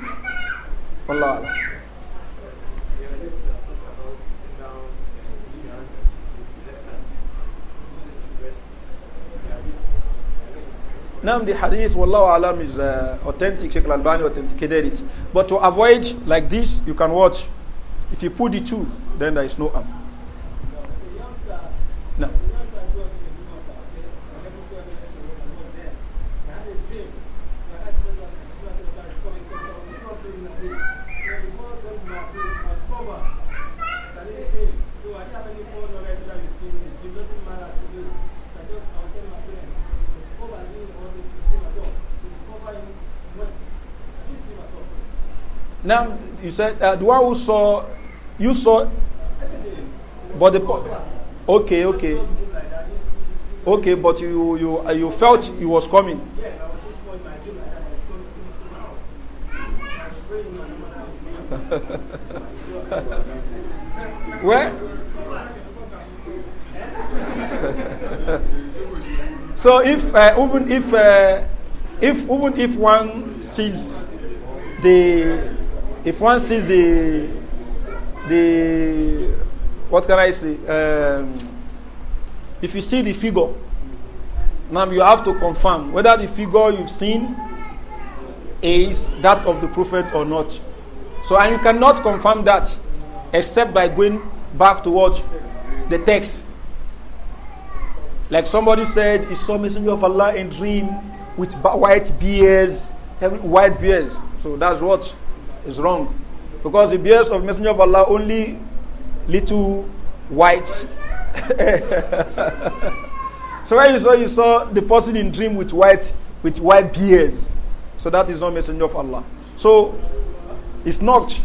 Speaker 1: Allah. Now the hadith, Wallahu Alam, is uh, authentic. Sheikh Al-Albani authenticated it. But to avoid like this, you can watch. If you put the two, then there is no harm. No. Now, you said, uh, the one who saw, you saw, but the, okay, okay. Okay, but you you uh, you felt he was coming. Where? so if uh, even if uh, if even if one sees the if one sees the, the what can I say? Um, if you see the figure, now you have to confirm whether the figure you've seen is that of the prophet or not. So, and you cannot confirm that except by going back to what? The text. Like somebody said, he saw messenger of Allah in dream with white beards, white beards. So that's what is wrong. Because the beards of Messenger of Allah only little white. so when you saw you saw the person in dream with white with white beards. So that is not Messenger of Allah. So it's not.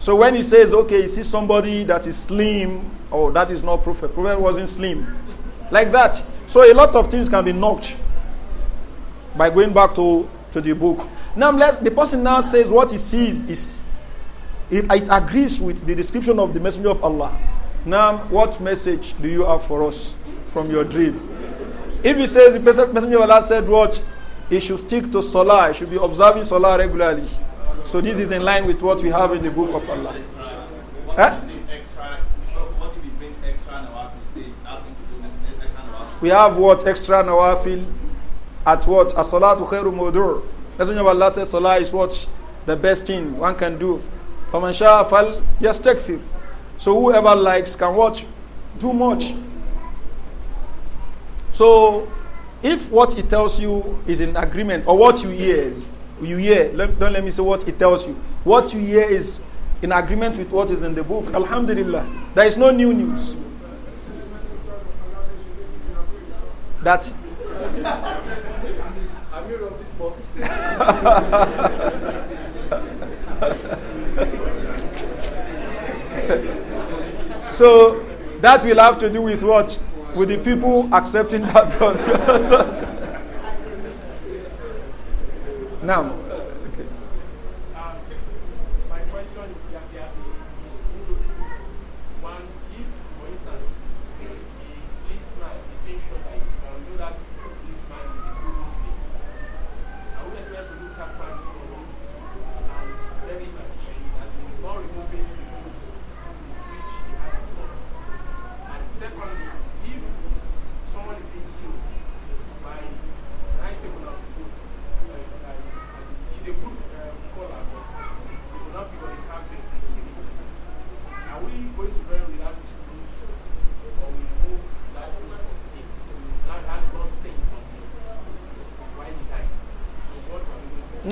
Speaker 1: So when he says, okay, you see somebody that is slim, oh, that is not prophet. Prophet wasn't slim. Like that. So a lot of things can be knocked by going back to to the book. Now, let the person now says what he sees is it, it agrees with the description of the Messenger of Allah. Now, what message do you have for us from your dream? If he says the Messenger of Allah said what, he should stick to Salah, he should be observing Salah regularly. So this is in line with what we have in the book of Allah. Huh? We have what extra nawafil at what? As salatu khairu mudur. Messenger of Allah says salah is what? The best thing one can do. فَمَنْ شَاءَ فَلْ يَسْتَكْثِرْ So whoever likes can watch, do much. So if what it tells you is in agreement or what you hear is, you hear, let, don't let me say what it tells you. What you hear is in agreement with what is in the book. Alhamdulillah. There is no new news.
Speaker 2: That
Speaker 1: so that will have to do with what? With the people accepting that from Now,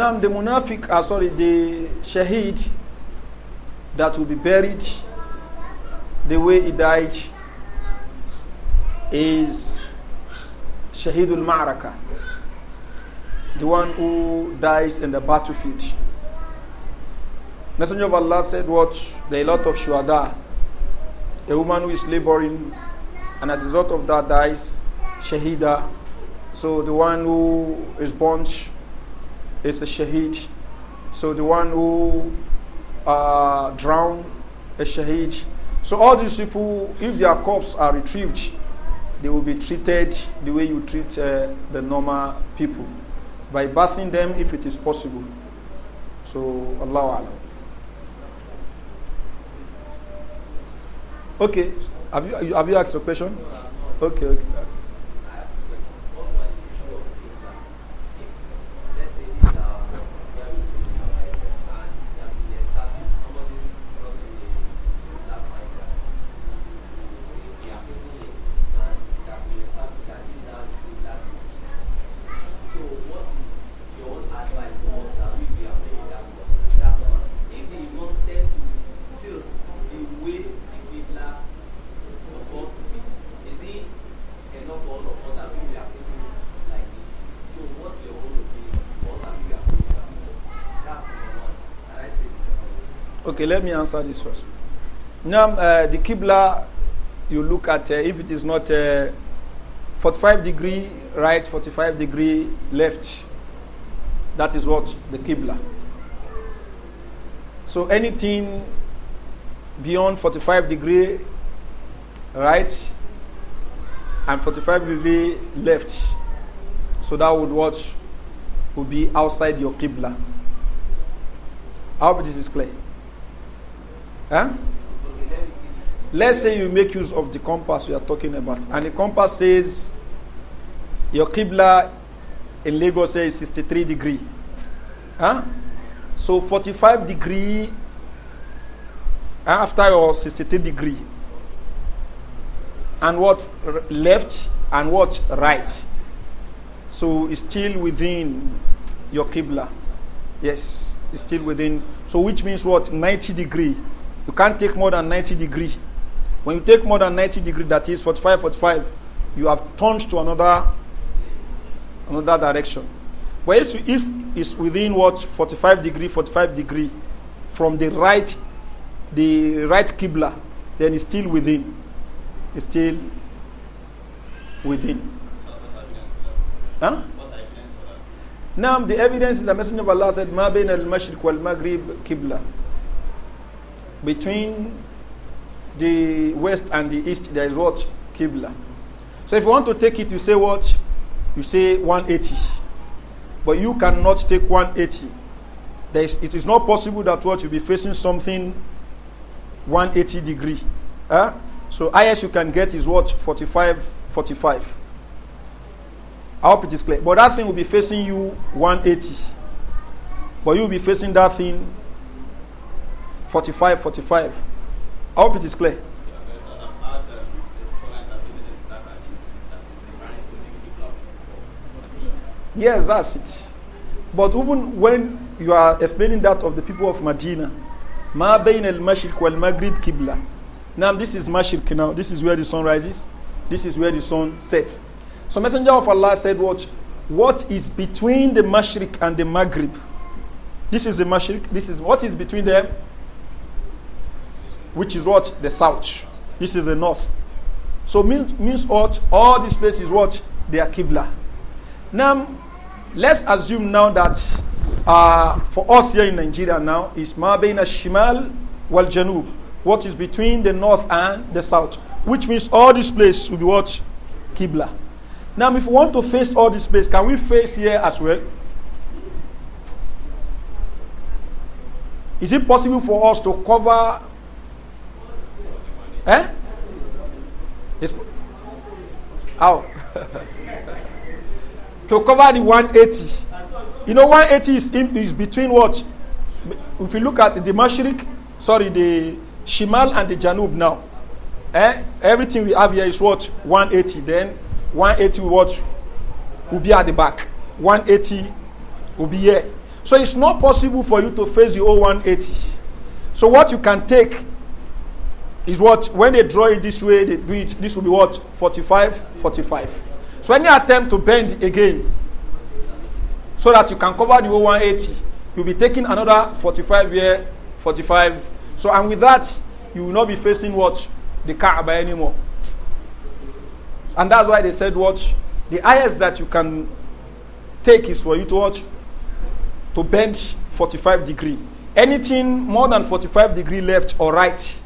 Speaker 1: Now the munafiq, uh, ah, sorry, the shaheed that will be buried the way he died is Shahidul Ma'raka, the one who dies in the battlefield. Messenger of Allah said, What? the lot of shuhada, a woman who is laboring, and as a result of that dies, Shahida. So the one who is born is a shaheed. So the one who uh, drowned, a shaheed. So all these people, if their corpses are retrieved, they will be treated the way you treat uh, the normal people by bathing them if it is possible. So Allah Alam. Okay, have you, have you asked a question? Okay, okay. Okay, let me answer this first. Now, uh, the Qibla, you look at uh, if it is not uh, 45 degree right, 45 degree left. That is what the Qibla. So anything beyond 45 degree right and 45 degree left. So that would what would be outside your Qibla. I hope this is clear. Huh? Let's say you make use of the compass we are talking about, and the compass says your Qibla in Lagos says 63 degree. Huh? So 45 degree after your 63 degree, and what left and what right. So it's still within your Qibla. Yes, it's still within. So which means what? 90 degree You can't take more than 90 degree. When you take more than 90 degree, that is 45, 45, you have turned to another, another direction. But if it's within what 45 degree, 45 degree, from the right, the right kibla, then it's still within. It's still within. Huh? Now the evidence is the Messenger of Allah said, "Ma bain al-mashriq wal-maghrib kibla." between the west and the east, there is what? Kibla. So if you want to take it, you say what? You say 180. But you cannot take 180. Is, it is not possible that what you be facing something 180 degree. Huh? So highest you can get is what? 45, 45. I hope it is clear. But that thing will be facing you 180. But you be facing that thing 45, 45. I hope it is clear. Yes, that's it. But even when you are explaining that of the people of Medina, Ma bain al mashriq wal maghrib kibla. Now this is mashriq now. This is where the sun rises. This is where the sun sets. So Messenger of Allah said what what is between the mashriq and the maghrib? This is the mashriq. This is what is between them which is what? The south. This is the north. So means, means what? All these places what? They are Qibla. Now, let's assume now that uh, for us here in Nigeria now is Ma'bayna Shimal wal Janub. What is between the north and the south. Which means all this place will be what? Qibla. Now, if we want to face all this place, can we face here as well? Is it possible for us to cover Eh? how? to cover the 180. You know, 180 is, in, is between what? If you look at the Mashrik, sorry, the Shimal and the Janub now. Eh? Everything we have here is what? 180. Then 180 what? Will be at the back. 180 will be here. So it's not possible for you to face the whole 180. So what you can take is what when they draw it this way, they do it. This will be what 45, 45. So any attempt to bend again, so that you can cover the 180, you'll be taking another 45 here, 45. So and with that, you will not be facing what the Kaaba anymore. And that's why they said what the highest that you can take is for you to watch to bend 45 degree. Anything more than 45 degree left or right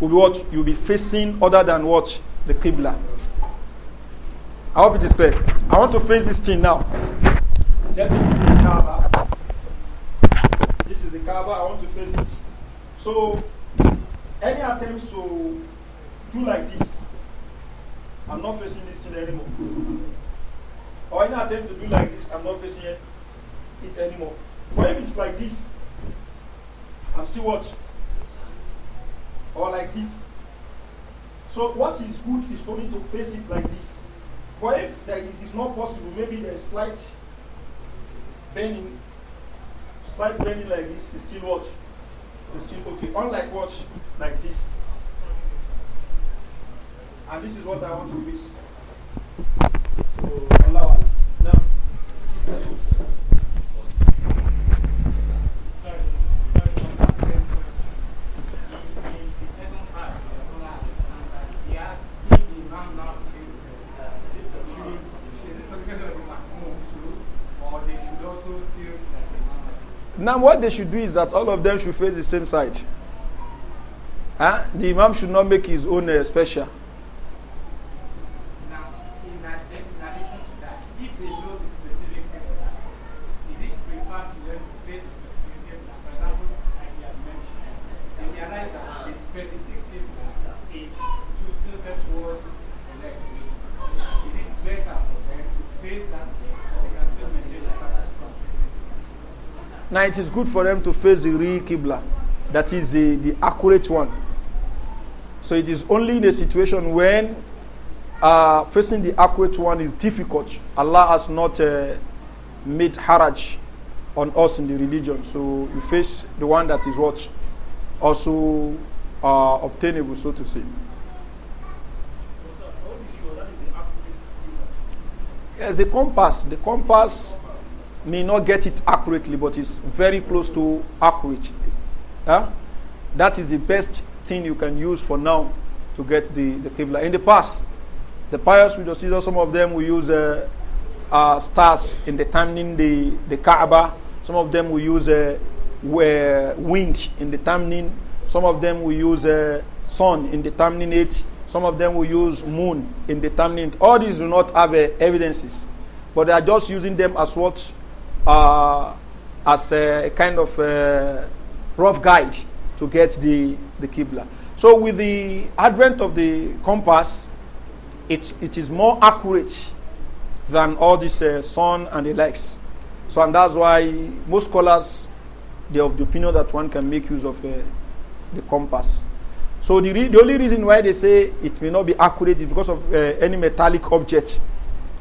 Speaker 1: will be what you'll be facing other than what the Qibla. I hope it is clear. I want to face this thing now. Let's see, this is the Kaaba. This is the Kaaba. I want to face it. So, any attempts to do like this, I'm not facing this thing anymore. Or any attempt to do like this, I'm not facing it anymore. But if it's like this, I'm still what? or like this. So what is good is for me to face it like this. But if that it is not possible, maybe there's slight bending, slight bending like this is still what? It's still okay. Unlike what? Like this. And this is what I want to face. Now, what they should do is that all of them should face the same side. Huh? The Imam should not make his own uh, special. it is good for them to face the real Qibla, that is the, the accurate one. So it is only in a situation when uh, facing the accurate one is difficult. Allah has not uh, made haraj on us in the religion. So you face the one that is what? Also uh, obtainable, so to say. As a compass, the compass may not get it accurately, but it's very close to accurate. Huh? That is the best thing you can use for now to get the, the Qibla. In the past, the pious predecessors, some of them will use uh, uh, stars in determining the, the Kaaba. Some of them will use uh, uh, wind in determining. Some of them will use uh, sun in determining it. Some of them will use moon in determining it. All these do not have uh, evidences but they are just using them as what uh, as a, kind of a uh, rough guide to get the, the Qibla. So with the advent of the compass, it, it is more accurate than all this uh, sun and the likes. So and that's why most scholars, they of the opinion that one can make use of uh, the compass. So the, the only reason why they say it may not be accurate is because of uh, any metallic object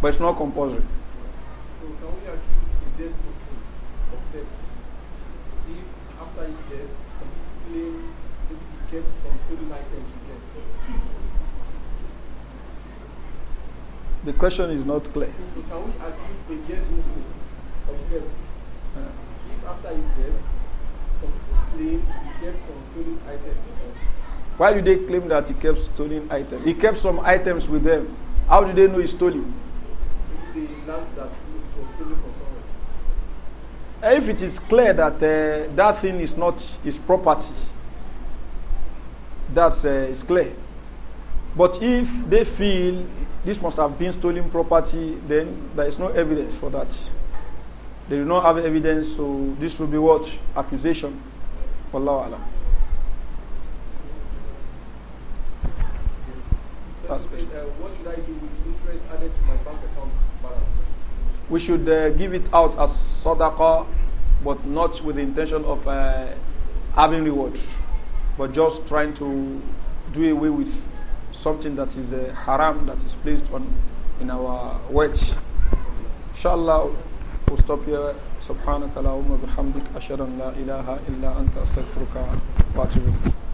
Speaker 1: but it's not compulsory.
Speaker 2: So can we accuse a dead Muslim of theft if after his death some claim he kept some stolen items with them?
Speaker 1: The question is not clear.
Speaker 2: So can we accuse a dead Muslim of theft if after his death some claim he kept some stolen items with them?
Speaker 1: Why do they claim that he kept stolen items? He kept some items with them. How do they know he stole it?
Speaker 2: learned that it was stolen from someone?
Speaker 1: If it is clear that uh, that thing is not his property, that's uh, it's clear. But if they feel this must have been stolen property, then there is no evidence for that. They do not have evidence, so this will be what? Accusation. Wallahu Allah.
Speaker 2: Yes. uh, what should I do with interest added to my bank
Speaker 1: we should uh, give it out as sadaqah, but not with the intention of uh, having reward, but just trying to do away with something that is uh, haram that is placed on in our watch. Inshallah, we'll stop here. سبحانك اللهم وبحمدك أشهد أن لا إله إلا أنت أستغفرك وأتوب إليك